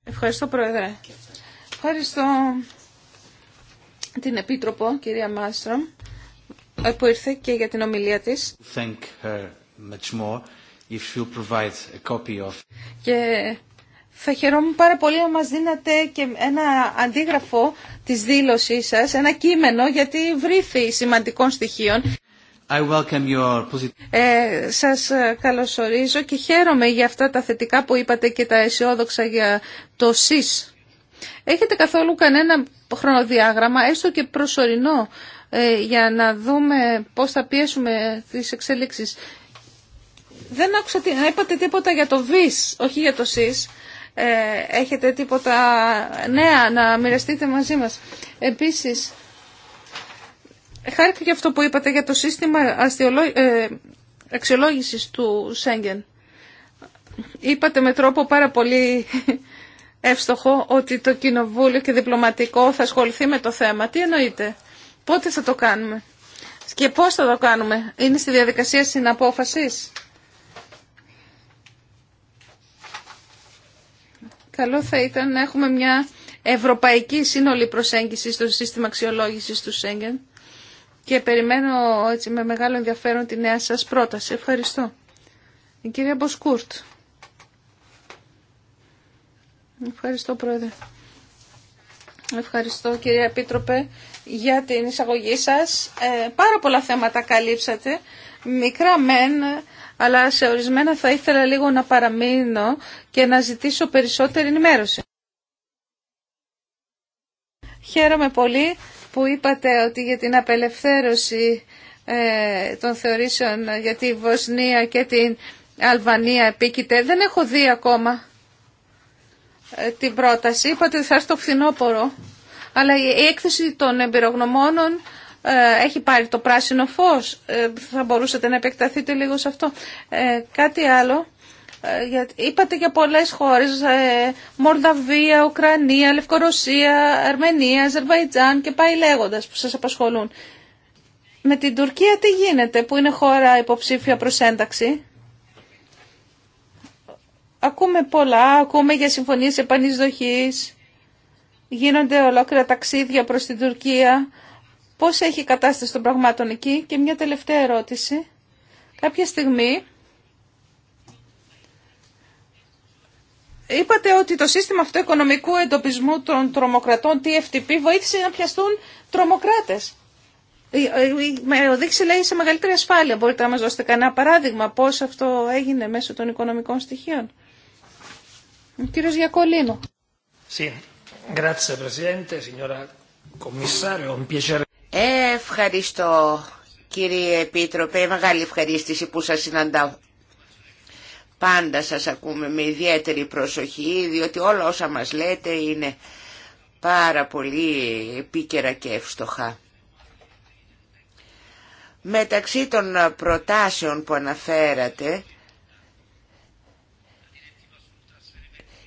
Ευχαριστώ, Πρόεδρε. Ευχαριστώ την Επίτροπο, κυρία Μάστρομ, ε, που ήρθε και για την ομιλία της. Και θα χαιρόμουν πάρα πολύ να μας δίνατε και ένα αντίγραφο της δήλωσής σας, ένα κείμενο, γιατί βρήθη σημαντικών στοιχείων. I welcome your... ε, σας ε, καλωσορίζω και χαίρομαι για αυτά τα θετικά που είπατε και τα αισιόδοξα για το ΣΥΣ. Έχετε καθόλου κανένα χρονοδιάγραμμα, έστω και προσωρινό, ε, για να δούμε πώς θα πιέσουμε τις εξέλιξεις. Δεν άκουσα να είπατε τίποτα για το ΒΙΣ, όχι για το ΣΥΣ. Ε, έχετε τίποτα νέα να μοιραστείτε μαζί μας. Επίσης, χάρηκα και αυτό που είπατε για το σύστημα ε, αξιολόγησης του Σέγγεν. Είπατε με τρόπο πάρα πολύ εύστοχο ότι το Κοινοβούλιο και διπλωματικό θα ασχοληθεί με το θέμα. Τι εννοείτε. Πότε θα το κάνουμε και πώς θα το κάνουμε. Είναι στη διαδικασία συναπόφασης. Καλό θα ήταν να έχουμε μια ευρωπαϊκή σύνολη προσέγγιση στο σύστημα αξιολόγησης του Σέγγεν και περιμένω έτσι με μεγάλο ενδιαφέρον τη νέα σας πρόταση. Ευχαριστώ. Η κυρία Μποσκούρτ. Ευχαριστώ πρόεδρε. Ευχαριστώ κυρία Επίτροπε για την εισαγωγή σας. Ε, πάρα πολλά θέματα καλύψατε, μικρά μεν, αλλά σε ορισμένα θα ήθελα λίγο να παραμείνω και να ζητήσω περισσότερη ενημέρωση. Χαίρομαι πολύ που είπατε ότι για την απελευθέρωση ε, των θεωρήσεων για τη Βοσνία και την Αλβανία επίκειται. Δεν έχω δει ακόμα ε, την πρόταση. Είπατε ότι θα στο φθινόπωρο αλλά η έκθεση των εμπειρογνωμόνων ε, έχει πάρει το πράσινο φως. Ε, θα μπορούσατε να επεκταθείτε λίγο σε αυτό. Ε, κάτι άλλο. Είπατε για πολλές χώρες, Μορδαβία, Ουκρανία, Λευκορωσία, Αρμενία, Αζερβαϊτζάν και πάει λέγοντας που σας απασχολούν. Με την Τουρκία τι γίνεται που είναι χώρα υποψήφια προς ένταξη. Ακούμε πολλά, ακούμε για συμφωνίες επανεισδοχής γίνονται ολόκληρα ταξίδια προς την Τουρκία. Πώς έχει η κατάσταση των πραγμάτων εκεί. Και μια τελευταία ερώτηση. Κάποια στιγμή είπατε ότι το σύστημα αυτό οικονομικού εντοπισμού των τρομοκρατών TFTP βοήθησε να πιαστούν τρομοκράτες. Με οδήγησε λέει σε μεγαλύτερη ασφάλεια. Μπορείτε να μας δώσετε κανένα παράδειγμα πώς αυτό έγινε μέσω των οικονομικών στοιχείων. Ο κύριος Γιακολίνο. Ευχαριστώ κύριε Επίτροπε, μεγάλη ευχαρίστηση που σας συναντάω. Πάντα σας ακούμε με ιδιαίτερη προσοχή, διότι όλα όσα μας λέτε είναι πάρα πολύ επίκαιρα και εύστοχα. Μεταξύ των προτάσεων που αναφέρατε,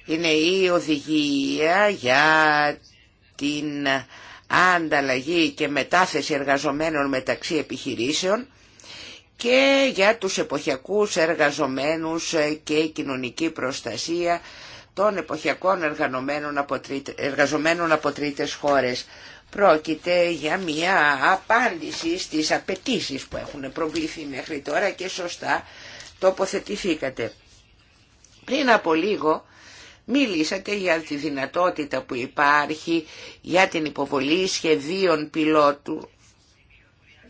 είναι η οδηγία για την ανταλλαγή και μετάθεση εργαζομένων μεταξύ επιχειρήσεων και για τους εποχιακούς εργαζομένους και η κοινωνική προστασία των εποχιακών εργαζομένων από, τρίτε, εργαζομένων από τρίτες χώρες. Πρόκειται για μια απάντηση στις απαιτήσεις που έχουν προβληθεί μέχρι τώρα και σωστά τοποθετηθήκατε. Πριν από λίγο Μιλήσατε για τη δυνατότητα που υπάρχει για την υποβολή σχεδίων πιλότου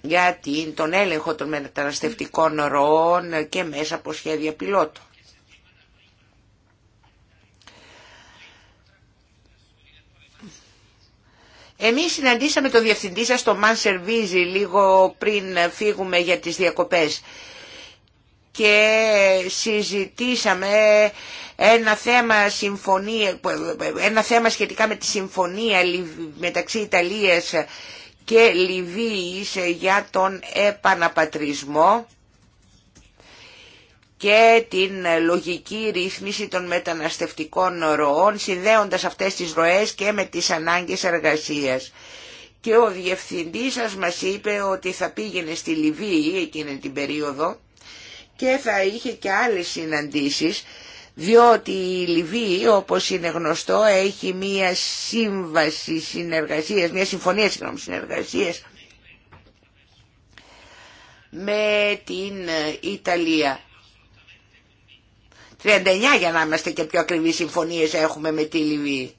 για τον έλεγχο των μεταναστευτικών ροών και μέσα από σχέδια πιλότου. Εμείς συναντήσαμε τον διευθυντή σας στο Μαν Σερβίζη λίγο πριν φύγουμε για τις διακοπές και συζητήσαμε ένα θέμα, συμφωνία, ένα θέμα σχετικά με τη συμφωνία μεταξύ Ιταλίας και Λιβύης για τον επαναπατρισμό και την λογική ρύθμιση των μεταναστευτικών ροών συνδέοντας αυτές τις ροές και με τις ανάγκες εργασίας. Και ο διευθυντής σας μας είπε ότι θα πήγαινε στη Λιβύη εκείνη την περίοδο και θα είχε και άλλες συναντήσεις διότι η Λιβύη όπως είναι γνωστό έχει μία σύμβαση συνεργασίας, μία συμφωνία συγγνώμη, συνεργασίας με την ε, Ιταλία. 39 για να είμαστε και πιο ακριβείς συμφωνίες έχουμε με τη Λιβύη.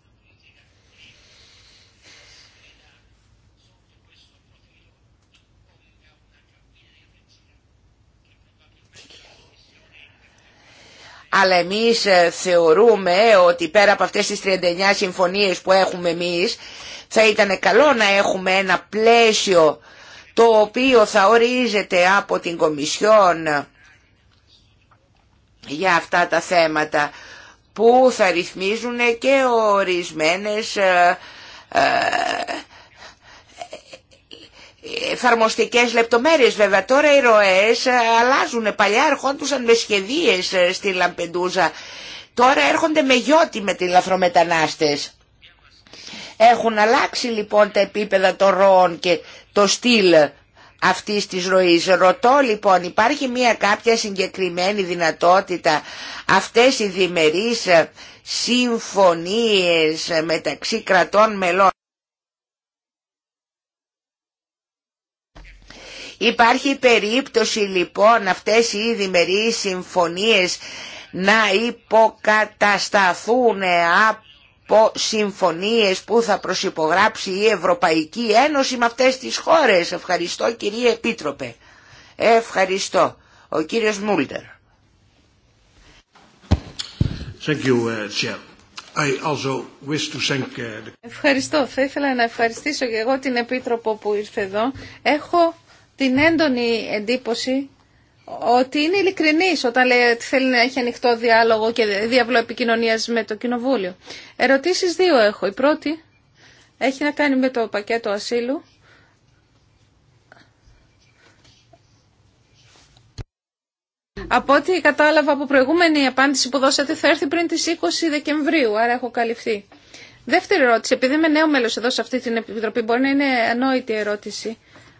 αλλά εμείς ε, θεωρούμε ότι πέρα από αυτές τις 39 συμφωνίες που έχουμε εμείς θα ήταν καλό να έχουμε ένα πλαίσιο το οποίο θα ορίζεται από την Κομισιόν για αυτά τα θέματα που θα ρυθμίζουν και ορισμένες ε, ε, εφαρμοστικές λεπτομέρειες βέβαια. Τώρα οι ροές ε, αλλάζουν. Παλιά ερχόντουσαν με σχεδίες ε, στη Λαμπεντούζα. Τώρα έρχονται με γιώτη με την λαθρομετανάστες. Έχουν αλλάξει λοιπόν τα επίπεδα των ροών και το στυλ αυτής της ροής. Ρωτώ λοιπόν, υπάρχει μια κάποια συγκεκριμένη δυνατότητα αυτές οι διμερείς ε, συμφωνίες μεταξύ κρατών μελών Υπάρχει περίπτωση λοιπόν αυτές οι διμερείς συμφωνίες να υποκατασταθούν από συμφωνίες που θα προσυπογράψει η Ευρωπαϊκή Ένωση με αυτές τις χώρες. Ευχαριστώ κύριε Επίτροπε. Ευχαριστώ. Ο κύριος Μούλτερ. Uh, uh, Ευχαριστώ. Θα ήθελα να ευχαριστήσω και εγώ την Επίτροπο που ήρθε εδώ. Έχω την έντονη εντύπωση ότι είναι ειλικρινή όταν λέει ότι θέλει να έχει ανοιχτό διάλογο και διάβλο επικοινωνία με το Κοινοβούλιο. Ερωτήσεις δύο έχω. Η πρώτη έχει να κάνει με το πακέτο ασύλου. Από ό,τι κατάλαβα από προηγούμενη απάντηση που δώσατε θα έρθει πριν τις 20 Δεκεμβρίου, άρα έχω καλυφθεί. Δεύτερη ερώτηση, επειδή είμαι νέο μέλος εδώ σε αυτή την Επιτροπή, μπορεί να είναι ανόητη ερώτηση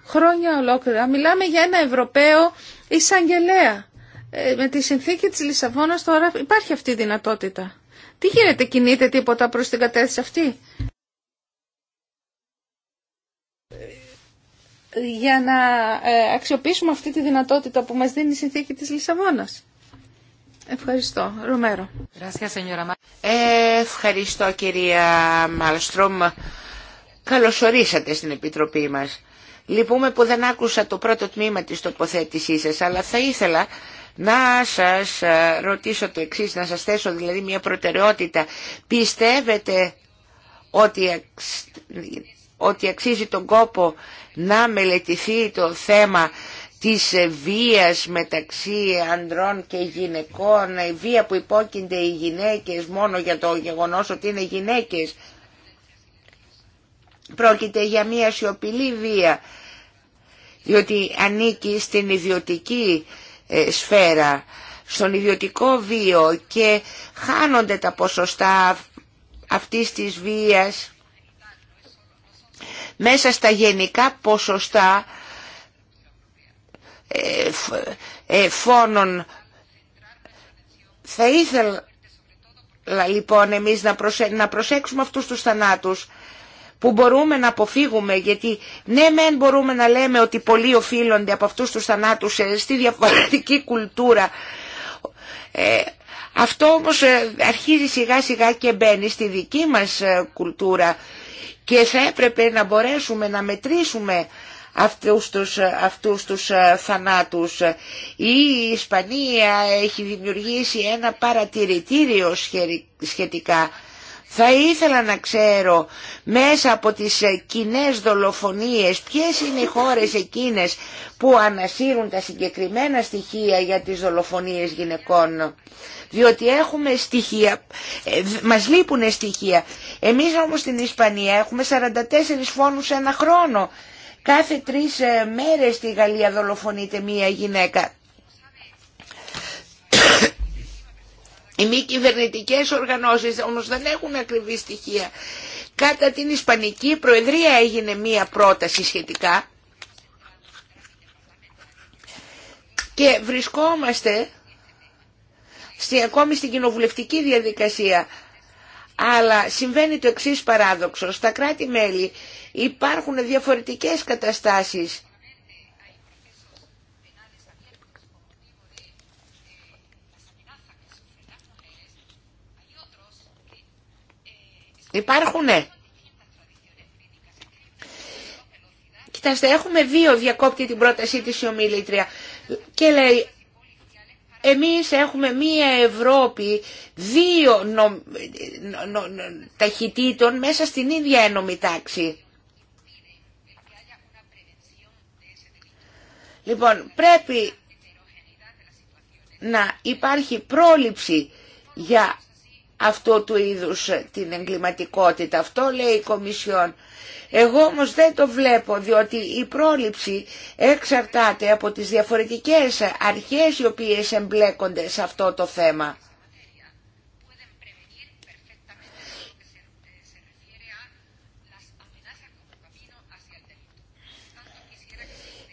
χρόνια ολόκληρα. Μιλάμε για ένα Ευρωπαίο εισαγγελέα. Ε, με τη συνθήκη της Λισαβόνας τώρα υπάρχει αυτή η δυνατότητα. Τι γίνεται, κινείται τίποτα προς την κατεύθυνση αυτή. για να ε, αξιοποιήσουμε αυτή τη δυνατότητα που μας δίνει η συνθήκη της Λισαβόνας. Ευχαριστώ. ε, Ευχαριστώ κυρία Μαλστρόμ. Καλωσορίσατε στην Επιτροπή μας. Λυπούμε που δεν άκουσα το πρώτο τμήμα της τοποθέτησής σας, αλλά θα ήθελα να σας ε, ρωτήσω το εξής, να σας θέσω δηλαδή μια προτεραιότητα. Πιστεύετε ότι, αξίζει τον κόπο να μελετηθεί το θέμα της βίας μεταξύ ανδρών και γυναικών, η βία που υπόκεινται οι γυναίκες μόνο για το γεγονός ότι είναι γυναίκες. Πρόκειται για μια σιωπηλή βία, διότι ανήκει στην ιδιωτική ε, σφαίρα, στον ιδιωτικό βίο και χάνονται τα ποσοστά αυτής της βίας μέσα στα γενικά ποσοστά ε, ε, φόνων. Θα ήθελα λοιπόν εμείς να προσέξουμε αυτούς τους θανάτους που μπορούμε να αποφύγουμε γιατί ναι μεν μπορούμε να λέμε ότι πολλοί οφείλονται από αυτούς τους θανάτους ε, στη διαφορετική κουλτούρα ε, αυτό όμως ε, αρχίζει σιγά σιγά και μπαίνει στη δική μας κουλτούρα και θα έπρεπε να μπορέσουμε να μετρήσουμε αυτούς τους, αυτούς τους θανάτους. Η Ισπανία έχει δημιουργήσει ένα παρατηρητήριο σχετικά θα ήθελα να ξέρω μέσα από τις ε, κοινέ δολοφονίες ποιες είναι οι χώρες εκείνες που ανασύρουν τα συγκεκριμένα στοιχεία για τις δολοφονίες γυναικών. Διότι έχουμε στοιχεία, ε, μας λείπουν στοιχεία. Εμείς όμως στην Ισπανία έχουμε 44 φόνους ένα χρόνο. Κάθε τρεις ε, μέρες στη Γαλλία δολοφονείται μία γυναίκα. Οι μη κυβερνητικέ οργανώσει όμω δεν έχουν ακριβή στοιχεία. Κατά την Ισπανική Προεδρία έγινε μία πρόταση σχετικά και βρισκόμαστε στη, ακόμη στην κοινοβουλευτική διαδικασία. Αλλά συμβαίνει το εξής παράδοξο. Στα κράτη-μέλη υπάρχουν διαφορετικές καταστάσεις Υπάρχουν. Κοιτάξτε, έχουμε δύο διακόπτη την πρότασή της η ομιλήτρια και λέει εμείς έχουμε μία Ευρώπη δύο νο, ταχυτήτων μέσα στην ίδια ενόμη τάξη. Λοιπόν, πρέπει να υπάρχει πρόληψη για αυτό του είδους ε, την εγκληματικότητα. Αυτό λέει η Κομισιόν. Εγώ όμως δεν το βλέπω διότι η πρόληψη εξαρτάται από τις διαφορετικές αρχές οι οποίες εμπλέκονται σε αυτό το θέμα.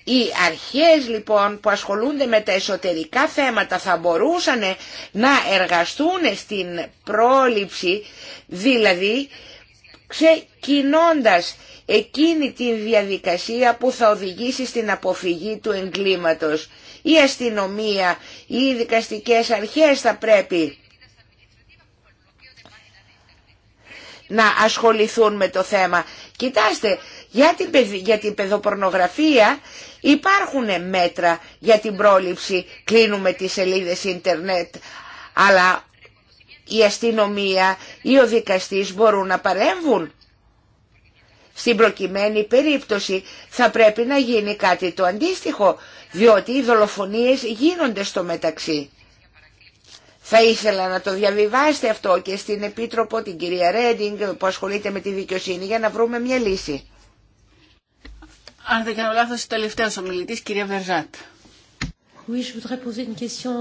Οι αρχές λοιπόν που ασχολούνται με τα εσωτερικά θέματα θα μπορούσαν να εργαστούν στην πρόληψη, δηλαδή ξεκινώντας εκείνη τη διαδικασία που θα οδηγήσει στην αποφυγή του εγκλήματος. Η αστυνομία, οι δικαστικές αρχές θα πρέπει να ασχοληθούν με το θέμα. Κοιτάστε, για την, παιδοπορνογραφία Υπάρχουν μέτρα για την πρόληψη, κλείνουμε τις σελίδες ίντερνετ, αλλά η αστυνομία ή ο δικαστής μπορούν να παρέμβουν. Στην προκειμένη περίπτωση θα πρέπει να γίνει κάτι το αντίστοιχο, διότι οι δολοφονίες γίνονται στο μεταξύ. Θα ήθελα να το διαβιβάσετε αυτό και στην Επίτροπο, την κυρία Ρέντινγκ, που ασχολείται με τη δικαιοσύνη, για να βρούμε μια λύση. Αν δεν κάνω λάθος, τελευταίος ομιλητής, κυρία Βερζάτ. Oui, je voudrais poser une question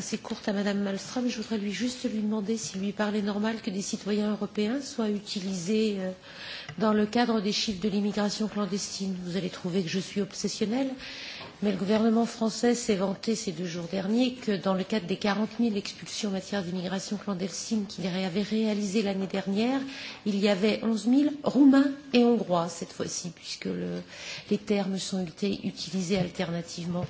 assez courte à Madame Malmström. Je voudrais lui juste lui demander s'il lui parlait normal que des citoyens européens soient utilisés dans le cadre des chiffres de l'immigration clandestine. Vous allez trouver que je suis obsessionnelle, Mais le gouvernement français s'est vanté ces deux jours derniers que, dans le cadre des 40 000 expulsions en matière d'immigration clandestine qu'il avait réalisées l'année dernière, il y avait 11 000 Roumains et Hongrois cette fois-ci, puisque les termes sont utilisés alternativement.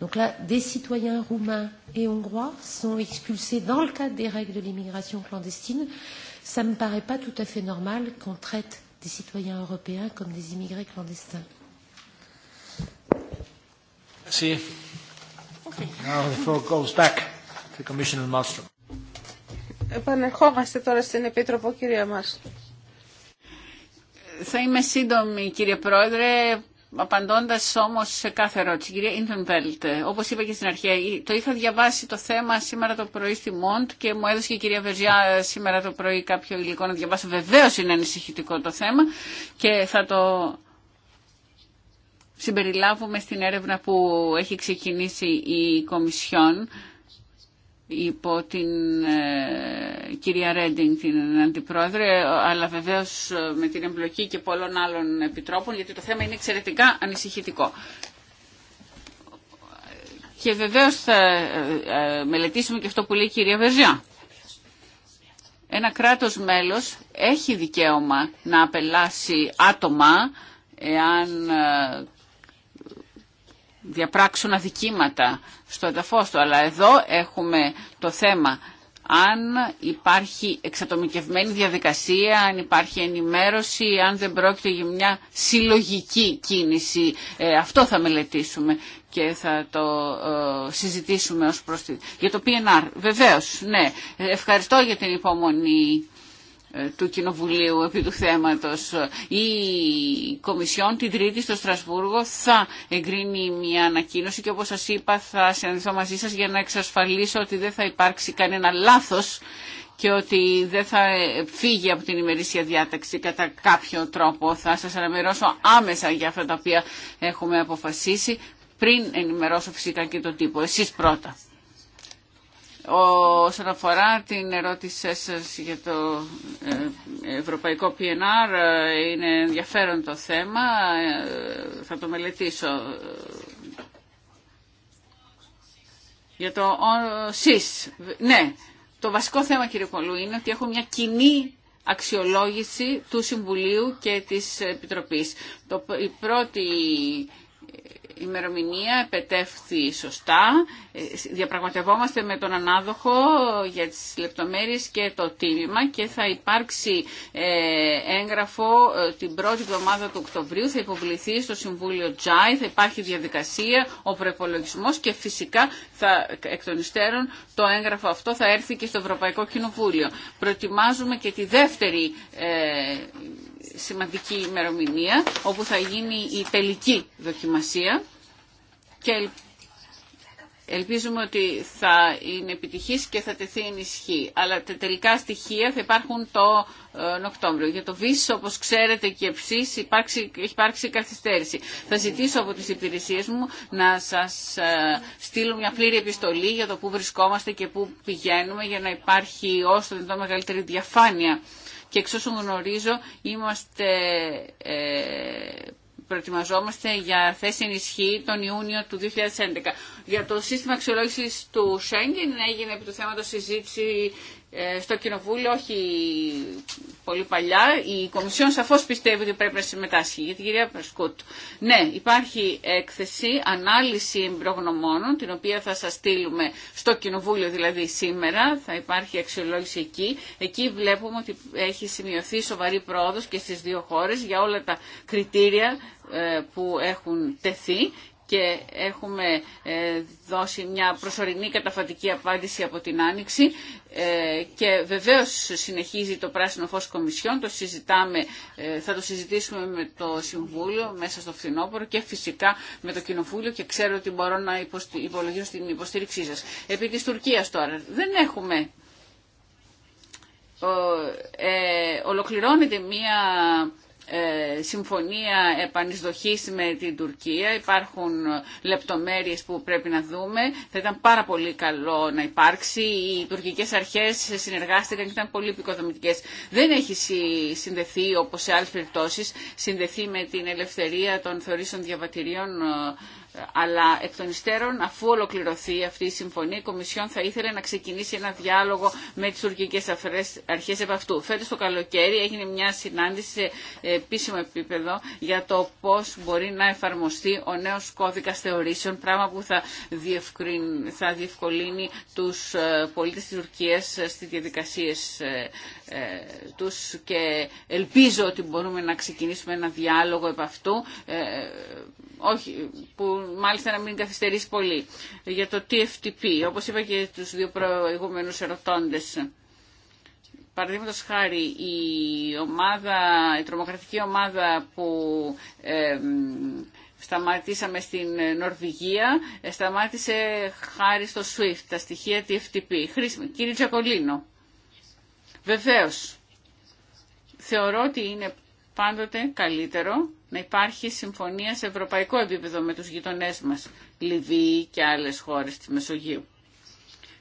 Donc là, des citoyens roumains et hongrois sont expulsés dans le cadre des règles de l'immigration clandestine. Ça ne me paraît pas tout à fait normal qu'on traite des citoyens européens comme des immigrés clandestins. See. Now the floor back to Commissioner Malmström. Επανερχόμαστε τώρα στην Επίτροπο, κυρία μας. Θα είμαι σύντομη, κύριε Πρόεδρε, απαντώντα όμω σε κάθε ερώτηση. Κυρία Ινθενβέλτ, όπω είπα και στην αρχή, το είχα διαβάσει το θέμα σήμερα το πρωί στη Μοντ και μου έδωσε και η κυρία Βεζιά σήμερα το πρωί κάποιο υλικό να διαβάσω. Βεβαίω είναι ανησυχητικό το θέμα και θα το συμπεριλάβουμε στην έρευνα που έχει ξεκινήσει η Κομισιόν υπό την ε, κυρία Ρέντινγκ, την Αντιπρόεδρε, αλλά βεβαίως ε, με την εμπλοκή και πολλών άλλων επιτρόπων, γιατί το θέμα είναι εξαιρετικά ανησυχητικό. Και βεβαίως θα ε, μελετήσουμε και αυτό που λέει η κυρία Βερζιά. Ένα κράτος μέλος έχει δικαίωμα να απελάσει άτομα εάν διαπράξουν αδικήματα στο εδαφός του. Αλλά εδώ έχουμε το θέμα αν υπάρχει εξατομικευμένη διαδικασία, αν υπάρχει ενημέρωση, αν δεν πρόκειται για μια συλλογική κίνηση. Ε, αυτό θα μελετήσουμε και θα το ε, συζητήσουμε ως προς τη... Για το PNR, βεβαίως, ναι. Ευχαριστώ για την υπομονή ε, του Κοινοβουλίου επί του θέματος. Η Κομισιόν την Τρίτη στο Στρασβούργο θα εγκρίνει μια ανακοίνωση και όπως σας είπα θα συναντηθώ μαζί σας για να εξασφαλίσω ότι δεν θα υπάρξει κανένα λάθος και ότι δεν θα φύγει από την ημερήσια διάταξη κατά κάποιο τρόπο. Θα σας αναμερώσω άμεσα για αυτά τα οποία έχουμε αποφασίσει πριν ενημερώσω φυσικά και τον τύπο. Εσείς πρώτα. Όσον αφορά την ερώτησή σας για το ε, ευρωπαϊκό PNR, ε, είναι ενδιαφέρον το θέμα, ε, θα το μελετήσω. Για το ΣΥΣ, ναι, το βασικό θέμα κύριε Πολού είναι ότι έχω μια κοινή αξιολόγηση του Συμβουλίου και της Επιτροπής. Το, η πρώτη ημερομηνία επετεύχθη σωστά. Ε, διαπραγματευόμαστε με τον ανάδοχο για τις λεπτομέρειες και το τίμημα και θα υπάρξει ε, έγγραφο ε, την πρώτη εβδομάδα του Οκτωβρίου. Θα υποβληθεί στο Συμβούλιο Τζάι, θα υπάρχει διαδικασία, ο προπολογισμό και φυσικά θα, εκ των υστέρων το έγγραφο αυτό θα έρθει και στο Ευρωπαϊκό Κοινοβούλιο. Προετοιμάζουμε και τη δεύτερη σημαντική ημερομηνία όπου θα γίνει η τελική δοκιμασία και ελπίζουμε ότι θα είναι επιτυχής και θα τεθεί εν Αλλά τα τελικά στοιχεία θα υπάρχουν το ε, Οκτώβριο. Για το ΒΙΣ, όπως ξέρετε και εσείς, υπάρξει, έχει υπάρξει καθυστέρηση. Θα ζητήσω από τις υπηρεσίες μου να σας ε, στείλω μια πλήρη επιστολή για το πού βρισκόμαστε και πού πηγαίνουμε για να υπάρχει όσο δυνατόν μεγαλύτερη διαφάνεια και εξ όσων γνωρίζω είμαστε, ε, προετοιμαζόμαστε για θέση ενισχύ τον Ιούνιο του 2011. Για το σύστημα αξιολόγησης του Σέγγιν έγινε επί του θέματος συζήτηση ε, στο Κοινοβούλιο, όχι πολύ παλιά, η Κομισιόν σαφώς πιστεύει ότι πρέπει να συμμετάσχει. Για την κυρία Περσκούτ. Ναι, υπάρχει έκθεση, ανάλυση εμπειρογνωμόνων, την οποία θα σας στείλουμε στο Κοινοβούλιο δηλαδή σήμερα, θα υπάρχει αξιολόγηση εκεί. Εκεί βλέπουμε ότι έχει σημειωθεί σοβαρή πρόοδος και στις δύο χώρες για όλα τα κριτήρια ε, που έχουν τεθεί και έχουμε ε, δώσει μια προσωρινή καταφατική απάντηση από την Άνοιξη ε, και βεβαίως συνεχίζει το πράσινο φως κομισιόν, το συζητάμε, ε, θα το συζητήσουμε με το Συμβούλιο μέσα στο φθινόπωρο και φυσικά με το Κοινοβούλιο και ξέρω ότι μπορώ να υπολογίσω την υποστήριξή σας. Επί της Τουρκίας τώρα δεν έχουμε ολοκληρώνεται μία ε, συμφωνία επανεισδοχής με την Τουρκία. Υπάρχουν λεπτομέρειες που πρέπει να δούμε. Θα ήταν πάρα πολύ καλό να υπάρξει. Οι τουρκικές αρχές συνεργάστηκαν και ήταν πολύ επικοδομητικές. Δεν έχει συνδεθεί, όπως σε άλλες περιπτώσεις, συνδεθεί με την ελευθερία των θεωρήσεων διαβατηρίων ε, αλλά εκ των υστέρων, αφού ολοκληρωθεί αυτή η συμφωνία, η Κομισιόν θα ήθελε να ξεκινήσει ένα διάλογο με τι τουρκικέ αρχέ επ' αυτού. Φέτο το καλοκαίρι έγινε μια συνάντηση σε επίσημο επίπεδο για το πώ μπορεί να εφαρμοστεί ο νέο κώδικα θεωρήσεων, πράγμα που θα, θα διευκολύνει του ε, πολίτε τη Τουρκία ε, στι διαδικασίε ε, του και ελπίζω ότι μπορούμε να ξεκινήσουμε ένα διάλογο επ' αυτού, όχι, που μάλιστα να μην καθυστερήσει πολύ. Για το TFTP, όπως είπα και τους δύο προηγούμενους ερωτώντες, Παραδείγματο χάρη, η, ομάδα, η τρομοκρατική ομάδα που σταματήσαμε στην Νορβηγία, ε, σταμάτησε χάρη στο SWIFT, τα στοιχεία TFTP. Χρήσιμο. Κύριε Τζακολίνο, βεβαίως, θεωρώ ότι είναι πάντοτε καλύτερο να υπάρχει συμφωνία σε ευρωπαϊκό επίπεδο με τους γειτονές μας, Λιβύη και άλλες χώρες της Μεσογείου.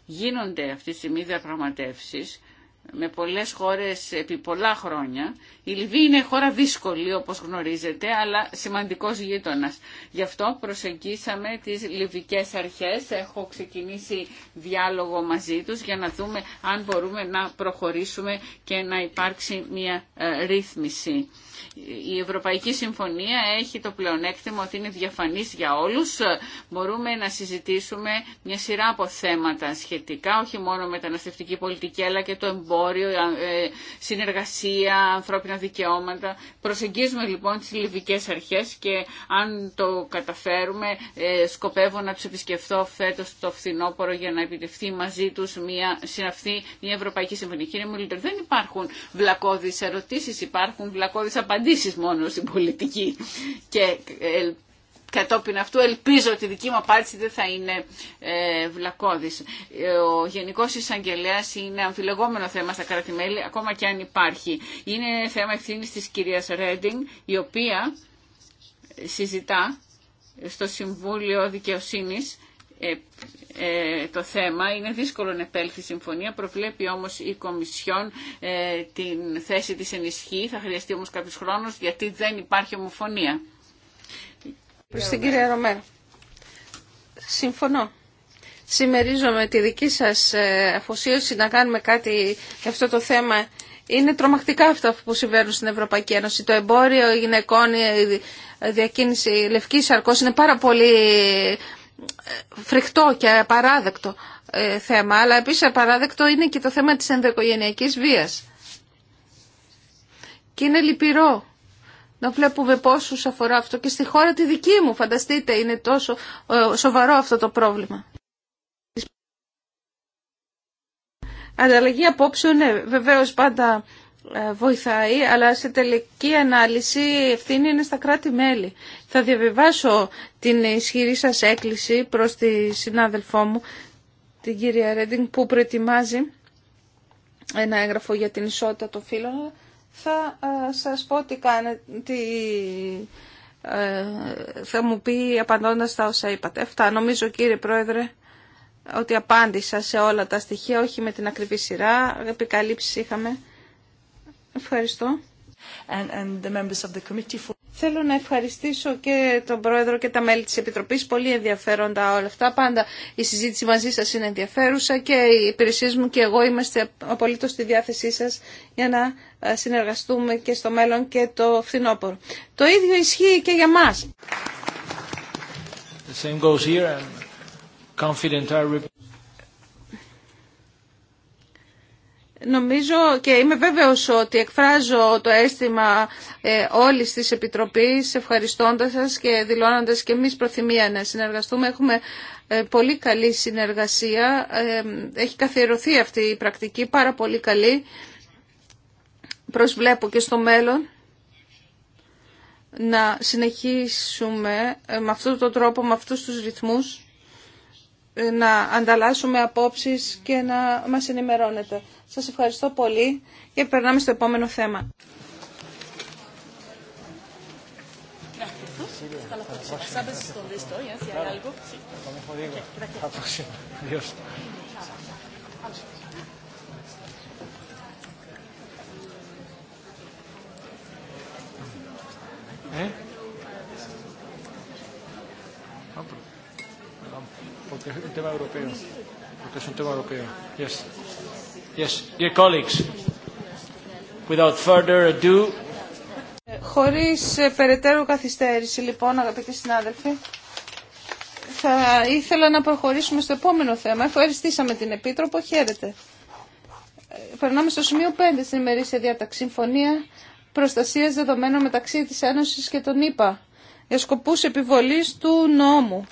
Γίνονται αυτή τη στιγμή διαπραγματεύσεις με πολλές χώρες επί πολλά χρόνια. Η Λιβύη είναι χώρα δύσκολη όπως γνωρίζετε, αλλά σημαντικός γείτονας. Γι' αυτό προσεγγίσαμε τις λιβικές αρχές. Έχω ξεκινήσει διάλογο μαζί τους για να δούμε αν μπορούμε να προχωρήσουμε και να υπάρξει μια ε, ρύθμιση η Ευρωπαϊκή Συμφωνία έχει το πλεονέκτημα ότι είναι διαφανής για όλους. Μπορούμε να συζητήσουμε μια σειρά από θέματα σχετικά, όχι μόνο μεταναστευτική πολιτική, αλλά και το εμπόριο, ε, συνεργασία, ανθρώπινα δικαιώματα. Προσεγγίζουμε λοιπόν τις λιβικές αρχές και αν το καταφέρουμε ε, σκοπεύω να τους επισκεφθώ φέτος το φθινόπωρο για να επιτευχθεί μαζί τους μια συναυθή, μια Ευρωπαϊκή Συμφωνία. Κύριε Μουλίτερ, δεν υπάρχουν βλακώδεις ερωτήσεις, υπάρχουν βλακώδεις απαντήσεις μόνο στην πολιτική και ε, κατόπιν αυτού ελπίζω ότι η δική μου απάντηση δεν θα είναι ε, βλακώδης. Ε, ο Γενικός εισαγγελέα είναι αμφιλεγόμενο θέμα στα κρατημέλη, ακόμα και αν υπάρχει. Είναι θέμα ευθύνη της κυρίας Ρέντινγκ, η οποία συζητά στο Συμβούλιο Δικαιοσύνης ε, ε, το θέμα. Είναι δύσκολο να επέλθει η συμφωνία. Προβλέπει όμω η Κομισιόν ε, την θέση της ενισχύ. Θα χρειαστεί όμω κάποιος χρόνος γιατί δεν υπάρχει ομοφωνία. Προς την κυρία Συμφωνώ. Συμμερίζομαι τη δική σας αφοσίωση να κάνουμε κάτι για αυτό το θέμα. Είναι τρομακτικά αυτά που συμβαίνουν στην Ευρωπαϊκή Ένωση. Το εμπόριο γυναικών, η διακίνηση λευκής αρκός είναι πάρα πολύ φρικτό και απαράδεκτο ε, θέμα, αλλά επίσης απαράδεκτο είναι και το θέμα της ενδοοικογενειακής βίας. Και είναι λυπηρό να βλέπουμε πόσους αφορά αυτό και στη χώρα τη δική μου, φανταστείτε, είναι τόσο ε, σοβαρό αυτό το πρόβλημα. Ανταλλαγή απόψεων, ναι, βεβαίως πάντα ε, βοηθάει, αλλά σε τελική ανάλυση η ευθύνη είναι στα κράτη-μέλη. Θα διαβιβάσω την ισχυρή σας έκκληση προς τη συνάδελφό μου, την κυρία Ρέντινγκ, που προετοιμάζει ένα έγγραφο για την ισότητα των φύλων. Θα ε, σας πω τι κάνετε, τι ε, θα μου πει απαντώντας τα όσα είπατε. Αυτά νομίζω κύριε Πρόεδρε ότι απάντησα σε όλα τα στοιχεία, όχι με την ακριβή σειρά, επικαλύψει είχαμε. Ευχαριστώ. Θέλω να ευχαριστήσω και τον Πρόεδρο και τα μέλη της Επιτροπής. Πολύ ενδιαφέροντα όλα αυτά. Πάντα η συζήτηση μαζί σας είναι ενδιαφέρουσα και οι υπηρεσίε μου και εγώ είμαστε απολύτως στη διάθεσή σας για να ε, συνεργαστούμε και στο μέλλον και το φθινόπωρο. Το ίδιο ισχύει και για μας. The same goes here. Νομίζω και είμαι βέβαιος ότι εκφράζω το αίσθημα ε, όλης της Επιτροπής ευχαριστώντας σας και δηλώνοντας και εμείς προθυμία να συνεργαστούμε. Έχουμε ε, πολύ καλή συνεργασία. Ε, έχει καθιερωθεί αυτή η πρακτική, πάρα πολύ καλή. Προσβλέπω και στο μέλλον να συνεχίσουμε ε, με αυτόν τον τρόπο, με αυτούς τους ρυθμούς να ανταλλάσσουμε απόψεις και να μας ενημερώνετε. Σας ευχαριστώ πολύ και περνάμε στο επόμενο θέμα. porque tema europeo. Porque es un tema Yes. Yes, Χωρίς ε, περαιτέρω καθυστέρηση, λοιπόν, αγαπητοί συνάδελφοι, θα ήθελα να προχωρήσουμε στο επόμενο θέμα. Ευχαριστήσαμε την Επίτροπο. Χαίρετε. Ε, περνάμε στο σημείο 5 στην ημερήσια διάταξη. Συμφωνία προστασία δεδομένων μεταξύ της Ένωσης και των ΗΠΑ για σκοπούς επιβολής του νόμου.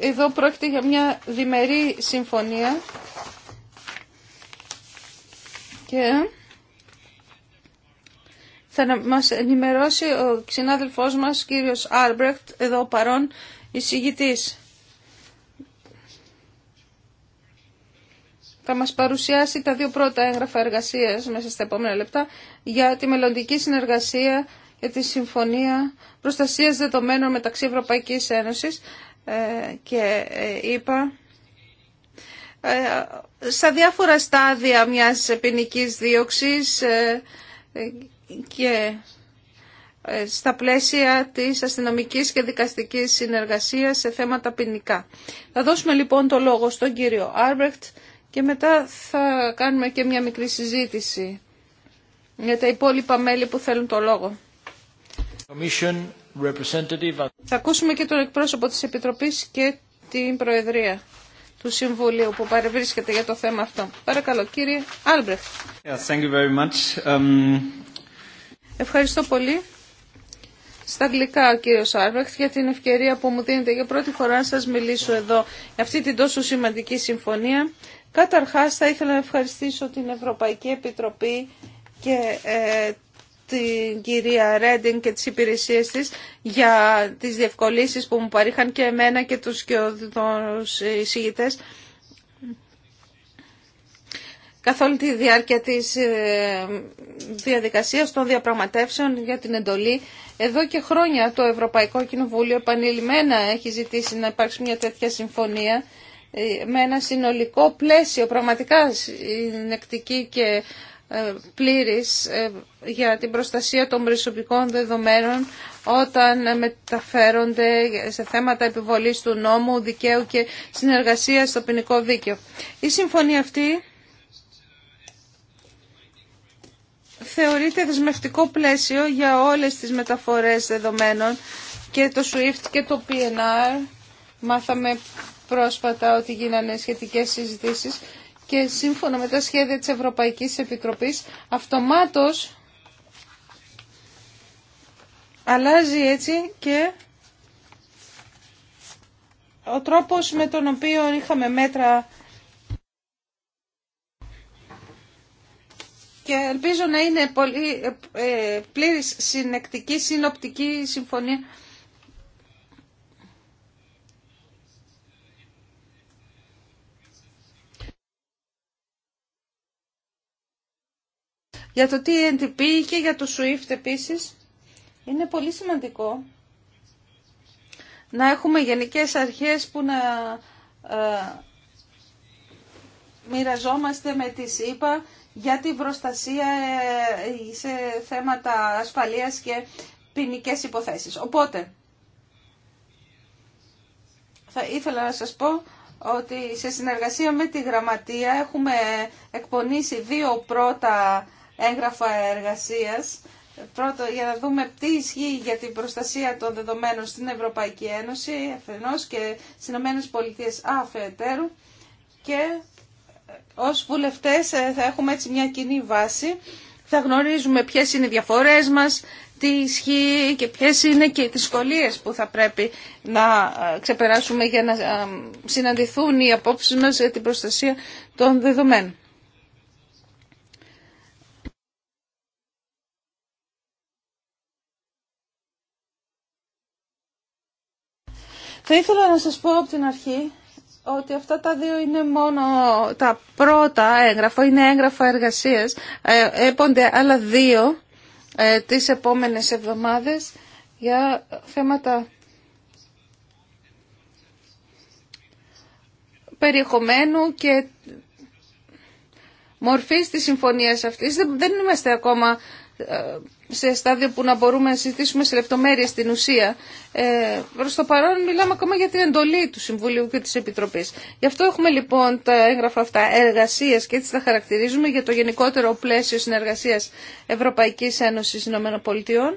Εδώ πρόκειται για μια διμερή συμφωνία και θα μας ενημερώσει ο συνάδελφός μας, κύριος Άρμπρεχτ, εδώ παρόν, εισηγητής. Θα μας παρουσιάσει τα δύο πρώτα έγγραφα εργασίας μέσα στα επόμενα λεπτά για τη μελλοντική συνεργασία για τη Συμφωνία Προστασίας Δεδομένων μεταξύ Ευρωπαϊκής Ένωσης ε, και είπα ΕΕ, ε, στα διάφορα στάδια μιας ποινική δίωξης ε, και ε, στα πλαίσια της αστυνομικής και δικαστικής συνεργασίας σε θέματα ποινικά. Θα δώσουμε λοιπόν το λόγο στον κύριο Άρμπρεχτ και μετά θα κάνουμε και μια μικρή συζήτηση για τα υπόλοιπα μέλη που θέλουν το λόγο. Θα ακούσουμε και τον εκπρόσωπο της Επιτροπής και την Προεδρία του Συμβουλίου που παρευρίσκεται για το θέμα αυτό. Παρακαλώ, κύριε Άλμπρεχτ. Um, Ευχαριστώ πολύ. Στα αγγλικά ο κύριος Άλμπρεχτ για την ευκαιρία που μου δίνετε για πρώτη φορά να σας μιλήσω εδώ για αυτή την τόσο σημαντική συμφωνία. Καταρχάς θα ήθελα να ευχαριστήσω την Ευρωπαϊκή Επιτροπή και ε, την κυρία Ρέντινγκ και τις υπηρεσίες της για τις διευκολύσεις που μου παρήχαν και εμένα και τους και τους εισηγητές καθ' όλη τη διάρκεια της ε, διαδικασίας των διαπραγματεύσεων για την εντολή. Εδώ και χρόνια το Ευρωπαϊκό Κοινοβούλιο επανειλημμένα έχει ζητήσει να υπάρξει μια τέτοια συμφωνία ε, με ένα συνολικό πλαίσιο, πραγματικά συνεκτική και ε, πλήρης ε, για την προστασία των προσωπικών δεδομένων όταν μεταφέρονται σε θέματα επιβολής του νόμου, δικαίου και συνεργασίας στο ποινικό δίκαιο. Η συμφωνία αυτή θεωρείται δεσμευτικό πλαίσιο για όλες τις μεταφορές δεδομένων και το SWIFT και το PNR. Μάθαμε πρόσφατα ότι γίνανε σχετικές συζητήσεις και σύμφωνα με τα σχέδια της Ευρωπαϊκής Επιτροπής αυτομάτως αλλάζει έτσι και ο τρόπος με τον οποίο είχαμε μέτρα και ελπίζω να είναι πολύ ε, ε, πλήρης συνεκτική, συνοπτική συμφωνία Για το TNTP και για το SWIFT επίσης είναι πολύ σημαντικό να έχουμε γενικές αρχές που να ε, μοιραζόμαστε με τη ΣΥΠΑ για την προστασία ε, σε θέματα ασφαλείας και ποινικέ υποθέσεις. Οπότε, θα ήθελα να σας πω ότι σε συνεργασία με τη Γραμματεία έχουμε εκπονήσει δύο πρώτα έγγραφα εργασίας. Πρώτο, για να δούμε τι ισχύει για την προστασία των δεδομένων στην Ευρωπαϊκή Ένωση, αφενός και στι ΗΠΑ αφετέρου. Και ε, ως βουλευτές ε, θα έχουμε έτσι μια κοινή βάση. Θα γνωρίζουμε ποιες είναι οι διαφορές μας, τι ισχύει και ποιες είναι και οι δυσκολίε που θα πρέπει να ε, ξεπεράσουμε για να συναντηθούν οι απόψεις μας για την προστασία των δεδομένων. Θα ήθελα να σας πω από την αρχή ότι αυτά τα δύο είναι μόνο τα πρώτα έγγραφα, είναι έγγραφα εργασίας. Ε, έπονται άλλα δύο ε, τις επόμενες εβδομάδες για θέματα περιεχομένου και μορφής της συμφωνίας αυτής. Δεν είμαστε ακόμα ε, σε στάδιο που να μπορούμε να συζητήσουμε σε λεπτομέρειες στην ουσία. Ε, προς το παρόν μιλάμε ακόμα για την εντολή του Συμβουλίου και της Επιτροπής. Γι' αυτό έχουμε λοιπόν τα έγγραφα αυτά εργασίες και έτσι τα χαρακτηρίζουμε για το γενικότερο πλαίσιο συνεργασίας Ευρωπαϊκής Ένωσης ΗΠΑ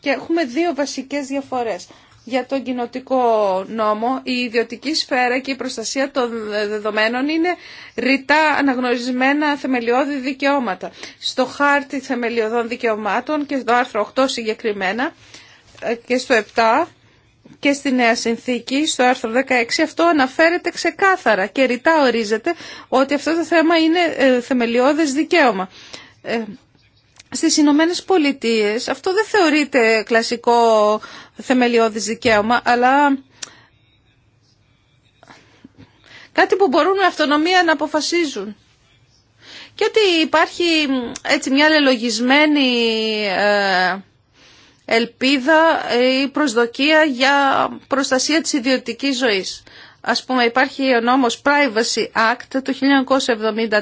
και έχουμε δύο βασικές διαφορές για τον κοινοτικό νόμο, η ιδιωτική σφαίρα και η προστασία των δεδομένων είναι ρητά αναγνωρισμένα θεμελιώδη δικαιώματα. Στο χάρτη θεμελιωδών δικαιωμάτων και στο άρθρο 8 συγκεκριμένα ε, και στο 7 και στη Νέα Συνθήκη, στο άρθρο 16, αυτό αναφέρεται ξεκάθαρα και ρητά ορίζεται ότι αυτό το θέμα είναι ε, θεμελιώδες δικαίωμα. Ε, στις Ηνωμένε Πολιτείες αυτό δεν θεωρείται κλασικό θεμελιώδης δικαίωμα, αλλά κάτι που μπορούν με αυτονομία να αποφασίζουν. Και ότι υπάρχει έτσι μια λελογισμένη ε, ελπίδα ή ε, προσδοκία για προστασία της ιδιωτικής ζωής. Ας πούμε υπάρχει ο νόμος Privacy Act του 1974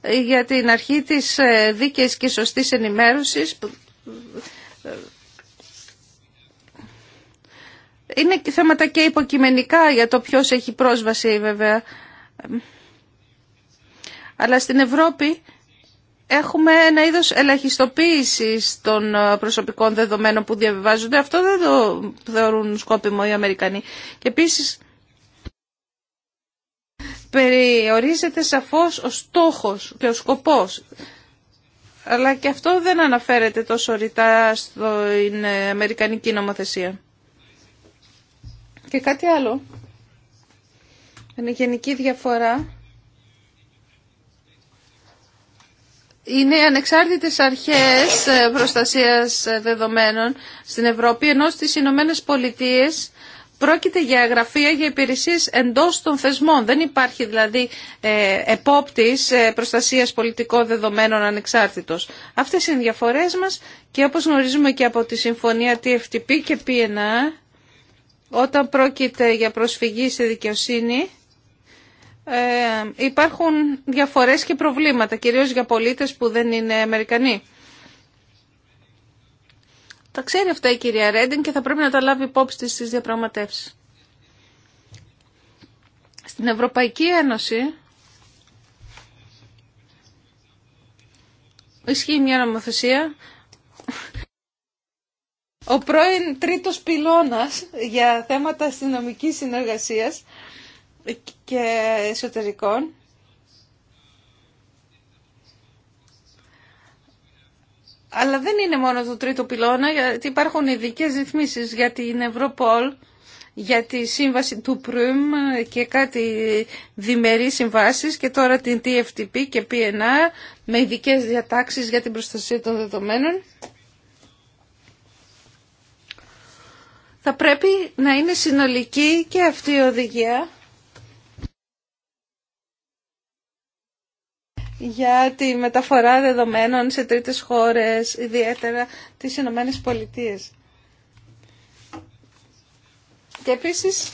ε, για την αρχή της δίκαιης και σωστής ενημέρωσης είναι θέματα και υποκειμενικά για το ποιος έχει πρόσβαση βέβαια. Αλλά στην Ευρώπη έχουμε ένα είδος ελαχιστοποίησης των ε, προσωπικών δεδομένων που διαβιβάζονται. Αυτό δεν το θεωρούν σκόπιμο οι Αμερικανοί. Και επίσης περιορίζεται σαφώς ο στόχος και ο σκοπός. Αλλά και αυτό δεν αναφέρεται τόσο ρητά στην ε, Αμερικανική νομοθεσία. Και κάτι άλλο. Είναι γενική διαφορά. Είναι ανεξάρτητες αρχές ε, προστασίας ε, δεδομένων στην Ευρώπη, ενώ στις Ηνωμένε Πολιτείες πρόκειται για γραφεία για υπηρεσίες εντός των θεσμών. Δεν υπάρχει δηλαδή ε, επόπτης ε, προστασίας πολιτικών δεδομένων ανεξάρτητος. Αυτές είναι οι διαφορές μας και όπως γνωρίζουμε και από τη συμφωνία TFTP και PNA όταν πρόκειται για προσφυγή σε δικαιοσύνη ε, υπάρχουν διαφορές και προβλήματα, κυρίως για πολίτες που δεν είναι Αμερικανοί. Τα ξέρει αυτά η κυρία Ρέντιν και θα πρέπει να τα λάβει υπόψη της στις διαπραγματεύσεις. Στην Ευρωπαϊκή Ένωση ισχύει μια νομοθεσία ο πρώην τρίτος πυλώνας για θέματα αστυνομική συνεργασίας και εσωτερικών. Αλλά δεν είναι μόνο το τρίτο πυλώνα, γιατί υπάρχουν ειδικέ ρυθμίσεις για την Ευρωπόλ, για τη σύμβαση του ΠΡΟΥΜ και κάτι διμερεί συμβάσεις και τώρα την TFTP και PNR με ειδικέ διατάξεις για την προστασία των δεδομένων. θα πρέπει να είναι συνολική και αυτή η οδηγία για τη μεταφορά δεδομένων σε τρίτες χώρες, ιδιαίτερα τις Ηνωμένε Πολιτείες. Και επίσης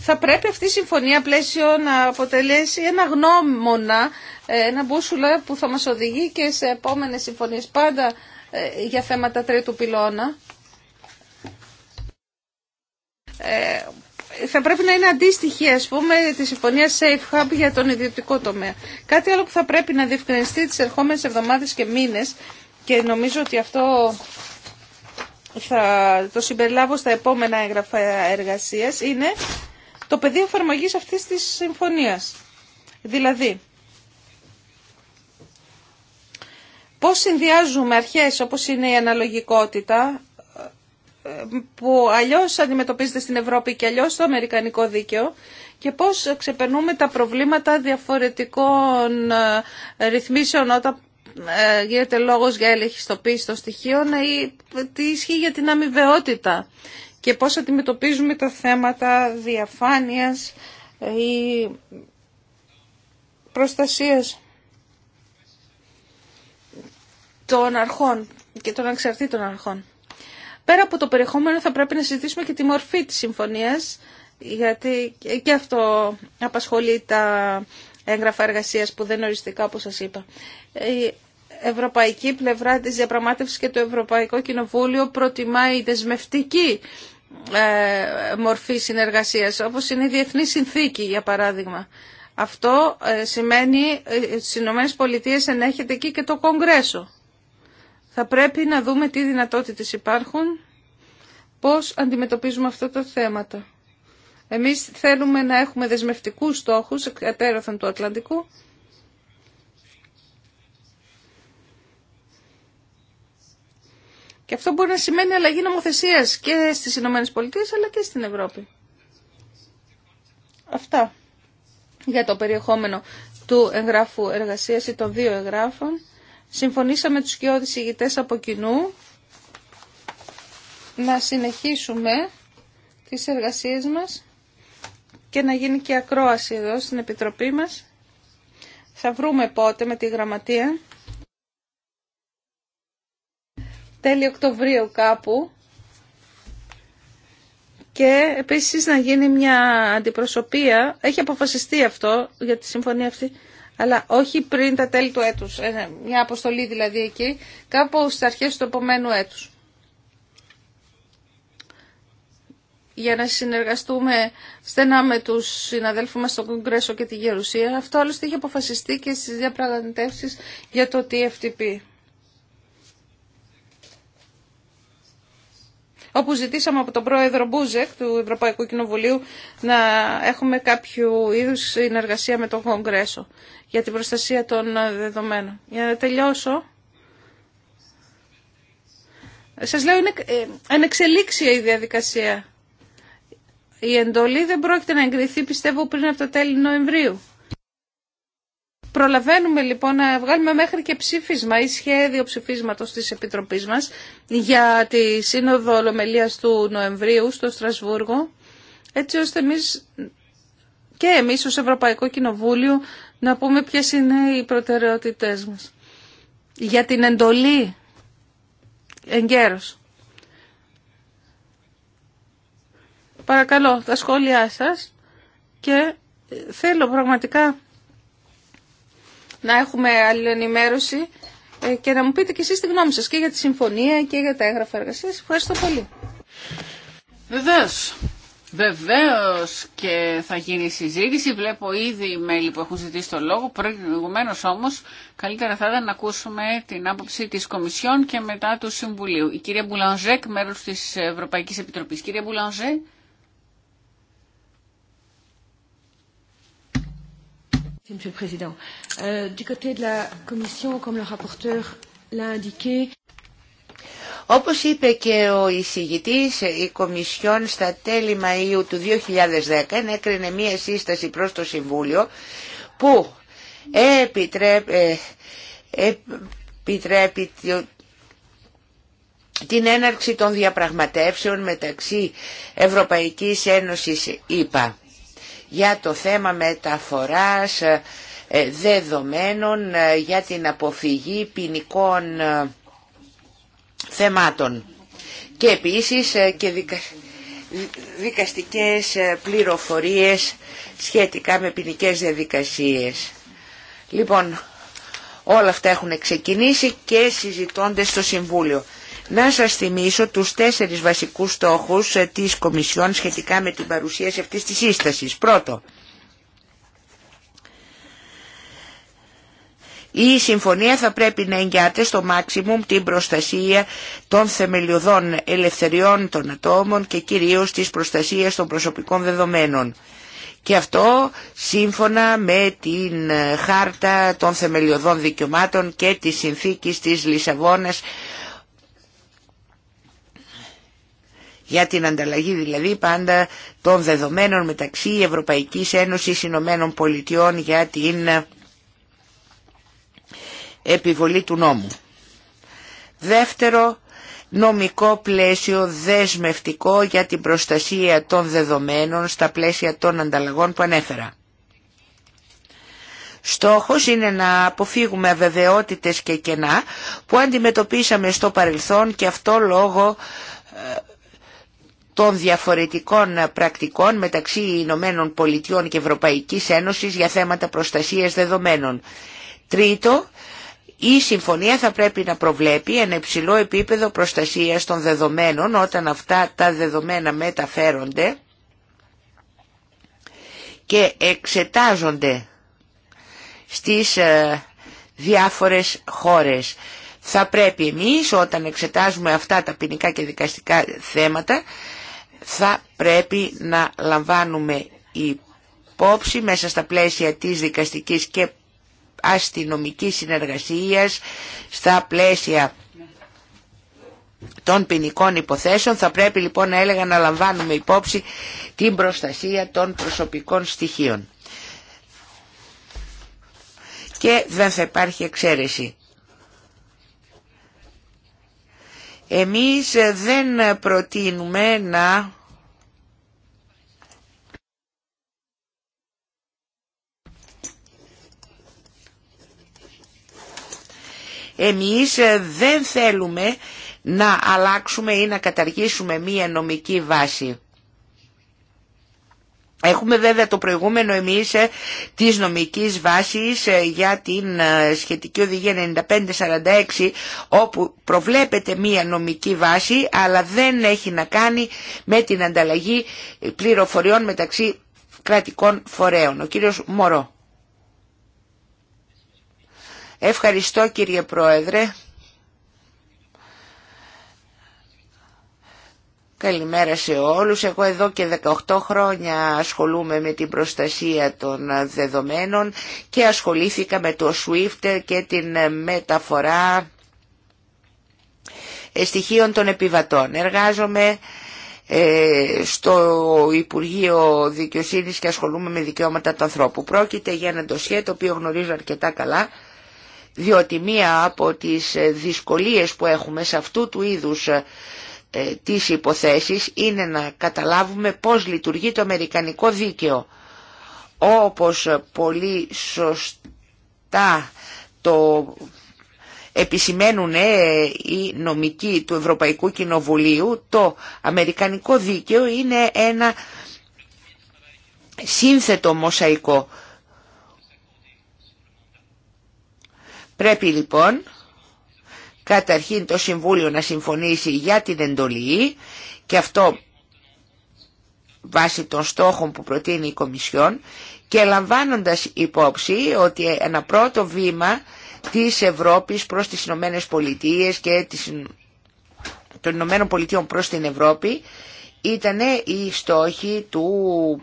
θα πρέπει αυτή η συμφωνία πλαίσιο να αποτελέσει ένα γνώμονα, ε, ένα μπούσουλα που θα μας οδηγεί και σε επόμενες συμφωνίες. Πάντα ε, για θέματα τρίτου πυλώνα ε, θα πρέπει να είναι αντίστοιχη ας πούμε τη συμφωνία Safe Hub για τον ιδιωτικό τομέα. Κάτι άλλο που θα πρέπει να διευκρινιστεί τις ερχόμενες εβδομάδες και μήνες και νομίζω ότι αυτό θα το συμπεριλάβω στα επόμενα έγγραφα εργασίας είναι το πεδίο εφαρμογή αυτής της συμφωνίας. Δηλαδή, Πώς συνδυάζουμε αρχές όπως είναι η αναλογικότητα που αλλιώς αντιμετωπίζεται στην Ευρώπη και αλλιώς στο Αμερικανικό δίκαιο και πώς ξεπερνούμε τα προβλήματα διαφορετικών ε, ρυθμίσεων όταν ε, γίνεται λόγος για ελεγχιστοποίηση των στοιχείων ε, ή τι ισχύει για την αμοιβαιότητα και πώς αντιμετωπίζουμε τα θέματα διαφάνειας ή προστασίας των αρχών και των ανεξαρτήτων αρχών. Πέρα από το περιεχόμενο θα πρέπει να συζητήσουμε και τη μορφή της συμφωνίας, γιατί και αυτό απασχολεί τα έγγραφα εργασίας που δεν οριστικά όπως σας είπα. Η ευρωπαϊκή πλευρά της διαπραγμάτευσης και το Ευρωπαϊκό Κοινοβούλιο προτιμάει δεσμευτική ε, μορφή συνεργασίας, όπως είναι η Διεθνή Συνθήκη για παράδειγμα. Αυτό ε, σημαίνει ε, στις ΗΠΑ ενέχεται εκεί και το Κογκρέσο. Θα πρέπει να δούμε τι δυνατότητες υπάρχουν, πώς αντιμετωπίζουμε αυτά τα θέματα. Εμείς θέλουμε να έχουμε δεσμευτικούς στόχους κατέρωθαν του Ατλαντικού. Και αυτό μπορεί να σημαίνει αλλαγή νομοθεσίας και στις Ηνωμένε Πολιτείες αλλά και στην Ευρώπη. Αυτά για το περιεχόμενο του εγγράφου εργασίας ή των δύο εγγράφων συμφωνήσαμε τους κοιόδης ηγητές από κοινού να συνεχίσουμε τις εργασίες μας και να γίνει και ακρόαση εδώ στην Επιτροπή μας. Θα βρούμε πότε με τη γραμματεία. Τέλειο Οκτωβρίου κάπου. Και επίσης να γίνει μια αντιπροσωπεία, έχει αποφασιστεί αυτό για τη συμφωνία αυτή, αλλά όχι πριν τα τέλη του έτους. Ε, μια αποστολή δηλαδή εκεί, κάπου στις αρχές του επόμενου έτους. για να συνεργαστούμε στενά με τους συναδέλφου μα στο Κογκρέσο και τη Γερουσία. Αυτό άλλωστε είχε αποφασιστεί και στι διαπραγματεύσεις για το TFTP. όπου ζητήσαμε από τον πρόεδρο Μπούζεκ του Ευρωπαϊκού Κοινοβουλίου να έχουμε κάποιο είδου συνεργασία με τον Κογκρέσο για την προστασία των δεδομένων. Για να τελειώσω, Σα λέω είναι ανεξελίξια ε, η διαδικασία. Η εντολή δεν πρόκειται να εγκριθεί πιστεύω πριν από το τέλη Νοεμβρίου. Προλαβαίνουμε λοιπόν να βγάλουμε μέχρι και ψήφισμα ή σχέδιο ψηφίσματος της Επιτροπής μας για τη Σύνοδο Ολομελίας του Νοεμβρίου στο Στρασβούργο, έτσι ώστε εμείς και εμείς ως Ευρωπαϊκό Κοινοβούλιο να πούμε ποιες είναι οι προτεραιότητές μας. Για την εντολή εγκαίρως. Παρακαλώ τα σχόλιά σας και θέλω πραγματικά να έχουμε άλλη ενημέρωση ε, και να μου πείτε και εσείς τη γνώμη σας και για τη συμφωνία και για τα έγγραφα εργασίας. Ευχαριστώ πολύ. Βεβαίως. Βεβαίω και θα γίνει συζήτηση. Βλέπω ήδη οι μέλη που έχουν ζητήσει το λόγο. Προηγουμένω όμω, καλύτερα θα ήταν να ακούσουμε την άποψη τη Κομισιόν και μετά του Συμβουλίου. Η κυρία Μπουλανζέκ, εκ μέρου τη Ευρωπαϊκή Επιτροπή. Κυρία Μπουλανζέκ. Monsieur le Président. όπως είπε και ο εισηγητής, η Κομισιόν στα τέλη Μαΐου του 2010 έκρινε μία σύσταση προς το Συμβούλιο που ε, επιτρέπει, επιτρέπει την έναρξη των διαπραγματεύσεων μεταξύ Ευρωπαϊκής Ένωσης ΕΠΑ για το θέμα μεταφοράς ε, δεδομένων ε, για την αποφυγή ποινικών ε, θεμάτων. Και επίσης και δικαστικές πληροφορίες σχετικά με ποινικέ διαδικασίες. Λοιπόν, όλα αυτά έχουν ξεκινήσει και συζητώνται στο Συμβούλιο. Να σας θυμίσω τους τέσσερις βασικούς στόχους ε, της Κομισιόν σχετικά με την παρουσίαση αυτής της σύστασης. Πρώτο, η συμφωνία θα πρέπει να εγκιάται στο μάξιμουμ την προστασία των θεμελιωδών ελευθεριών των ατόμων και κυρίως της προστασίας των προσωπικών δεδομένων. Και αυτό σύμφωνα με την ε, Χάρτα των Θεμελιωδών Δικαιωμάτων και τη Συνθήκη της Λισαβόνας για την ανταλλαγή δηλαδή πάντα των δεδομένων μεταξύ Ευρωπαϊκής Ένωσης Ηνωμένων Πολιτειών για την επιβολή του νόμου. Δεύτερο, νομικό πλαίσιο δεσμευτικό για την προστασία των δεδομένων στα πλαίσια των ανταλλαγών που ανέφερα. Στόχος είναι να αποφύγουμε αβεβαιότητες και κενά που αντιμετωπίσαμε στο παρελθόν και αυτό λόγω ε, των διαφορετικών πρακτικών μεταξύ Ηνωμένων Πολιτειών και Ευρωπαϊκής Ένωσης για θέματα προστασίας δεδομένων. Τρίτο, η συμφωνία θα πρέπει να προβλέπει ένα υψηλό επίπεδο προστασίας των δεδομένων όταν αυτά τα δεδομένα μεταφέρονται και εξετάζονται στις ε, διάφορες χώρες. Θα πρέπει εμείς όταν εξετάζουμε αυτά τα ποινικά και δικαστικά θέματα θα πρέπει να λαμβάνουμε υπόψη μέσα στα πλαίσια της δικαστικής και αστυνομικής συνεργασίας, στα πλαίσια των ποινικών υποθέσεων. Θα πρέπει λοιπόν να έλεγα να λαμβάνουμε υπόψη την προστασία των προσωπικών στοιχείων. Και δεν θα υπάρχει εξαίρεση. Εμείς ε, δεν προτείνουμε να... Εμείς ε, δεν θέλουμε να αλλάξουμε ή να καταργήσουμε μία νομική βάση. Έχουμε βέβαια το προηγούμενο εμείς ε, της νομικής βάσης ε, για την ε, σχετική οδηγία 9546 όπου προβλέπεται μία νομική βάση αλλά δεν έχει να κάνει με την ανταλλαγή πληροφοριών μεταξύ κρατικών φορέων. Ο κύριος Μωρό. Ευχαριστώ κύριε Πρόεδρε. Καλημέρα σε όλους. Εγώ εδώ και 18 χρόνια ασχολούμαι με την προστασία των δεδομένων και ασχολήθηκα με το SWIFT και την μεταφορά ε, στοιχείων των επιβατών. Εργάζομαι ε, στο Υπουργείο Δικαιοσύνης και ασχολούμαι με δικαιώματα του ανθρώπου. Πρόκειται για ένα ντοσιέ το οποίο γνωρίζω αρκετά καλά διότι μία από τις ε, δυσκολίες που έχουμε σε αυτού του είδους ε, τις υποθέσεις είναι να καταλάβουμε πώς λειτουργεί το Αμερικανικό δίκαιο. Όπως πολύ σωστά το επισημαίνουν ε, οι νομικοί του Ευρωπαϊκού Κοινοβουλίου, το Αμερικανικό δίκαιο είναι ένα σύνθετο μοσαϊκό. Πρέπει λοιπόν καταρχήν το Συμβούλιο να συμφωνήσει για την εντολή και αυτό βάσει των στόχων που προτείνει η Κομισιόν και λαμβάνοντας υπόψη ότι ένα πρώτο βήμα της Ευρώπης προς τις Ηνωμένε Πολιτείες και των Ηνωμένων Πολιτείων προς την Ευρώπη ήταν οι στόχοι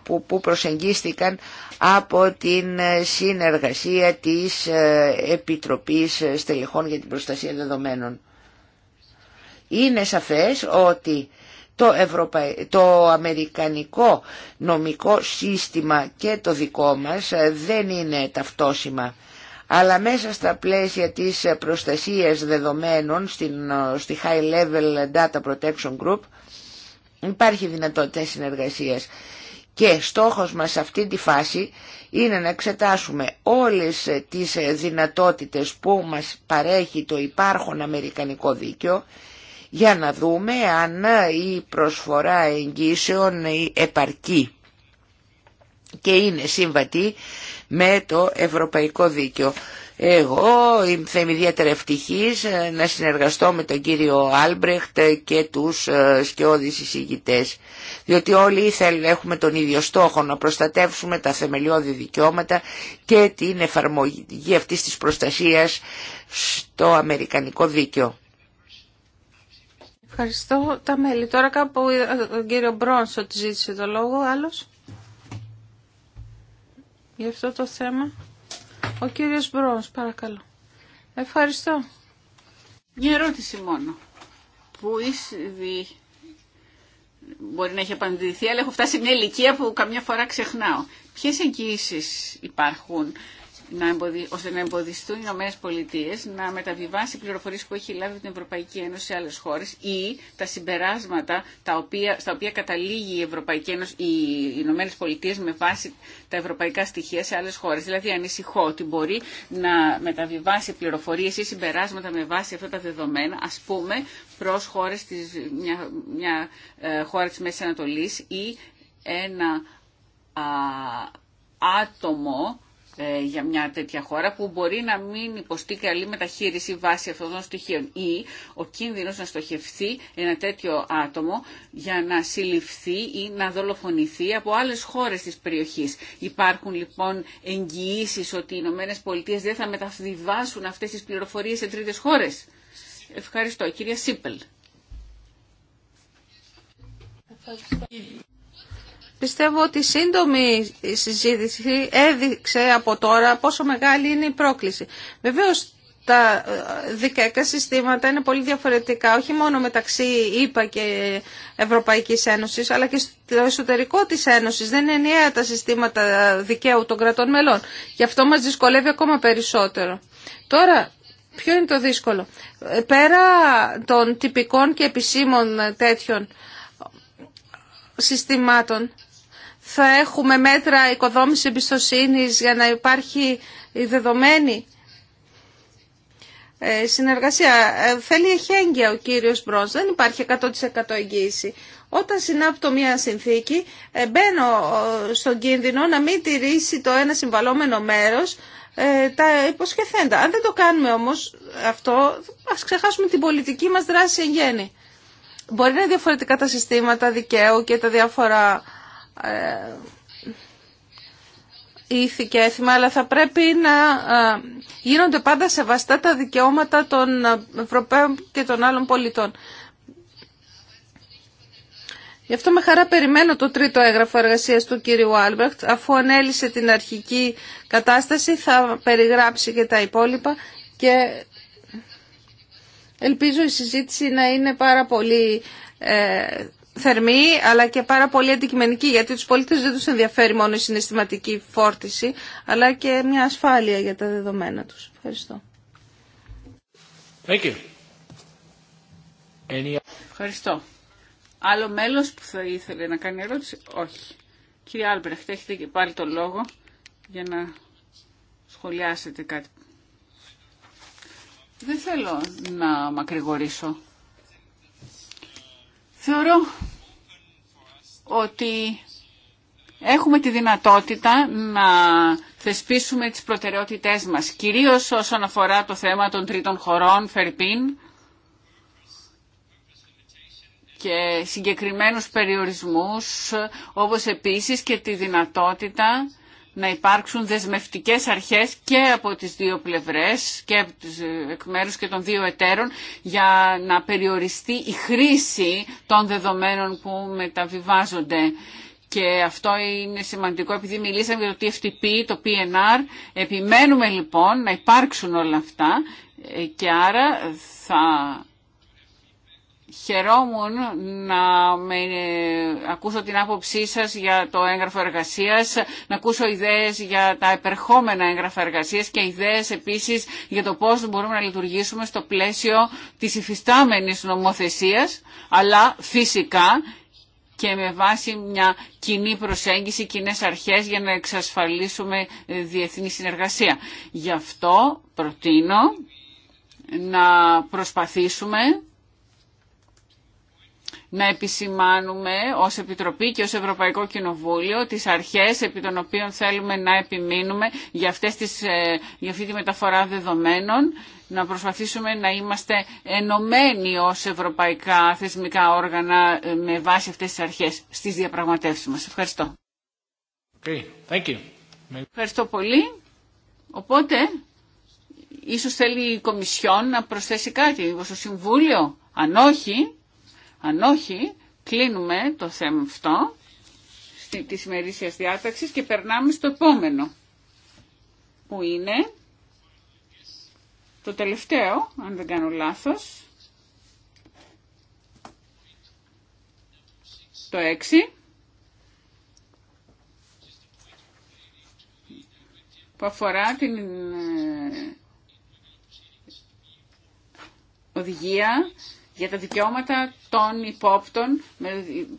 που, προσεγγίστηκαν από την συνεργασία της ε, Επιτροπής Στελεχών για την Προστασία Δεδομένων. Είναι σαφές ότι το, το αμερικανικό νομικό σύστημα και το δικό μας ε, δεν είναι ταυτόσημα. Αλλά μέσα στα πλαίσια της προστασίας δεδομένων στην, ε, στη High Level Data Protection Group Υπάρχει δυνατότητα συνεργασίας και στόχος μας σε αυτή τη φάση είναι να εξετάσουμε όλες τις δυνατότητες που μας παρέχει το υπάρχον Αμερικανικό δίκαιο για να δούμε αν η προσφορά εγγύσεων επαρκεί και είναι συμβατή με το Ευρωπαϊκό Δίκαιο. Εγώ θα είμαι ιδιαίτερα ευτυχής ε, να συνεργαστώ με τον κύριο Άλμπρεχτ και τους ε, σκιώδεις εισηγητές, διότι όλοι θέλουν, έχουμε τον ίδιο στόχο να προστατεύσουμε τα θεμελιώδη δικαιώματα και την εφαρμογή αυτής της προστασίας στο Αμερικανικό Δίκαιο. Ευχαριστώ τα μέλη. Τώρα κάπου ε, ο κύριο Μπρόνς ότι ζήτησε το λόγο, άλλος, για αυτό το θέμα. Ο κύριος Μπρόνς, παρακαλώ. Ευχαριστώ. Μια ερώτηση μόνο, που δι... μπορεί να έχει απαντηθεί, αλλά έχω φτάσει σε μια ηλικία που καμιά φορά ξεχνάω. Ποιες εγγύησεις υπάρχουν να εμποδι... ώστε να εμποδιστούν οι Ηνωμένε Πολιτείε να μεταβιβάσει πληροφορίε που έχει λάβει την Ευρωπαϊκή Ένωση σε άλλε χώρε ή τα συμπεράσματα τα οποία... στα οποία καταλήγει η Ευρωπαϊκή Ένωση, οι Ηνωμένε Πολιτείε με βάση τα ευρωπαϊκά στοιχεία σε άλλε χώρε. Δηλαδή, ανησυχώ ότι μπορεί να μεταβιβάσει πληροφορίε ή συμπεράσματα με βάση αυτά τα δεδομένα, α πούμε, προ χώρε τη μια, μια ε, χώρα τη Μέση Ανατολή ή ένα άτομο ε, για μια τέτοια χώρα που μπορεί να μην υποστεί καλή μεταχείριση βάσει αυτών των στοιχείων ή ο κίνδυνος να στοχευθεί ένα τέτοιο άτομο για να συλληφθεί ή να δολοφονηθεί από άλλες χώρες της περιοχής. Υπάρχουν λοιπόν εγγυήσει ότι οι Ηνωμένες Πολιτείες δεν θα μεταβιβάσουν αυτές τις πληροφορίες σε τρίτες χώρες. Ευχαριστώ. Κυρία Σίπελ. Πιστεύω ότι η σύντομη συζήτηση έδειξε από τώρα πόσο μεγάλη είναι η πρόκληση. Βεβαίως τα ε, δικαϊκά συστήματα είναι πολύ διαφορετικά, όχι μόνο μεταξύ ΕΠΑ και Ευρωπαϊκής Ένωσης, αλλά και στο εσωτερικό της Ένωσης. Δεν είναι ενιαία τα συστήματα δικαίου των κρατών μελών. Γι' αυτό μας δυσκολεύει ακόμα περισσότερο. Τώρα, ποιο είναι το δύσκολο. Ε, πέρα των τυπικών και επισήμων τέτοιων συστημάτων, θα έχουμε μέτρα οικοδόμησης εμπιστοσύνη για να υπάρχει η δεδομένη ε, συνεργασία. θέλει ε, εχέγγυα ο κύριος Μπρος, δεν υπάρχει 100% εγγύηση. Όταν συνάπτω μια συνθήκη, ε, μπαίνω στον κίνδυνο να μην τηρήσει το ένα συμβαλόμενο μέρος τα υποσχεθέντα. Αν δεν το κάνουμε όμως αυτό, ας ξεχάσουμε την πολιτική μας δράση εν γέννη. Μπορεί να είναι διαφορετικά τα συστήματα δικαίου και τα διάφορα ε, ήθη και έθιμα, αλλά θα πρέπει να ε, γίνονται πάντα σεβαστά τα δικαιώματα των Ευρωπαίων και των άλλων πολιτών. Γι' αυτό με χαρά περιμένω το τρίτο έγγραφο εργασίας του κύριου Άλμπερτ Αφού ανέλησε την αρχική κατάσταση θα περιγράψει και τα υπόλοιπα και ελπίζω η συζήτηση να είναι πάρα πολύ ε, θερμή αλλά και πάρα πολύ αντικειμενική γιατί τους πολίτες δεν τους ενδιαφέρει μόνο η συναισθηματική φόρτιση αλλά και μια ασφάλεια για τα δεδομένα τους. Ευχαριστώ. Thank you. Any... Ευχαριστώ. Άλλο μέλος που θα ήθελε να κάνει ερώτηση. Όχι. Κύριε Άλμπρεχτ, έχετε και πάλι το λόγο για να σχολιάσετε κάτι. Δεν θέλω να μακρηγορήσω. Θεωρώ ότι έχουμε τη δυνατότητα να θεσπίσουμε τις προτεραιότητές μας, κυρίως όσον αφορά το θέμα των τρίτων χωρών, Φερπίν, και συγκεκριμένους περιορισμούς, όπως επίσης και τη δυνατότητα να υπάρξουν δεσμευτικές αρχές και από τις δύο πλευρές και από τις, ε, εκ μέρους και των δύο εταίρων για να περιοριστεί η χρήση των δεδομένων που μεταβιβάζονται. Και αυτό είναι σημαντικό επειδή μιλήσαμε για το TFTP, το PNR. Επιμένουμε λοιπόν να υπάρξουν όλα αυτά ε, και άρα θα Χαιρόμουν να με, ακούσω την άποψή σας για το έγγραφο εργασίας, να ακούσω ιδέες για τα επερχόμενα έγγραφα εργασίας και ιδέες επίσης για το πώς μπορούμε να λειτουργήσουμε στο πλαίσιο της υφιστάμενης νομοθεσίας, αλλά φυσικά και με βάση μια κοινή προσέγγιση, κοινέ αρχές για να εξασφαλίσουμε διεθνή συνεργασία. Γι' αυτό προτείνω να προσπαθήσουμε να επισημάνουμε ως Επιτροπή και ως Ευρωπαϊκό Κοινοβούλιο τις αρχές επί των οποίων θέλουμε να επιμείνουμε για, αυτές τις, ε, για αυτή τη μεταφορά δεδομένων, να προσπαθήσουμε να είμαστε ενωμένοι ως ευρωπαϊκά θεσμικά όργανα ε, με βάση αυτές τις αρχές στις διαπραγματεύσεις μας. Ευχαριστώ. Okay. Thank you. Ευχαριστώ πολύ. Οπότε, ίσως θέλει η Κομισιόν να προσθέσει κάτι στο Συμβούλιο. Αν όχι, αν όχι, κλείνουμε το θέμα αυτό τη ημερήσιας διάταξης και περνάμε στο επόμενο που είναι το τελευταίο, αν δεν κάνω λάθος, το 6, που αφορά την ε, οδηγία για τα δικαιώματα των υπόπτων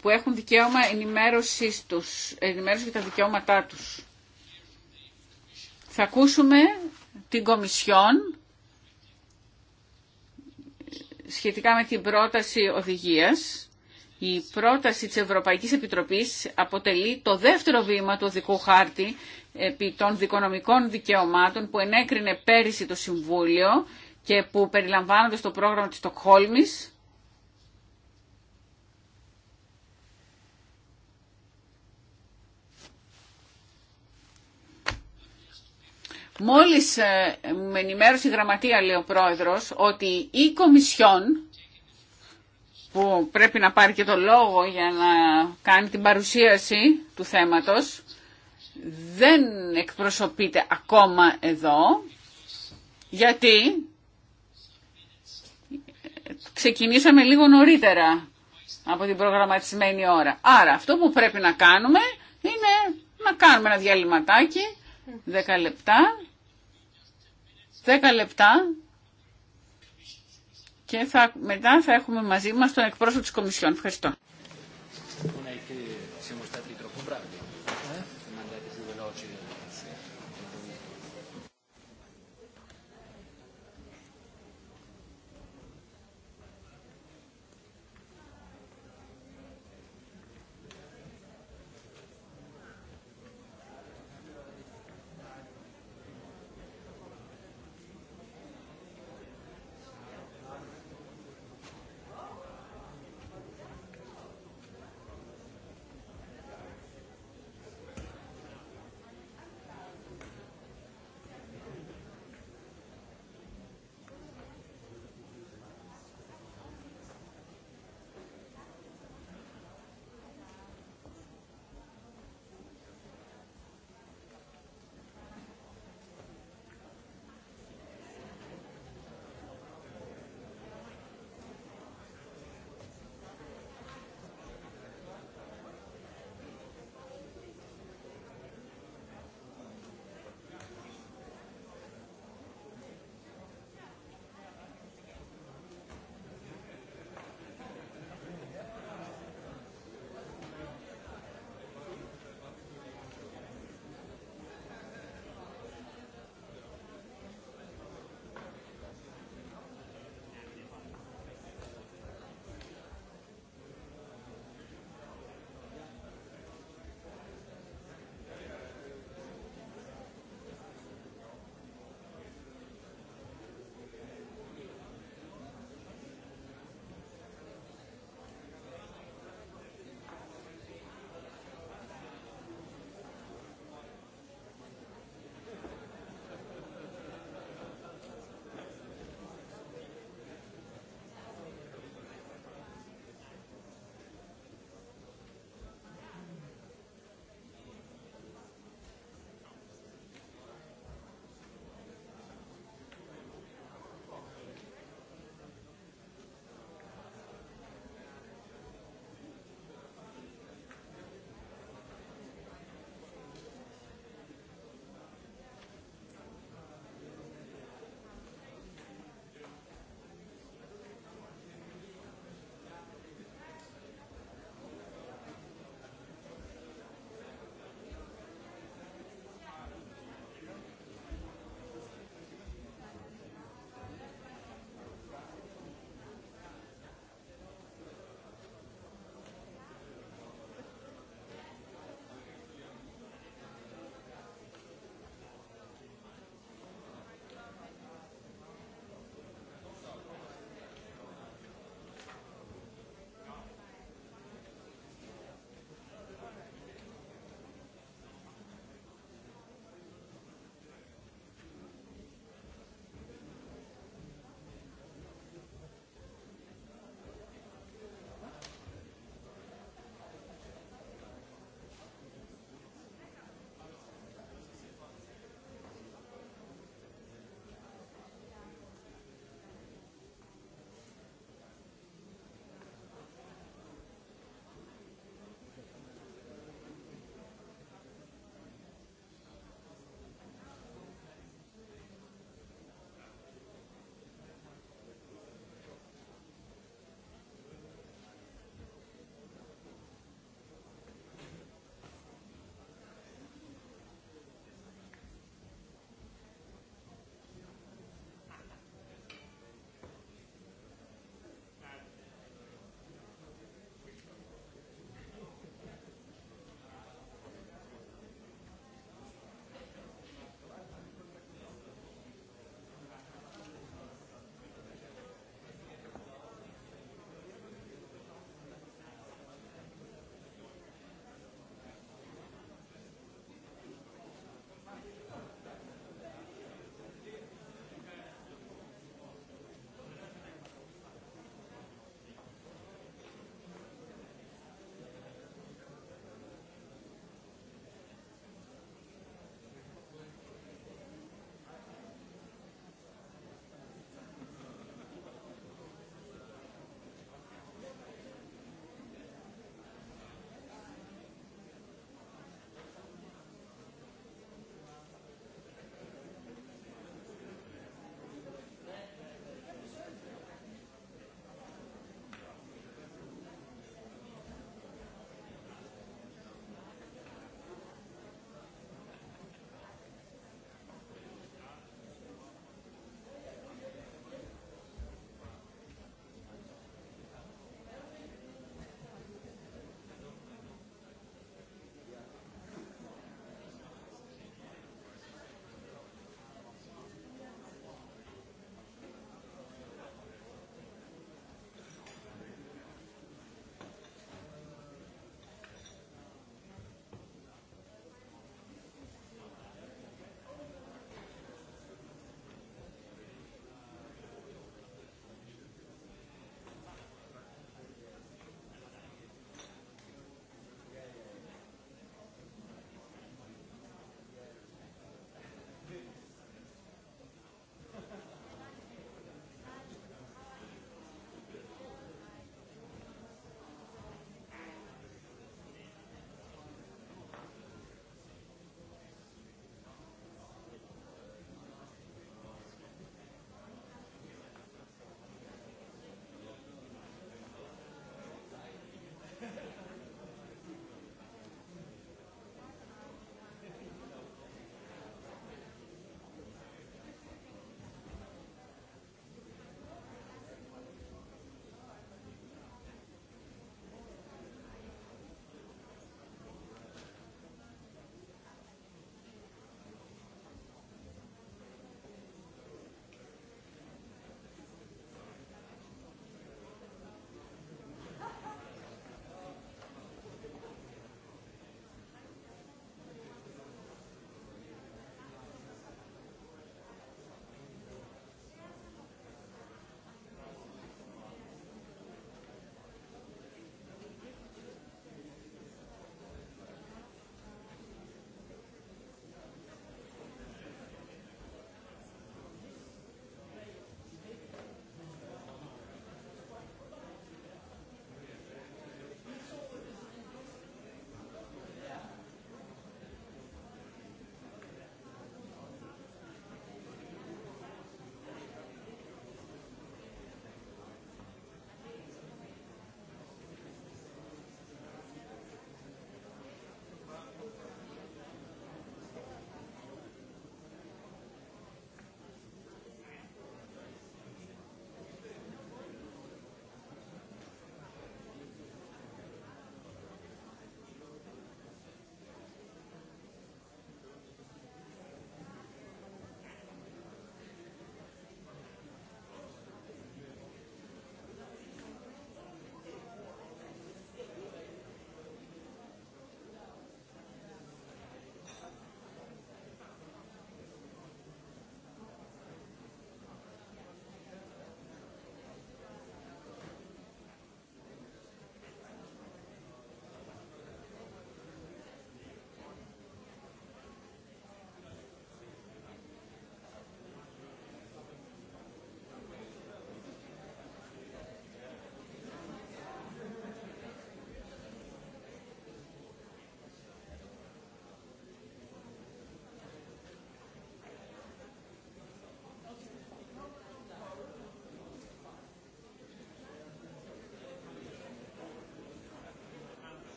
που έχουν δικαίωμα ενημέρωσης, τους, ενημέρωση για τα δικαιώματά τους. Θα ακούσουμε την Κομισιόν σχετικά με την πρόταση οδηγίας. Η πρόταση της Ευρωπαϊκής Επιτροπής αποτελεί το δεύτερο βήμα του οδικού χάρτη επί των δικονομικών δικαιωμάτων που ενέκρινε πέρυσι το Συμβούλιο και που περιλαμβάνονται στο πρόγραμμα της Στοκχόλμης. Μόλις ε, με ενημέρωσε η γραμματεία, λέει ο πρόεδρος, ότι η Κομισιόν, που πρέπει να πάρει και το λόγο για να κάνει την παρουσίαση του θέματος, δεν εκπροσωπείται ακόμα εδώ, γιατί ξεκινήσαμε λίγο νωρίτερα από την προγραμματισμένη ώρα. Άρα αυτό που πρέπει να κάνουμε είναι να κάνουμε ένα διαλυματάκι, 10 λεπτά, 10 λεπτά και μετά θα έχουμε μαζί μας τον εκπρόσωπο της Κομισιόν. Ευχαριστώ.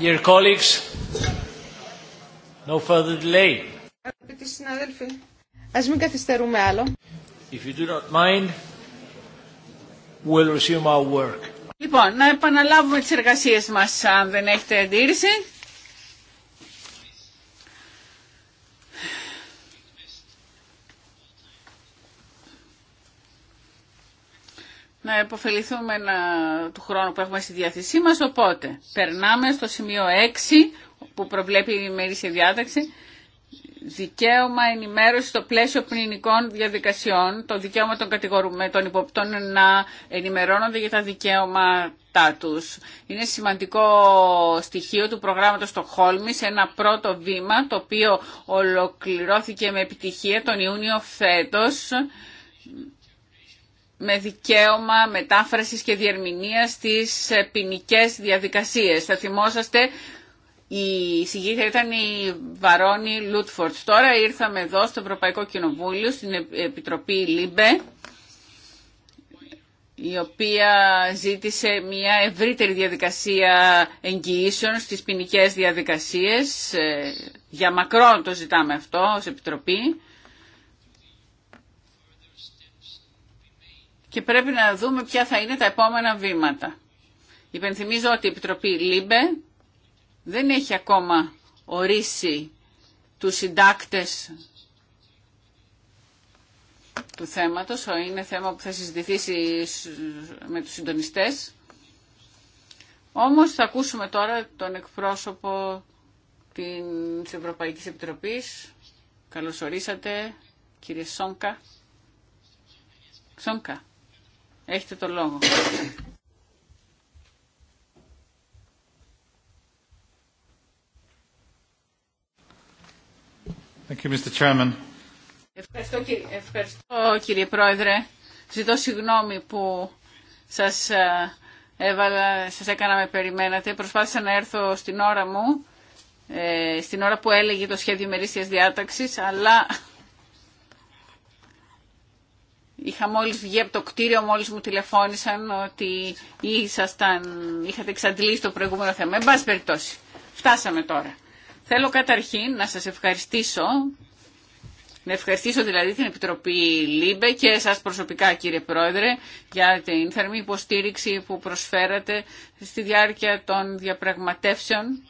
Dear colleagues, no further delay. Αγαπητοί συνάδελφοι, ας μην καθυστερούμε άλλο. If you do not mind, we'll resume our work. Λοιπόν, να επαναλάβουμε τις εργασίες μας αν δεν έχετε αντίρρηση. υποφεληθούμε να, του χρόνου που έχουμε στη διάθεσή μας, οπότε περνάμε στο σημείο 6 που προβλέπει η ημερήσια διάταξη, δικαίωμα ενημέρωση στο πλαίσιο ποινικών διαδικασιών, το δικαίωμα των των υποπτών να ενημερώνονται για τα δικαίωματά τους. Είναι σημαντικό στοιχείο του προγράμματος Χόλμη, ένα πρώτο βήμα το οποίο ολοκληρώθηκε με επιτυχία τον Ιούνιο φέτος με δικαίωμα μετάφρασης και διερμηνίας στις ποινικέ διαδικασίες. Θα θυμόσαστε, η συγγήτρια ήταν η Βαρόνη Λούτφορτ. Τώρα ήρθαμε εδώ στο Ευρωπαϊκό Κοινοβούλιο, στην Επιτροπή ΛΥΜΠΕ, η οποία ζήτησε μια ευρύτερη διαδικασία εγγυήσεων στις ποινικέ διαδικασίες. Ε, για μακρόν το ζητάμε αυτό ως Επιτροπή. και πρέπει να δούμε ποια θα είναι τα επόμενα βήματα. Υπενθυμίζω ότι η Επιτροπή ΛΥΜΠΕ δεν έχει ακόμα ορίσει τους συντάκτες του θέματος, είναι θέμα που θα συζητηθεί με τους συντονιστές. Όμως θα ακούσουμε τώρα τον εκπρόσωπο της Ευρωπαϊκής Επιτροπής. Καλώς ορίσατε, κύριε Σόνκα. Σόμκα. Έχετε το λόγο. Thank you, Mr. Chairman. Ευχαριστώ, κύριε. κύριε Πρόεδρε. Ζητώ συγγνώμη που σας, ε, έβαλα, σας έκανα με περιμένατε. Προσπάθησα να έρθω στην ώρα μου, ε, στην ώρα που έλεγε το σχέδιο μερίσιας διάταξης, αλλά Είχα μόλι, βγει από το κτίριο, μόλις μου τηλεφώνησαν ότι είχατε εξαντλήσει το προηγούμενο θέμα. Εν πάση περιπτώσει, φτάσαμε τώρα. Θέλω καταρχήν να σα ευχαριστήσω, να ευχαριστήσω δηλαδή την Επιτροπή ΛΥΜΠΕ και εσάς προσωπικά κύριε Πρόεδρε για την θερμή υποστήριξη που προσφέρατε στη διάρκεια των διαπραγματεύσεων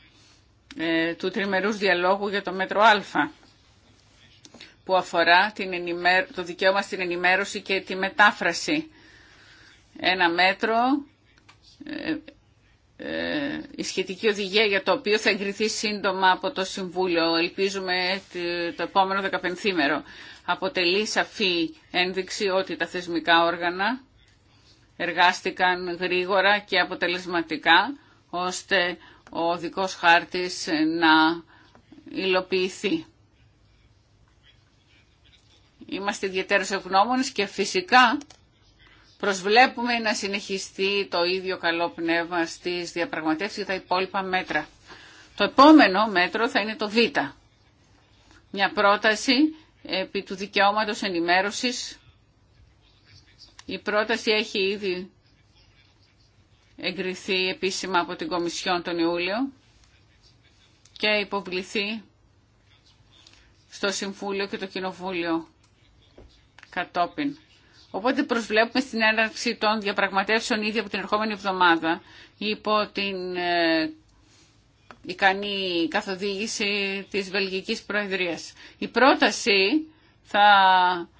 ε, του τριμερούς διαλόγου για το μέτρο Α που αφορά την το δικαίωμα στην ενημέρωση και τη μετάφραση. Ένα μέτρο, ε, ε, η σχετική οδηγία για το οποίο θα εγκριθεί σύντομα από το Συμβούλιο, ελπίζουμε το επόμενο δεκαπενθήμερο, αποτελεί σαφή ένδειξη ότι τα θεσμικά όργανα εργάστηκαν γρήγορα και αποτελεσματικά, ώστε ο δικός χάρτης να υλοποιηθεί. Είμαστε ιδιαίτερε ευγνώμονε και φυσικά προσβλέπουμε να συνεχιστεί το ίδιο καλό πνεύμα στι διαπραγματεύσει τα υπόλοιπα μέτρα. Το επόμενο μέτρο θα είναι το Β. Μια πρόταση επί του δικαιώματος ενημέρωσης. Η πρόταση έχει ήδη εγκριθεί επίσημα από την Κομισιόν τον Ιούλιο και υποβληθεί στο Συμβούλιο και το Κοινοβούλιο κατόπιν. Οπότε προσβλέπουμε στην έναρξη των διαπραγματεύσεων ήδη από την ερχόμενη εβδομάδα υπό την ε, ικανή καθοδήγηση της Βελγικής Προεδρίας. Η πρόταση θα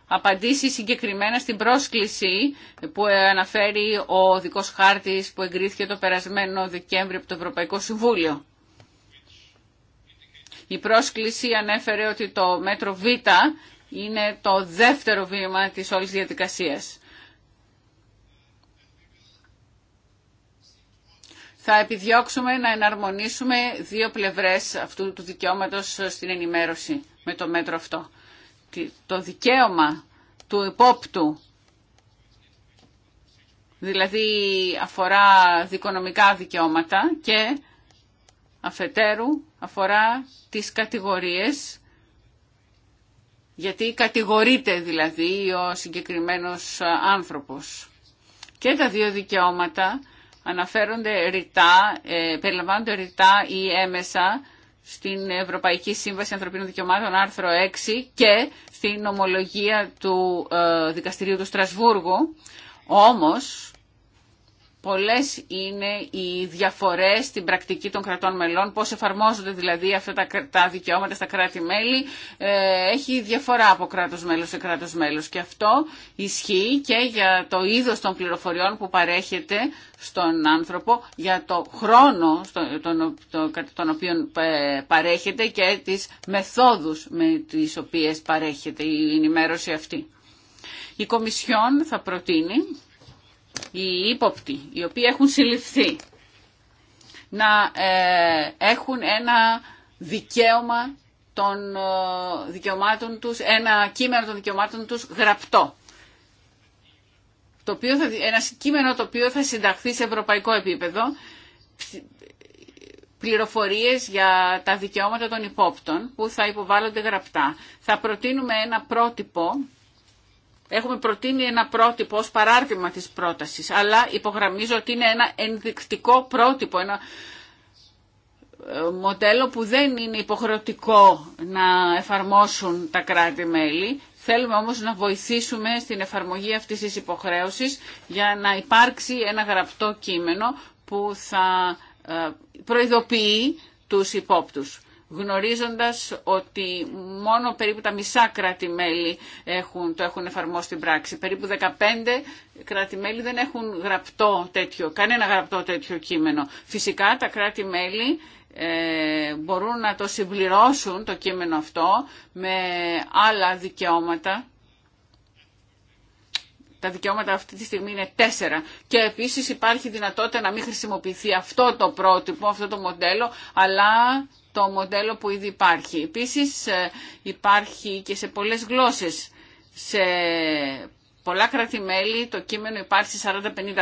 απαντήσει συγκεκριμένα στην πρόσκληση που αναφέρει ο δικός χάρτης που εγκρίθηκε το περασμένο Δεκέμβριο από το Ευρωπαϊκό Συμβούλιο. Η πρόσκληση ανέφερε ότι το μέτρο Β είναι το δεύτερο βήμα της όλης διαδικασίας. Θα επιδιώξουμε να εναρμονίσουμε δύο πλευρές αυτού του δικαιώματος στην ενημέρωση με το μέτρο αυτό. Το δικαίωμα του υπόπτου, δηλαδή αφορά δικονομικά δικαιώματα και αφετέρου αφορά τις κατηγορίες γιατί κατηγορείται δηλαδή ο συγκεκριμένος άνθρωπος. Και τα δύο δικαιώματα αναφέρονται ρητά, ε, περιλαμβάνονται ρητά ή έμεσα στην Ευρωπαϊκή Σύμβαση Ανθρωπίνων Δικαιωμάτων άρθρο 6 και στην ομολογία του ε, Δικαστηρίου του Στρασβούργου. Όμως, Πολλές είναι οι διαφορές στην πρακτική των κρατών μελών, πώς εφαρμόζονται δηλαδή αυτά τα δικαιώματα στα κράτη-μέλη. Ε, έχει διαφορά από κράτος μέλος σε κράτος μέλος και αυτό ισχύει και για το είδος των πληροφοριών που παρέχεται στον άνθρωπο, για το χρόνο τον οποίο ε, παρέχεται και τις μεθόδους με τις οποίες παρέχεται η ενημέρωση αυτή. Η Κομισιόν θα προτείνει οι ύποπτοι, οι οποίοι έχουν συλληφθεί, να ε, έχουν ένα δικαίωμα των ε, δικαιωμάτων τους, ένα κείμενο των δικαιωμάτων τους γραπτό. Το οποίο θα, ένα κείμενο το οποίο θα συνταχθεί σε ευρωπαϊκό επίπεδο, πληροφορίες για τα δικαιώματα των υπόπτων που θα υποβάλλονται γραπτά. Θα προτείνουμε ένα πρότυπο Έχουμε προτείνει ένα πρότυπο ως παράρτημα της πρότασης, αλλά υπογραμμίζω ότι είναι ένα ενδεικτικό πρότυπο, ένα ε, μοντέλο που δεν είναι υποχρεωτικό να εφαρμόσουν τα κράτη-μέλη. Θέλουμε όμως να βοηθήσουμε στην εφαρμογή αυτής της υποχρέωσης για να υπάρξει ένα γραπτό κείμενο που θα ε, προειδοποιεί τους υπόπτους γνωρίζοντας ότι μόνο περίπου τα μισά κράτη-μέλη έχουν, το έχουν εφαρμόσει στην πράξη. Περίπου 15 κράτη-μέλη δεν έχουν γραπτό τέτοιο, κανένα γραπτό τέτοιο κείμενο. Φυσικά τα κράτη-μέλη ε, μπορούν να το συμπληρώσουν το κείμενο αυτό με άλλα δικαιώματα τα δικαιώματα αυτή τη στιγμή είναι τέσσερα. Και επίσης υπάρχει δυνατότητα να μην χρησιμοποιηθεί αυτό το πρότυπο, αυτό το μοντέλο, αλλά το μοντέλο που ήδη υπάρχει. Επίσης ε, υπάρχει και σε πολλές γλώσσες, σε πολλά κράτη-μέλη το κείμενο υπάρχει σε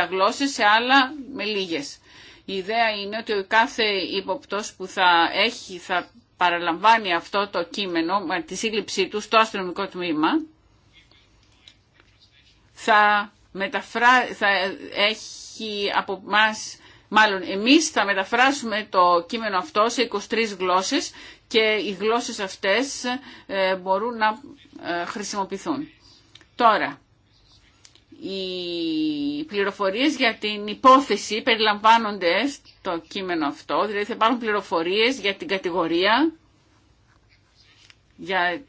40-50 γλώσσες, σε άλλα με λίγες. Η ιδέα είναι ότι ο κάθε υποπτός που θα έχει, θα παραλαμβάνει αυτό το κείμενο με τη σύλληψή του στο αστυνομικό τμήμα, θα, μεταφρά, θα έχει από μας, μάλλον εμείς θα μεταφράσουμε το κείμενο αυτό σε 23 γλώσσες και οι γλώσσες αυτές ε, μπορούν να ε, χρησιμοποιηθούν. Τώρα, οι πληροφορίες για την υπόθεση περιλαμβάνονται στο κείμενο αυτό, δηλαδή θα υπάρχουν πληροφορίες για την κατηγορία, για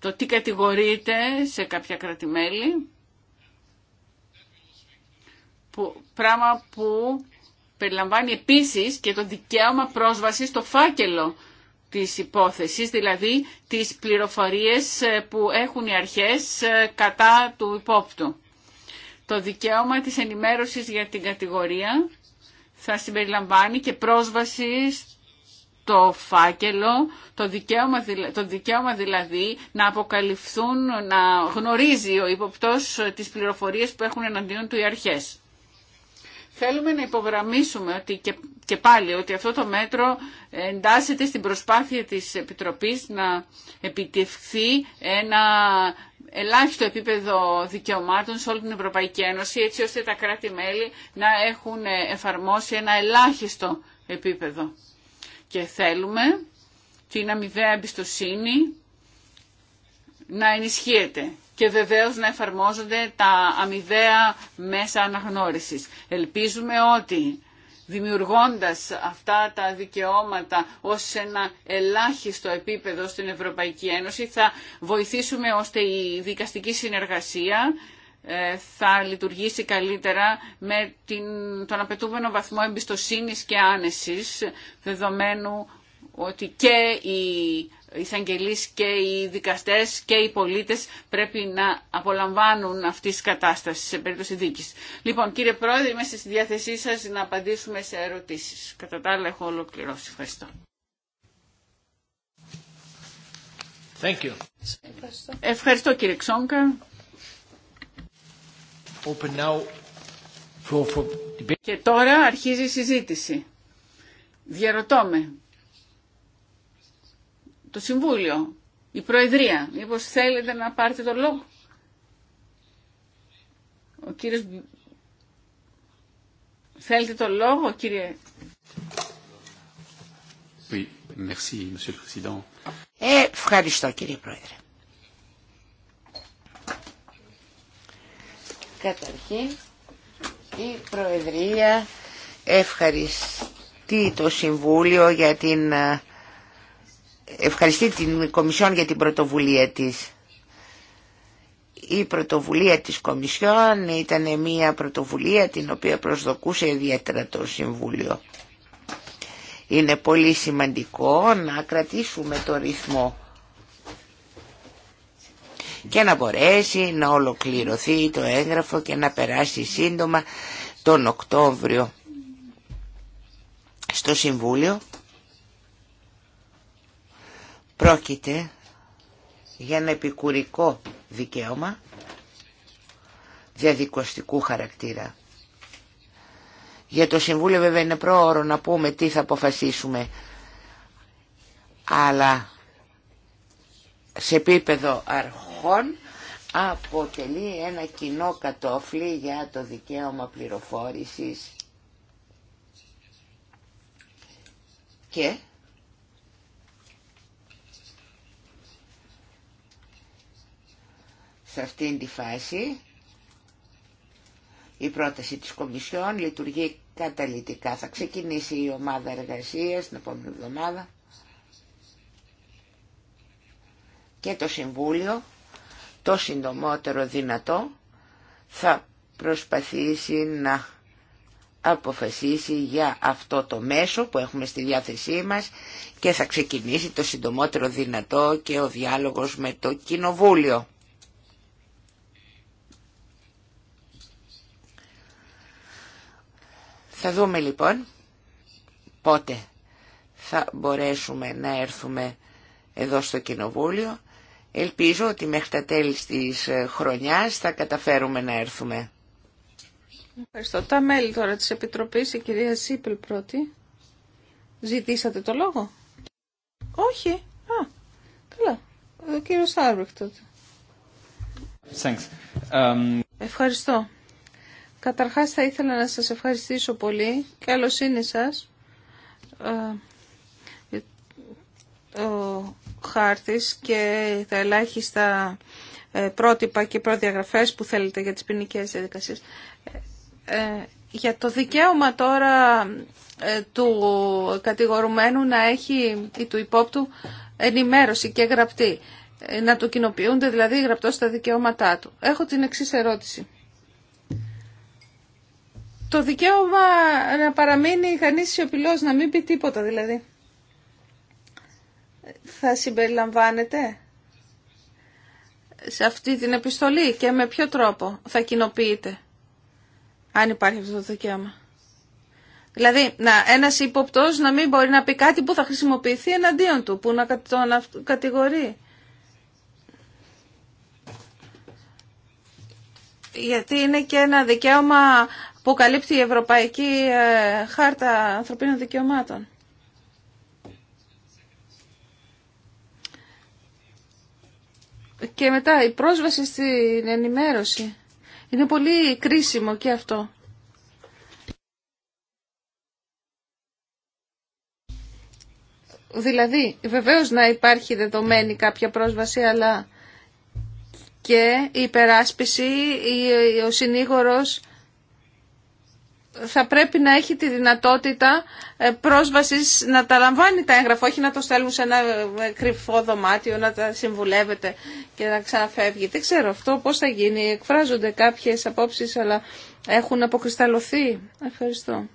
το τι κατηγορείται σε κάποια κρατημέλη που, πράγμα που περιλαμβάνει επίσης και το δικαίωμα πρόσβασης στο φάκελο της υπόθεσης, δηλαδή τις πληροφορίες ε, που έχουν οι αρχές ε, κατά του υπόπτου. Το δικαίωμα της ενημέρωσης για την κατηγορία θα συμπεριλαμβάνει και πρόσβαση το φάκελο, το δικαίωμα, το δικαίωμα δηλαδή να αποκαλυφθούν, να γνωρίζει ο υποπτός ε, τις πληροφορίες που έχουν εναντίον του οι αρχές. Θέλουμε να υπογραμμίσουμε ότι και, πάλι ότι αυτό το μέτρο εντάσσεται στην προσπάθεια της Επιτροπής να επιτευχθεί ένα ελάχιστο επίπεδο δικαιωμάτων σε όλη την Ευρωπαϊκή Ένωση, έτσι ώστε τα κράτη-μέλη να έχουν εφαρμόσει ένα ελάχιστο επίπεδο. Και θέλουμε την αμοιβαία εμπιστοσύνη να ενισχύεται και βεβαίως να εφαρμόζονται τα αμοιβαία μέσα αναγνώρισης. Ελπίζουμε ότι δημιουργώντας αυτά τα δικαιώματα ως ένα ελάχιστο επίπεδο στην Ευρωπαϊκή Ένωση θα βοηθήσουμε ώστε η δικαστική συνεργασία ε, θα λειτουργήσει καλύτερα με τον απαιτούμενο βαθμό εμπιστοσύνης και άνεσης δεδομένου ότι και οι εισαγγελείς και οι δικαστές και οι πολίτες πρέπει να απολαμβάνουν αυτή τη κατάσταση σε περίπτωση δίκης. Λοιπόν, κύριε Πρόεδρε, είμαι στη διάθεσή σας να απαντήσουμε σε ερωτήσεις. Κατά τα άλλα έχω ολοκληρώσει. Ευχαριστώ. Thank you. Ευχαριστώ. κύριε Ξόγκα. Open now for... Και τώρα αρχίζει η συζήτηση. Διαρωτώ με το Συμβούλιο, η Προεδρία. Μήπως θέλετε να πάρετε τον λόγο. Ο κύριος... Θέλετε τον λόγο, κύριε... Oui, ε, ευχαριστώ, κύριε Πρόεδρε. Καταρχήν, η Προεδρία ευχαριστεί το Συμβούλιο για την ε, ευχαριστεί την Κομισιόν για την πρωτοβουλία της. Η πρωτοβουλία της Κομισιόν ήταν μια πρωτοβουλία την οποία προσδοκούσε ιδιαίτερα το Συμβούλιο. Είναι πολύ σημαντικό να κρατήσουμε το ρυθμό και να μπορέσει να ολοκληρωθεί το έγγραφο και να περάσει σύντομα τον Οκτώβριο στο Συμβούλιο Πρόκειται για ένα επικουρικό δικαίωμα διαδικοστικού χαρακτήρα. Για το Συμβούλιο βέβαια είναι πρόωρο να πούμε τι θα αποφασίσουμε, αλλά σε επίπεδο αρχών αποτελεί ένα κοινό κατόφλι για το δικαίωμα πληροφόρησης και Σε αυτήν τη φάση η πρόταση της Κομισιόν λειτουργεί καταλητικά. Θα ξεκινήσει η ομάδα εργασίας την επόμενη εβδομάδα και το Συμβούλιο το συντομότερο δυνατό θα προσπαθήσει να αποφασίσει για αυτό το μέσο που έχουμε στη διάθεσή μας και θα ξεκινήσει το συντομότερο δυνατό και ο διάλογος με το Κοινοβούλιο. Θα δούμε λοιπόν πότε θα μπορέσουμε να έρθουμε εδώ στο Κοινοβούλιο. Ελπίζω ότι μέχρι τα τέλη της ε, χρονιάς θα καταφέρουμε να έρθουμε. Ευχαριστώ. Τα μέλη τώρα της Επιτροπής, η κυρία Σίπελ πρώτη. Ζητήσατε το λόγο. Όχι. Α, καλά. Ο κύριος Άρβεκ τότε. Um, Ευχαριστώ. Καταρχάς θα ήθελα να σας ευχαριστήσω πολύ. Καλώς είναι σας. Ε, ο χάρτης και τα ελάχιστα ε, πρότυπα και προδιαγραφές που θέλετε για τις ποινικέ διαδικασίες. Ε, για το δικαίωμα τώρα του κατηγορουμένου να έχει ή του υπόπτου ενημέρωση και γραπτή. Να του κοινοποιούνται δηλαδή γραπτό τα δικαιώματά του. Έχω την εξής ερώτηση το δικαίωμα να παραμείνει κανείς σιωπηλός, να μην πει τίποτα δηλαδή. Θα συμπεριλαμβάνεται σε αυτή την επιστολή και με ποιο τρόπο θα κοινοποιείται, αν υπάρχει αυτό το δικαίωμα. Δηλαδή, να, ένας υποπτός να μην μπορεί να πει κάτι που θα χρησιμοποιηθεί εναντίον του, που να τον κατηγορεί. γιατί είναι και ένα δικαίωμα που καλύπτει η Ευρωπαϊκή ε, Χάρτα Ανθρωπίνων Δικαιωμάτων. Και μετά η πρόσβαση στην ενημέρωση. Είναι πολύ κρίσιμο και αυτό. Δηλαδή, βεβαίως να υπάρχει δεδομένη κάποια πρόσβαση, αλλά και η υπεράσπιση, ο συνήγορος θα πρέπει να έχει τη δυνατότητα ε, πρόσβασης να τα λαμβάνει τα έγγραφα, όχι να το στέλνουν σε ένα ε, κρυφό δωμάτιο, να τα συμβουλεύεται και να ξαναφεύγει. Δεν ξέρω αυτό πώς θα γίνει. Εκφράζονται κάποιες απόψεις, αλλά έχουν αποκρισταλωθεί. Ευχαριστώ.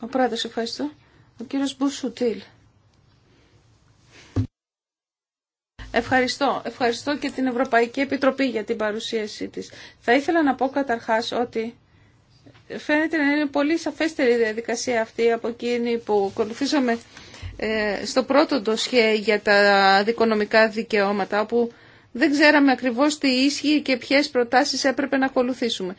Ο πρόεδρο, ευχαριστώ. Ο κύριος Μπουσουτήλ. Ευχαριστώ. Ευχαριστώ και την Ευρωπαϊκή Επιτροπή για την παρουσίασή της. Θα ήθελα να πω καταρχά ότι φαίνεται να είναι πολύ σαφέστερη η διαδικασία αυτή από εκείνη που ακολουθήσαμε ε, στο πρώτο ντοσχέ για τα δικονομικά δικαιώματα, όπου δεν ξέραμε ακριβώς τι ίσχυε και ποιες προτάσεις έπρεπε να ακολουθήσουμε.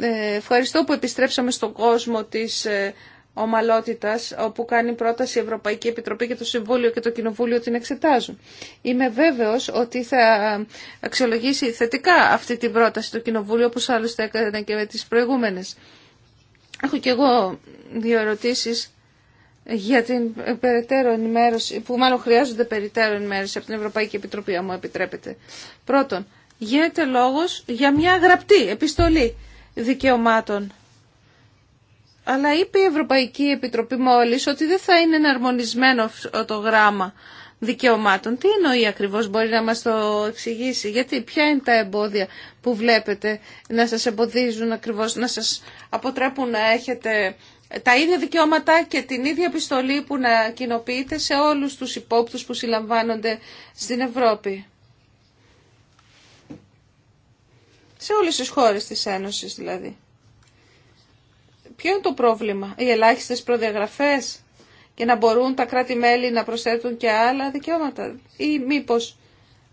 Ε, ευχαριστώ που επιστρέψαμε στον κόσμο της ε, ομαλότητας, όπου κάνει πρόταση η Ευρωπαϊκή Επιτροπή και το Συμβούλιο και το Κοινοβούλιο την εξετάζουν. Είμαι βέβαιος ότι θα αξιολογήσει θετικά αυτή την πρόταση το Κοινοβούλιο, όπως άλλωστε έκανε και με τις προηγούμενες. Έχω και εγώ δύο ερωτήσει για την περαιτέρω ενημέρωση, που μάλλον χρειάζονται περαιτέρω ενημέρωση από την Ευρωπαϊκή Επιτροπή, αν μου επιτρέπετε. Πρώτον, γίνεται λόγος για μια γραπτή επιστολή δικαιωμάτων. Αλλά είπε η Ευρωπαϊκή Επιτροπή μόλι ότι δεν θα είναι εναρμονισμένο το γράμμα δικαιωμάτων. Τι εννοεί ακριβώς μπορεί να μας το εξηγήσει, γιατί ποια είναι τα εμπόδια που βλέπετε να σας εμποδίζουν ακριβώς, να σας αποτρέπουν να έχετε τα ίδια δικαιώματα και την ίδια επιστολή που να κοινοποιείτε σε όλους τους υπόπτους που συλλαμβάνονται στην Ευρώπη. Σε όλες τις χώρες της Ένωσης δηλαδή. Ποιο είναι το πρόβλημα, οι ελάχιστες προδιαγραφές, για να μπορούν τα κράτη-μέλη να προσθέτουν και άλλα δικαιώματα. Ή μήπως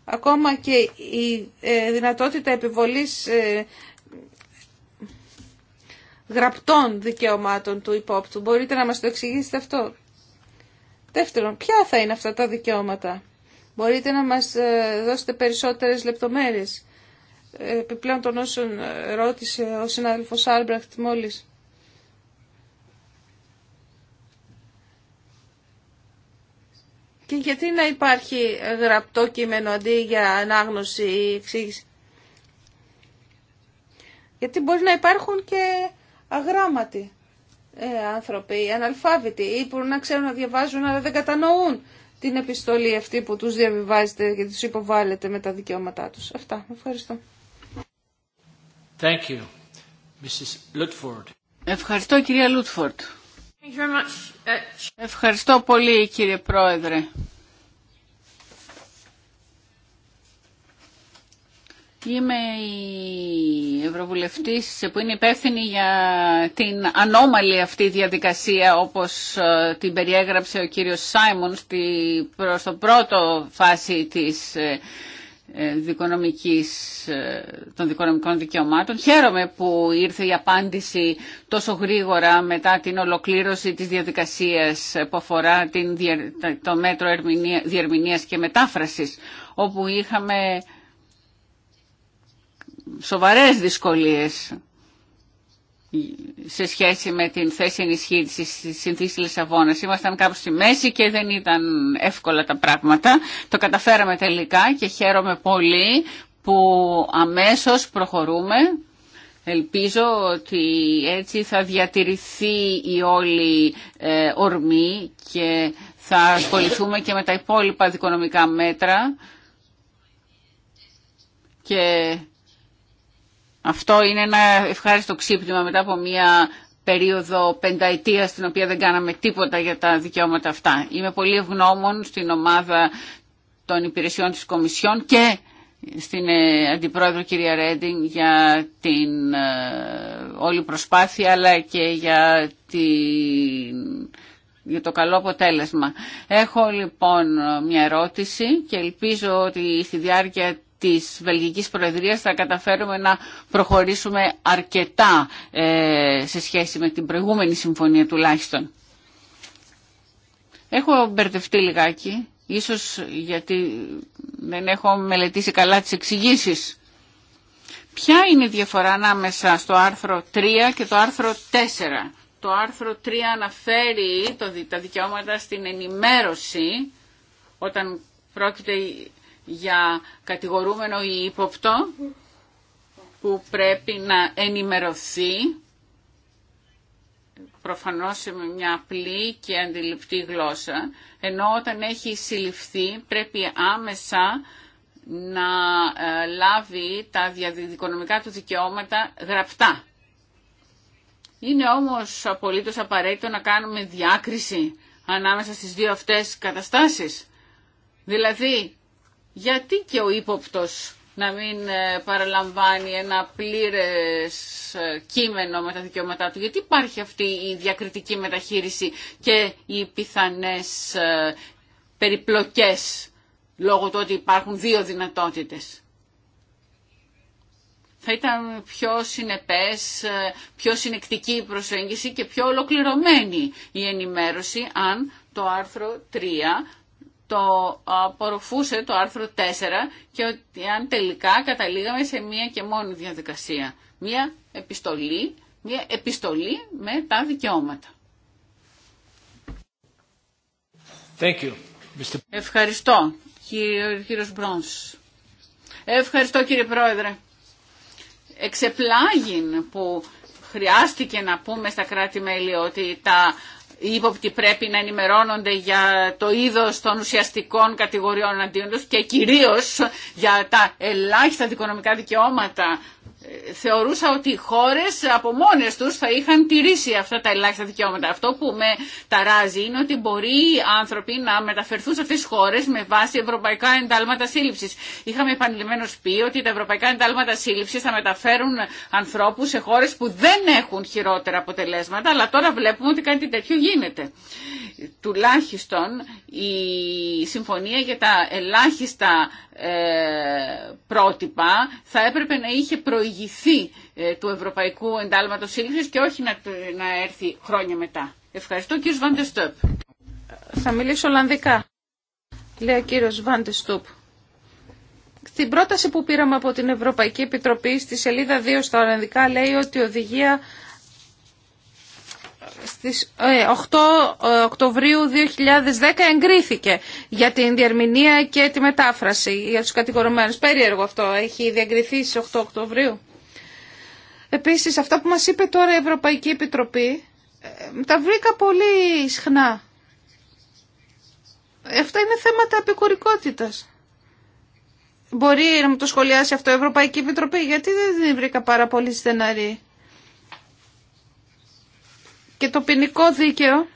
ακόμα και η ε, δυνατότητα επιβολής ε, γραπτών δικαιωμάτων του υπόπτου. Μπορείτε να μας το εξηγήσετε αυτό. Δεύτερον, ποια θα είναι αυτά τα δικαιώματα. Μπορείτε να μας ε, δώσετε περισσότερες λεπτομέρειες. Επιπλέον των όσων ρώτησε ο συνάδελφος Άλμπραχτ μόλις. Και γιατί να υπάρχει γραπτό κείμενο αντί για ανάγνωση ή εξήγηση. Γιατί μπορεί να υπάρχουν και αγράμματοι ε, άνθρωποι, αναλφάβητοι ή μπορούν να ξέρουν να διαβάζουν αλλά δεν κατανοούν την επιστολή αυτή που τους διαβιβάζετε και τους υποβάλλετε με τα δικαιώματά τους. Αυτά. Ευχαριστώ. Thank you. Mrs. Ευχαριστώ κυρία Λούτφορντ. Uh, Ευχαριστώ πολύ κύριε Πρόεδρε. Είμαι η Ευρωβουλευτής που είναι υπεύθυνη για την ανώμαλη αυτή διαδικασία όπως ε, την περιέγραψε ο κύριος Σάιμον στη, προς το πρώτο φάση της ε, ε, δικονομικής, ε, των δικονομικών δικαιωμάτων. Χαίρομαι που ήρθε η απάντηση τόσο γρήγορα μετά την ολοκλήρωση της διαδικασίας που αφορά την, το μέτρο διερμηνίας και μετάφρασης, όπου είχαμε σοβαρές δυσκολίες σε σχέση με την θέση ενισχύτηση της συνθήκης Λισαβόνα. Ήμασταν κάπου στη μέση και δεν ήταν εύκολα τα πράγματα. Το καταφέραμε τελικά και χαίρομαι πολύ που αμέσως προχωρούμε. Ελπίζω ότι έτσι θα διατηρηθεί η όλη ε, ορμή και θα ασχοληθούμε και με τα υπόλοιπα δικονομικά μέτρα και αυτό είναι ένα ευχάριστο ξύπνημα μετά από μια περίοδο πενταετία στην οποία δεν κάναμε τίποτα για τα δικαιώματα αυτά. Είμαι πολύ ευγνώμων στην ομάδα των υπηρεσιών της Κομισιόν και στην ε, Αντιπρόεδρο κυρία Ρέντινγκ για την ε, όλη προσπάθεια αλλά και για, για το καλό αποτέλεσμα. Έχω λοιπόν μια ερώτηση και ελπίζω ότι στη διάρκεια της Βελγικής Προεδρίας θα καταφέρουμε να προχωρήσουμε αρκετά ε, σε σχέση με την προηγούμενη συμφωνία τουλάχιστον. Έχω μπερδευτεί λιγάκι, ίσως γιατί δεν έχω μελετήσει καλά τις εξηγήσει. Ποια είναι η διαφορά ανάμεσα στο άρθρο 3 και το άρθρο 4. Το άρθρο 3 αναφέρει τα δικαιώματα στην ενημέρωση όταν πρόκειται για κατηγορούμενο ή ύποπτο που πρέπει να ενημερωθεί προφανώς με μια απλή και αντιληπτή γλώσσα, ενώ όταν έχει συλληφθεί πρέπει άμεσα να ε, λάβει τα διαδικονομικά του δικαιώματα γραπτά. Είναι όμως απολύτως απαραίτητο να κάνουμε διάκριση ανάμεσα στις δύο αυτές καταστάσεις. Δηλαδή, γιατί και ο ύποπτος να μην ε, παραλαμβάνει ένα πλήρες ε, κείμενο με τα δικαιώματά του. Γιατί υπάρχει αυτή η διακριτική μεταχείριση και οι πιθανές ε, περιπλοκές λόγω του ότι υπάρχουν δύο δυνατότητες. Θα ήταν πιο συνεπές, πιο συνεκτική η προσέγγιση και πιο ολοκληρωμένη η ενημέρωση αν το άρθρο 3 το απορροφούσε το άρθρο 4 και ότι αν τελικά καταλήγαμε σε μία και μόνη διαδικασία. Μία επιστολή, μία επιστολή με τα δικαιώματα. Thank you. Mr. Ευχαριστώ, Μπρόνς. Ευχαριστώ κύριε Πρόεδρε. Εξεπλάγιν που χρειάστηκε να πούμε στα κράτη-μέλη ότι τα οι ύποπτοι πρέπει να ενημερώνονται για το είδος των ουσιαστικών κατηγοριών αντίον και κυρίως για τα ελάχιστα δικονομικά δικαιώματα θεωρούσα ότι οι χώρες από μόνες τους θα είχαν τηρήσει αυτά τα ελάχιστα δικαιώματα. Αυτό που με ταράζει είναι ότι μπορεί οι άνθρωποι να μεταφερθούν σε αυτές τις χώρες με βάση ευρωπαϊκά εντάλματα σύλληψης. Είχαμε επανειλημμένως πει ότι τα ευρωπαϊκά εντάλματα σύλληψης θα μεταφέρουν ανθρώπους σε χώρες που δεν έχουν χειρότερα αποτελέσματα, αλλά τώρα βλέπουμε ότι κάτι τέτοιο γίνεται. Τουλάχιστον η συμφωνία για τα ελάχιστα ε, πρότυπα θα έπρεπε να είχε προηγηθεί ε, του Ευρωπαϊκού Εντάλματος Σύλληψης και όχι να, να έρθει χρόνια μετά. Ευχαριστώ κύριος Βαντεστόπ. Θα μιλήσω Ολλανδικά, λέει ο κύριος Βαντεστόπ. Στην πρόταση που πήραμε από την Ευρωπαϊκή Επιτροπή στη σελίδα 2 στα Ολλανδικά λέει ότι η οδηγία στις 8 ε, ε, Οκτωβρίου 2010 εγκρίθηκε για την διαρμηνία και τη μετάφραση για τους κατηγορουμένους. Περίεργο αυτό. Έχει διεγκριθεί στις 8 Οκτωβρίου. Επίσης αυτά που μας είπε τώρα η Ευρωπαϊκή Επιτροπή ε, τα βρήκα πολύ συχνά. Ε, αυτά είναι θέματα επικουρικότητας. Μπορεί να μου το σχολιάσει αυτό η Ευρωπαϊκή Επιτροπή, γιατί δεν βρήκα πάρα πολύ στεναρή. Και το ποινικό δίκαιο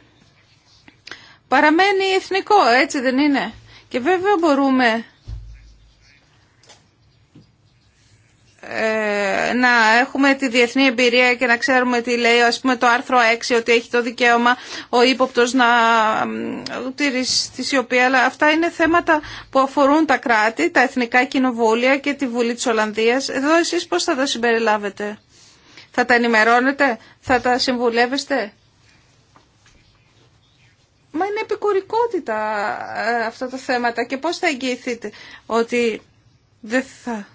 παραμένει εθνικό, έτσι δεν είναι. Και βέβαια μπορούμε Ε, να έχουμε τη διεθνή εμπειρία και να ξέρουμε τι λέει ας πούμε το άρθρο 6 ότι έχει το δικαίωμα ο ύποπτο να τηρήσει τη σιωπή αλλά αυτά είναι θέματα που αφορούν τα κράτη, τα εθνικά κοινοβούλια και τη Βουλή της Ολλανδίας εδώ εσείς πώς θα τα συμπεριλάβετε θα τα ενημερώνετε, θα τα συμβουλεύεστε Μα είναι επικουρικότητα ε, αυτά τα θέματα και πώς θα εγγυηθείτε ότι δεν θα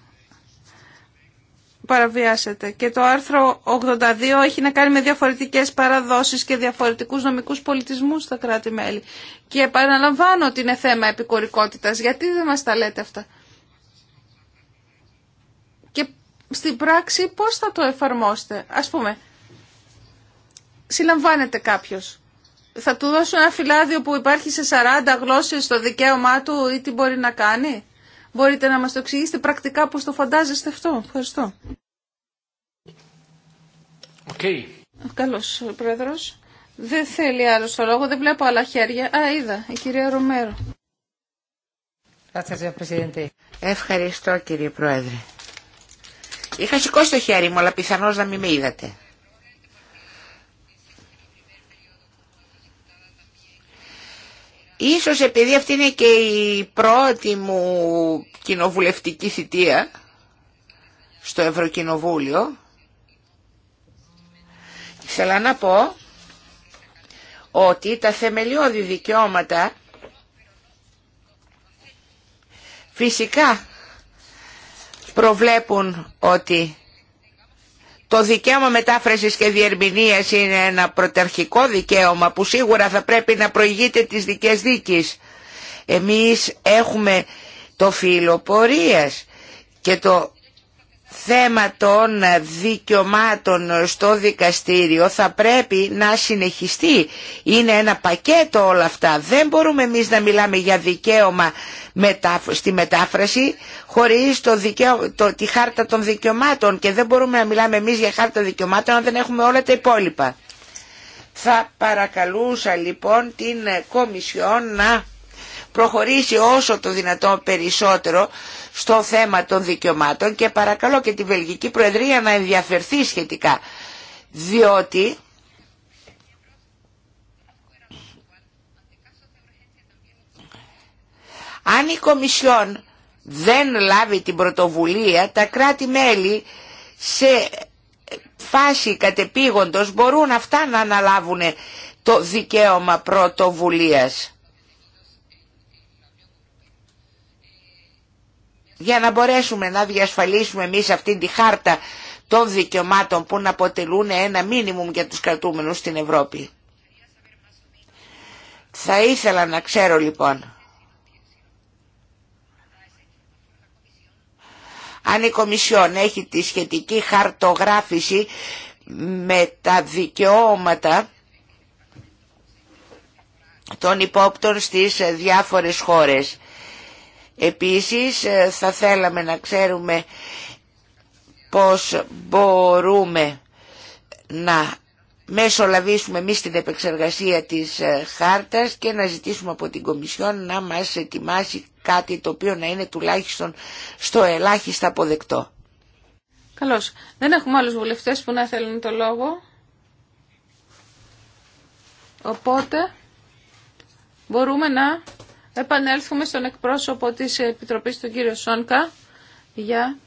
παραβιάσετε. Και το άρθρο 82 έχει να κάνει με διαφορετικές παραδόσεις και διαφορετικούς νομικούς πολιτισμούς στα κράτη-μέλη. Και επαναλαμβάνω ότι είναι θέμα επικορικότητας. Γιατί δεν μας τα λέτε αυτά. Και στην πράξη πώς θα το εφαρμόσετε. Ας πούμε, συλλαμβάνεται κάποιος. Θα του δώσω ένα φυλάδιο που υπάρχει σε 40 γλώσσες στο δικαίωμά του ή τι μπορεί να κάνει. Μπορείτε να μας το εξηγήσετε πρακτικά πώς το φαντάζεστε αυτό. Ευχαριστώ. Okay. Καλώς, Πρόεδρος. Δεν θέλει άλλο το λόγο, δεν βλέπω άλλα χέρια. Α, είδα, η κυρία Ρωμέρο. Ευχαριστώ κύριε Πρόεδρε. Είχα σηκώσει το χέρι μου, αλλά πιθανώς να μην με είδατε. Ίσως επειδή αυτή είναι και η πρώτη μου κοινοβουλευτική θητεία στο Ευρωκοινοβούλιο, ήθελα να πω ότι τα θεμελιώδη δικαιώματα φυσικά προβλέπουν ότι το δικαίωμα μετάφρασης και διερμηνίας είναι ένα πρωταρχικό δικαίωμα που σίγουρα θα πρέπει να προηγείται της δικές δίκης. Εμείς έχουμε το φιλοπορίας και το θέμα των δικαιωμάτων στο δικαστήριο θα πρέπει να συνεχιστεί. Είναι ένα πακέτο όλα αυτά. Δεν μπορούμε εμείς να μιλάμε για δικαίωμα στη μετάφραση χωρίς το το... τη χάρτα των δικαιωμάτων και δεν μπορούμε να μιλάμε εμείς για χάρτα δικαιωμάτων αν δεν έχουμε όλα τα υπόλοιπα. Θα παρακαλούσα λοιπόν την Κομισιόν να προχωρήσει όσο το δυνατόν περισσότερο στο θέμα των δικαιωμάτων και παρακαλώ και τη Βελγική Προεδρία να ενδιαφερθεί σχετικά διότι αν η Κομισιόν δεν λάβει την πρωτοβουλία τα κράτη-μέλη σε φάση κατεπήγοντος μπορούν αυτά να αναλάβουν το δικαίωμα πρωτοβουλίας. για να μπορέσουμε να διασφαλίσουμε εμείς αυτή τη χάρτα των δικαιωμάτων που να αποτελούν ένα μίνιμουμ για τους κρατούμενους στην Ευρώπη. Θα ήθελα να ξέρω λοιπόν αν η Κομισιόν έχει τη σχετική χαρτογράφηση με τα δικαιώματα των υπόπτων στις διάφορες χώρες Επίσης ε, θα θέλαμε να ξέρουμε πώς μπορούμε να μεσολαβήσουμε εμεί την επεξεργασία της ε, χάρτας και να ζητήσουμε από την Κομισιόν να μας ετοιμάσει κάτι το οποίο να είναι τουλάχιστον στο ελάχιστα αποδεκτό. Καλώς. Δεν έχουμε άλλους βουλευτές που να θέλουν το λόγο. Οπότε μπορούμε να επανέλθουμε στον εκπρόσωπο της Επιτροπής, τον κύριο Σόνκα, για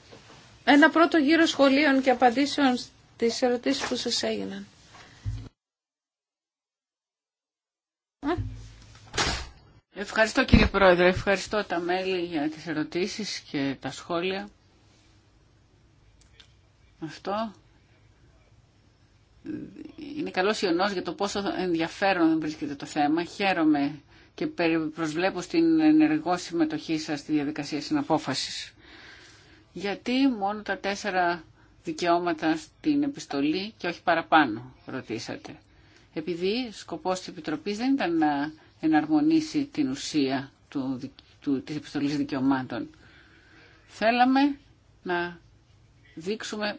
ένα πρώτο γύρο σχολείων και απαντήσεων στις ερωτήσεις που σας έγιναν. Ε. Ευχαριστώ κύριε Πρόεδρε, ευχαριστώ τα μέλη για τις ερωτήσεις και τα σχόλια. Αυτό είναι καλός ιονός για το πόσο ενδιαφέρον βρίσκεται το θέμα. Χαίρομαι και προσβλέπω στην ενεργό συμμετοχή σας στη διαδικασία συναπόφασης. Γιατί μόνο τα τέσσερα δικαιώματα στην επιστολή και όχι παραπάνω, ρωτήσατε. Επειδή σκοπός της Επιτροπής δεν ήταν να εναρμονίσει την ουσία του, του, της επιστολής δικαιωμάτων. Θέλαμε να δείξουμε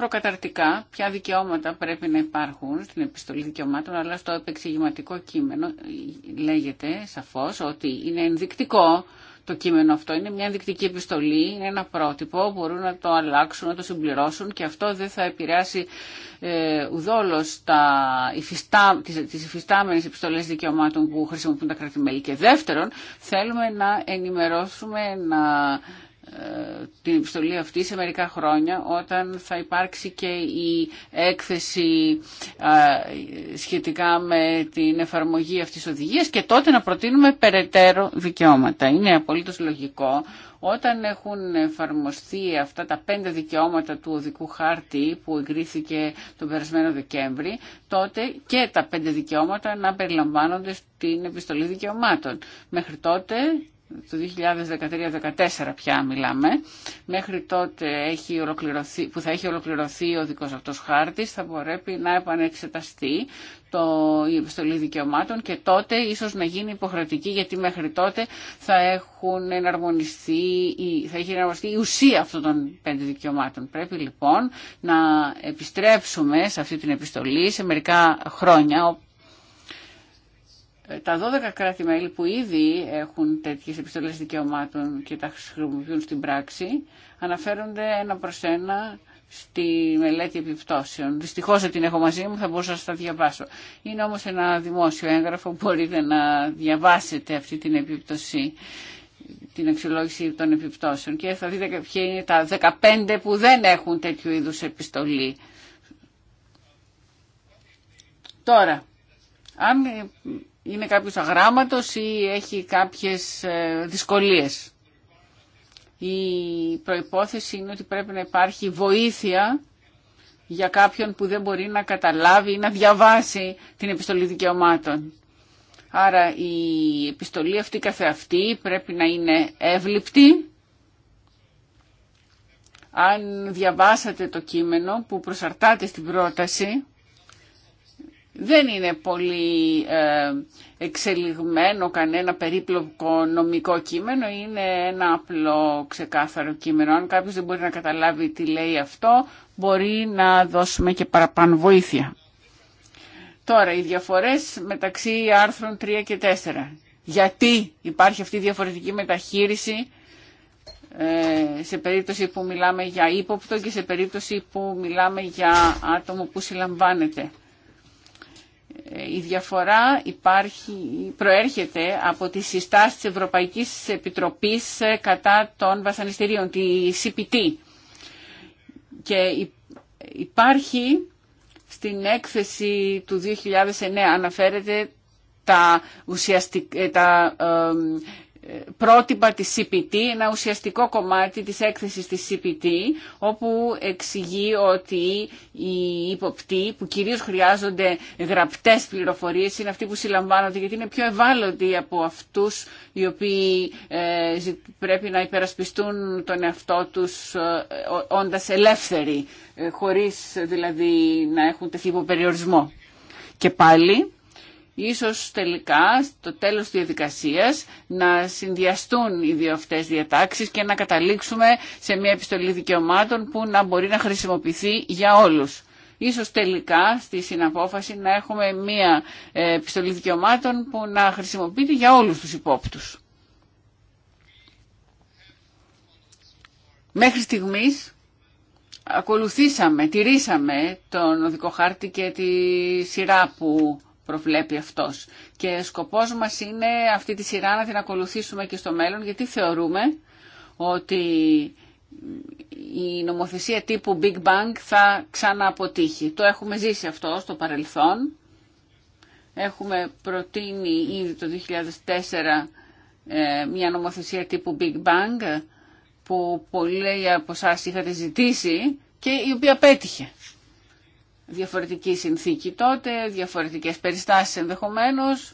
προκαταρτικά ποια δικαιώματα πρέπει να υπάρχουν στην επιστολή δικαιωμάτων, αλλά στο επεξηγηματικό κείμενο ε, λέγεται σαφώς ότι είναι ενδεικτικό το κείμενο αυτό. Είναι μια ενδεικτική επιστολή, είναι ένα πρότυπο, μπορούν να το αλλάξουν, να το συμπληρώσουν και αυτό δεν θα επηρεάσει ε, ουδόλως τα υφιστά, τις, τις υφιστάμενες επιστολές δικαιωμάτων που χρησιμοποιούν τα κρατημέλη. Και δεύτερον, θέλουμε να ενημερώσουμε, να την επιστολή αυτή σε μερικά χρόνια όταν θα υπάρξει και η έκθεση σχετικά με την εφαρμογή αυτής της οδηγίας και τότε να προτείνουμε περαιτέρω δικαιώματα. Είναι απολύτως λογικό όταν έχουν εφαρμοστεί αυτά τα πέντε δικαιώματα του οδικού χάρτη που εγκρίθηκε τον περασμένο Δεκέμβρη, τότε και τα πέντε δικαιώματα να περιλαμβάνονται στην επιστολή δικαιωμάτων. Μέχρι τότε το 2013-2014 πια μιλάμε. Μέχρι τότε έχει ολοκληρωθεί, που θα έχει ολοκληρωθεί ο δικός αυτός χάρτης θα μπορέπει να επανεξεταστεί το, η επιστολή δικαιωμάτων και τότε ίσως να γίνει υποχρεωτική γιατί μέχρι τότε θα, έχουν εναρμονιστεί, θα έχει εναρμονιστεί η ουσία αυτών των πέντε δικαιωμάτων. Πρέπει λοιπόν να επιστρέψουμε σε αυτή την επιστολή σε μερικά χρόνια ε, τα 12 κράτη-μέλη που ήδη έχουν τέτοιες επιστολές δικαιωμάτων και τα χρησιμοποιούν στην πράξη, αναφέρονται ένα προς ένα στη μελέτη επιπτώσεων. Δυστυχώς δεν την έχω μαζί μου, θα μπορούσα να τα διαβάσω. Είναι όμως ένα δημόσιο έγγραφο, μπορείτε να διαβάσετε αυτή την επίπτωση, την αξιολόγηση των επιπτώσεων και θα δείτε ποια είναι τα 15 που δεν έχουν τέτοιου είδου επιστολή. Τώρα, αν είναι κάποιος αγράμματος ή έχει κάποιες ε, δυσκολίες. Η προϋπόθεση είναι ότι πρέπει να υπάρχει βοήθεια για κάποιον που δεν μπορεί να καταλάβει ή να διαβάσει την επιστολή δικαιωμάτων. Άρα η επιστολή αυτή καθεαυτή πρέπει να είναι εύληπτη. Αν διαβάσατε το κείμενο που προσαρτάται στην πρόταση, δεν είναι πολύ ε, εξελιγμένο κανένα περίπλοκο νομικό κείμενο, είναι ένα απλό ξεκάθαρο κείμενο. Αν κάποιος δεν μπορεί να καταλάβει τι λέει αυτό, μπορεί να δώσουμε και παραπάνω βοήθεια. Τώρα, οι διαφορές μεταξύ άρθρων 3 και 4. Γιατί υπάρχει αυτή η διαφορετική μεταχείριση ε, σε περίπτωση που μιλάμε για ύποπτο και σε περίπτωση που μιλάμε για άτομο που συλλαμβάνεται. Η διαφορά υπάρχει, προέρχεται από τις συστάσεις της Ευρωπαϊκής Επιτροπής ε, κατά των βασανιστήριων, τη CPT. Και υπάρχει στην έκθεση του 2009 αναφέρεται τα, ουσιαστικά... Ε, τα ε, πρότυπα της CPT, ένα ουσιαστικό κομμάτι της έκθεσης της CPT, όπου εξηγεί ότι οι υποπτοί που κυρίως χρειάζονται γραπτές πληροφορίες είναι αυτοί που συλλαμβάνονται, γιατί είναι πιο ευάλωτοι από αυτούς οι οποίοι ε, πρέπει να υπερασπιστούν τον εαυτό τους ε, όντας ελεύθεροι, ε, χωρίς δηλαδή να έχουν τεθεί περιορισμό Και πάλι ίσως τελικά στο τέλος της διαδικασίας να συνδυαστούν οι δύο αυτές διατάξεις και να καταλήξουμε σε μια επιστολή δικαιωμάτων που να μπορεί να χρησιμοποιηθεί για όλους. Ίσως τελικά στη συναπόφαση να έχουμε μια ε, επιστολή δικαιωμάτων που να χρησιμοποιείται για όλους τους υπόπτους. Μέχρι στιγμής ακολουθήσαμε, τηρήσαμε τον οδικό χάρτη και τη σειρά που προβλέπει αυτός. Και σκοπός μας είναι αυτή τη σειρά να την ακολουθήσουμε και στο μέλλον, γιατί θεωρούμε ότι η νομοθεσία τύπου Big Bang θα ξανααποτύχει. Το έχουμε ζήσει αυτό στο παρελθόν. Έχουμε προτείνει ήδη το 2004 ε, μια νομοθεσία τύπου Big Bang που πολλοί από εσά είχατε ζητήσει και η οποία πέτυχε διαφορετική συνθήκη τότε, διαφορετικές περιστάσεις ενδεχομένως,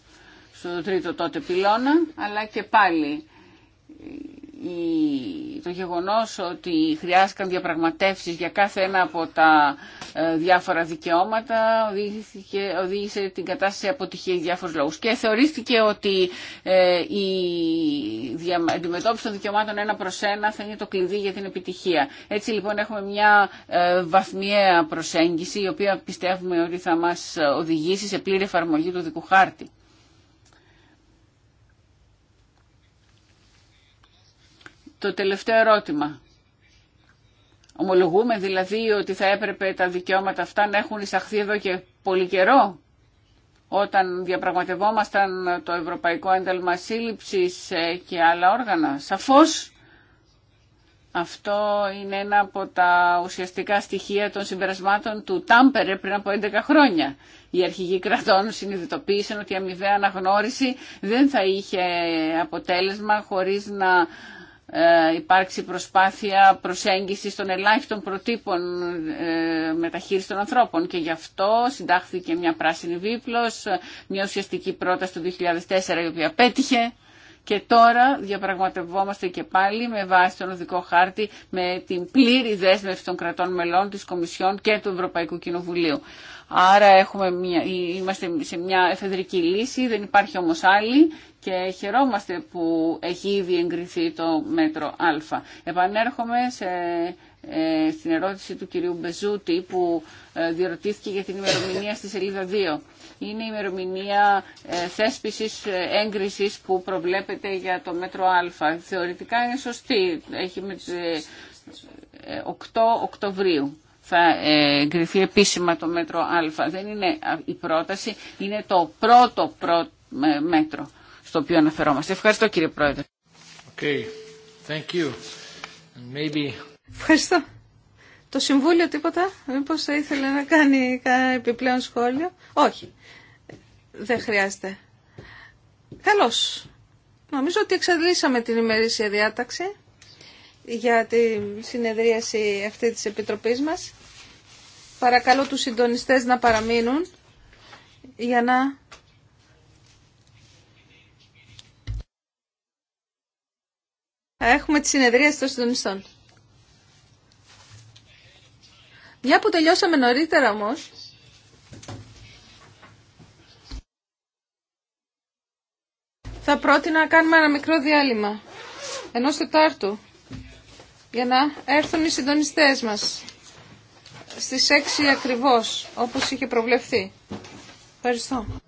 στο τρίτο τότε πυλώνα, αλλά και πάλι το γεγονός ότι χρειάστηκαν διαπραγματεύσεις για κάθε ένα από τα ε, διάφορα δικαιώματα οδήγησε την κατάσταση αποτυχία για διάφορους λόγους. Και θεωρήθηκε ότι ε, η αντιμετώπιση των δικαιωμάτων ένα προς ένα θα είναι το κλειδί για την επιτυχία. Έτσι λοιπόν έχουμε μια ε, βαθμιαία προσέγγιση η οποία πιστεύουμε ότι θα μας οδηγήσει σε πλήρη εφαρμογή του δικού χάρτη. το τελευταίο ερώτημα. Ομολογούμε δηλαδή ότι θα έπρεπε τα δικαιώματα αυτά να έχουν εισαχθεί εδώ και πολύ καιρό όταν διαπραγματευόμασταν το Ευρωπαϊκό Ένταλμα Σύλληψης ε, και άλλα όργανα. Σαφώς αυτό είναι ένα από τα ουσιαστικά στοιχεία των συμπερασμάτων του Τάμπερε πριν από 11 χρόνια. Οι αρχηγοί κρατών συνειδητοποίησαν ότι η αμοιβαία αναγνώριση δεν θα είχε αποτέλεσμα χωρίς να ε, υπάρξει προσπάθεια προσέγγισης των ελάχιστων προτύπων ε, μεταχείρισης των ανθρώπων και γι' αυτό συντάχθηκε μια πράσινη βίπλος, μια ουσιαστική πρόταση του 2004 η οποία πέτυχε και τώρα διαπραγματευόμαστε και πάλι με βάση τον οδικό χάρτη με την πλήρη δέσμευση των κρατών μελών της Κομισιόν και του Ευρωπαϊκού Κοινοβουλίου. Άρα έχουμε μια, είμαστε σε μια εφεδρική λύση, δεν υπάρχει όμως άλλη και χαιρόμαστε που έχει ήδη εγκριθεί το μέτρο Α. Επανέρχομαι ε, στην ερώτηση του κυρίου Μπεζούτη που ε, διερωτήθηκε για την ημερομηνία στη σελίδα 2. Είναι η ημερομηνία ε, θέσπισης ε, έγκρισης που προβλέπεται για το μέτρο Α. Θεωρητικά είναι σωστή, έχει με 8 ε, Οκτωβρίου θα ε, εγκριθεί επίσημα το μέτρο Α. Δεν είναι η πρόταση, είναι το πρώτο ε, μέτρο στο οποίο αναφερόμαστε. Ευχαριστώ κύριε Πρόεδρε. Okay. Thank you. And maybe... Ευχαριστώ. Το Συμβούλιο τίποτα, μήπως θα ήθελε να κάνει επιπλέον σχόλιο. Όχι, δεν χρειάζεται. Καλώς. Νομίζω ότι εξαντλήσαμε την ημερήσια διάταξη για τη συνεδρίαση αυτή της Επιτροπής μας. Παρακαλώ τους συντονιστές να παραμείνουν για να... Έχουμε τη συνεδρίαση των συντονιστών. Μια που τελειώσαμε νωρίτερα όμω, θα πρότεινα να κάνουμε ένα μικρό διάλειμμα, ενός τετάρτου για να έρθουν οι συντονιστές μας στις 6 ακριβώς, όπως είχε προβλεφθεί. Ευχαριστώ.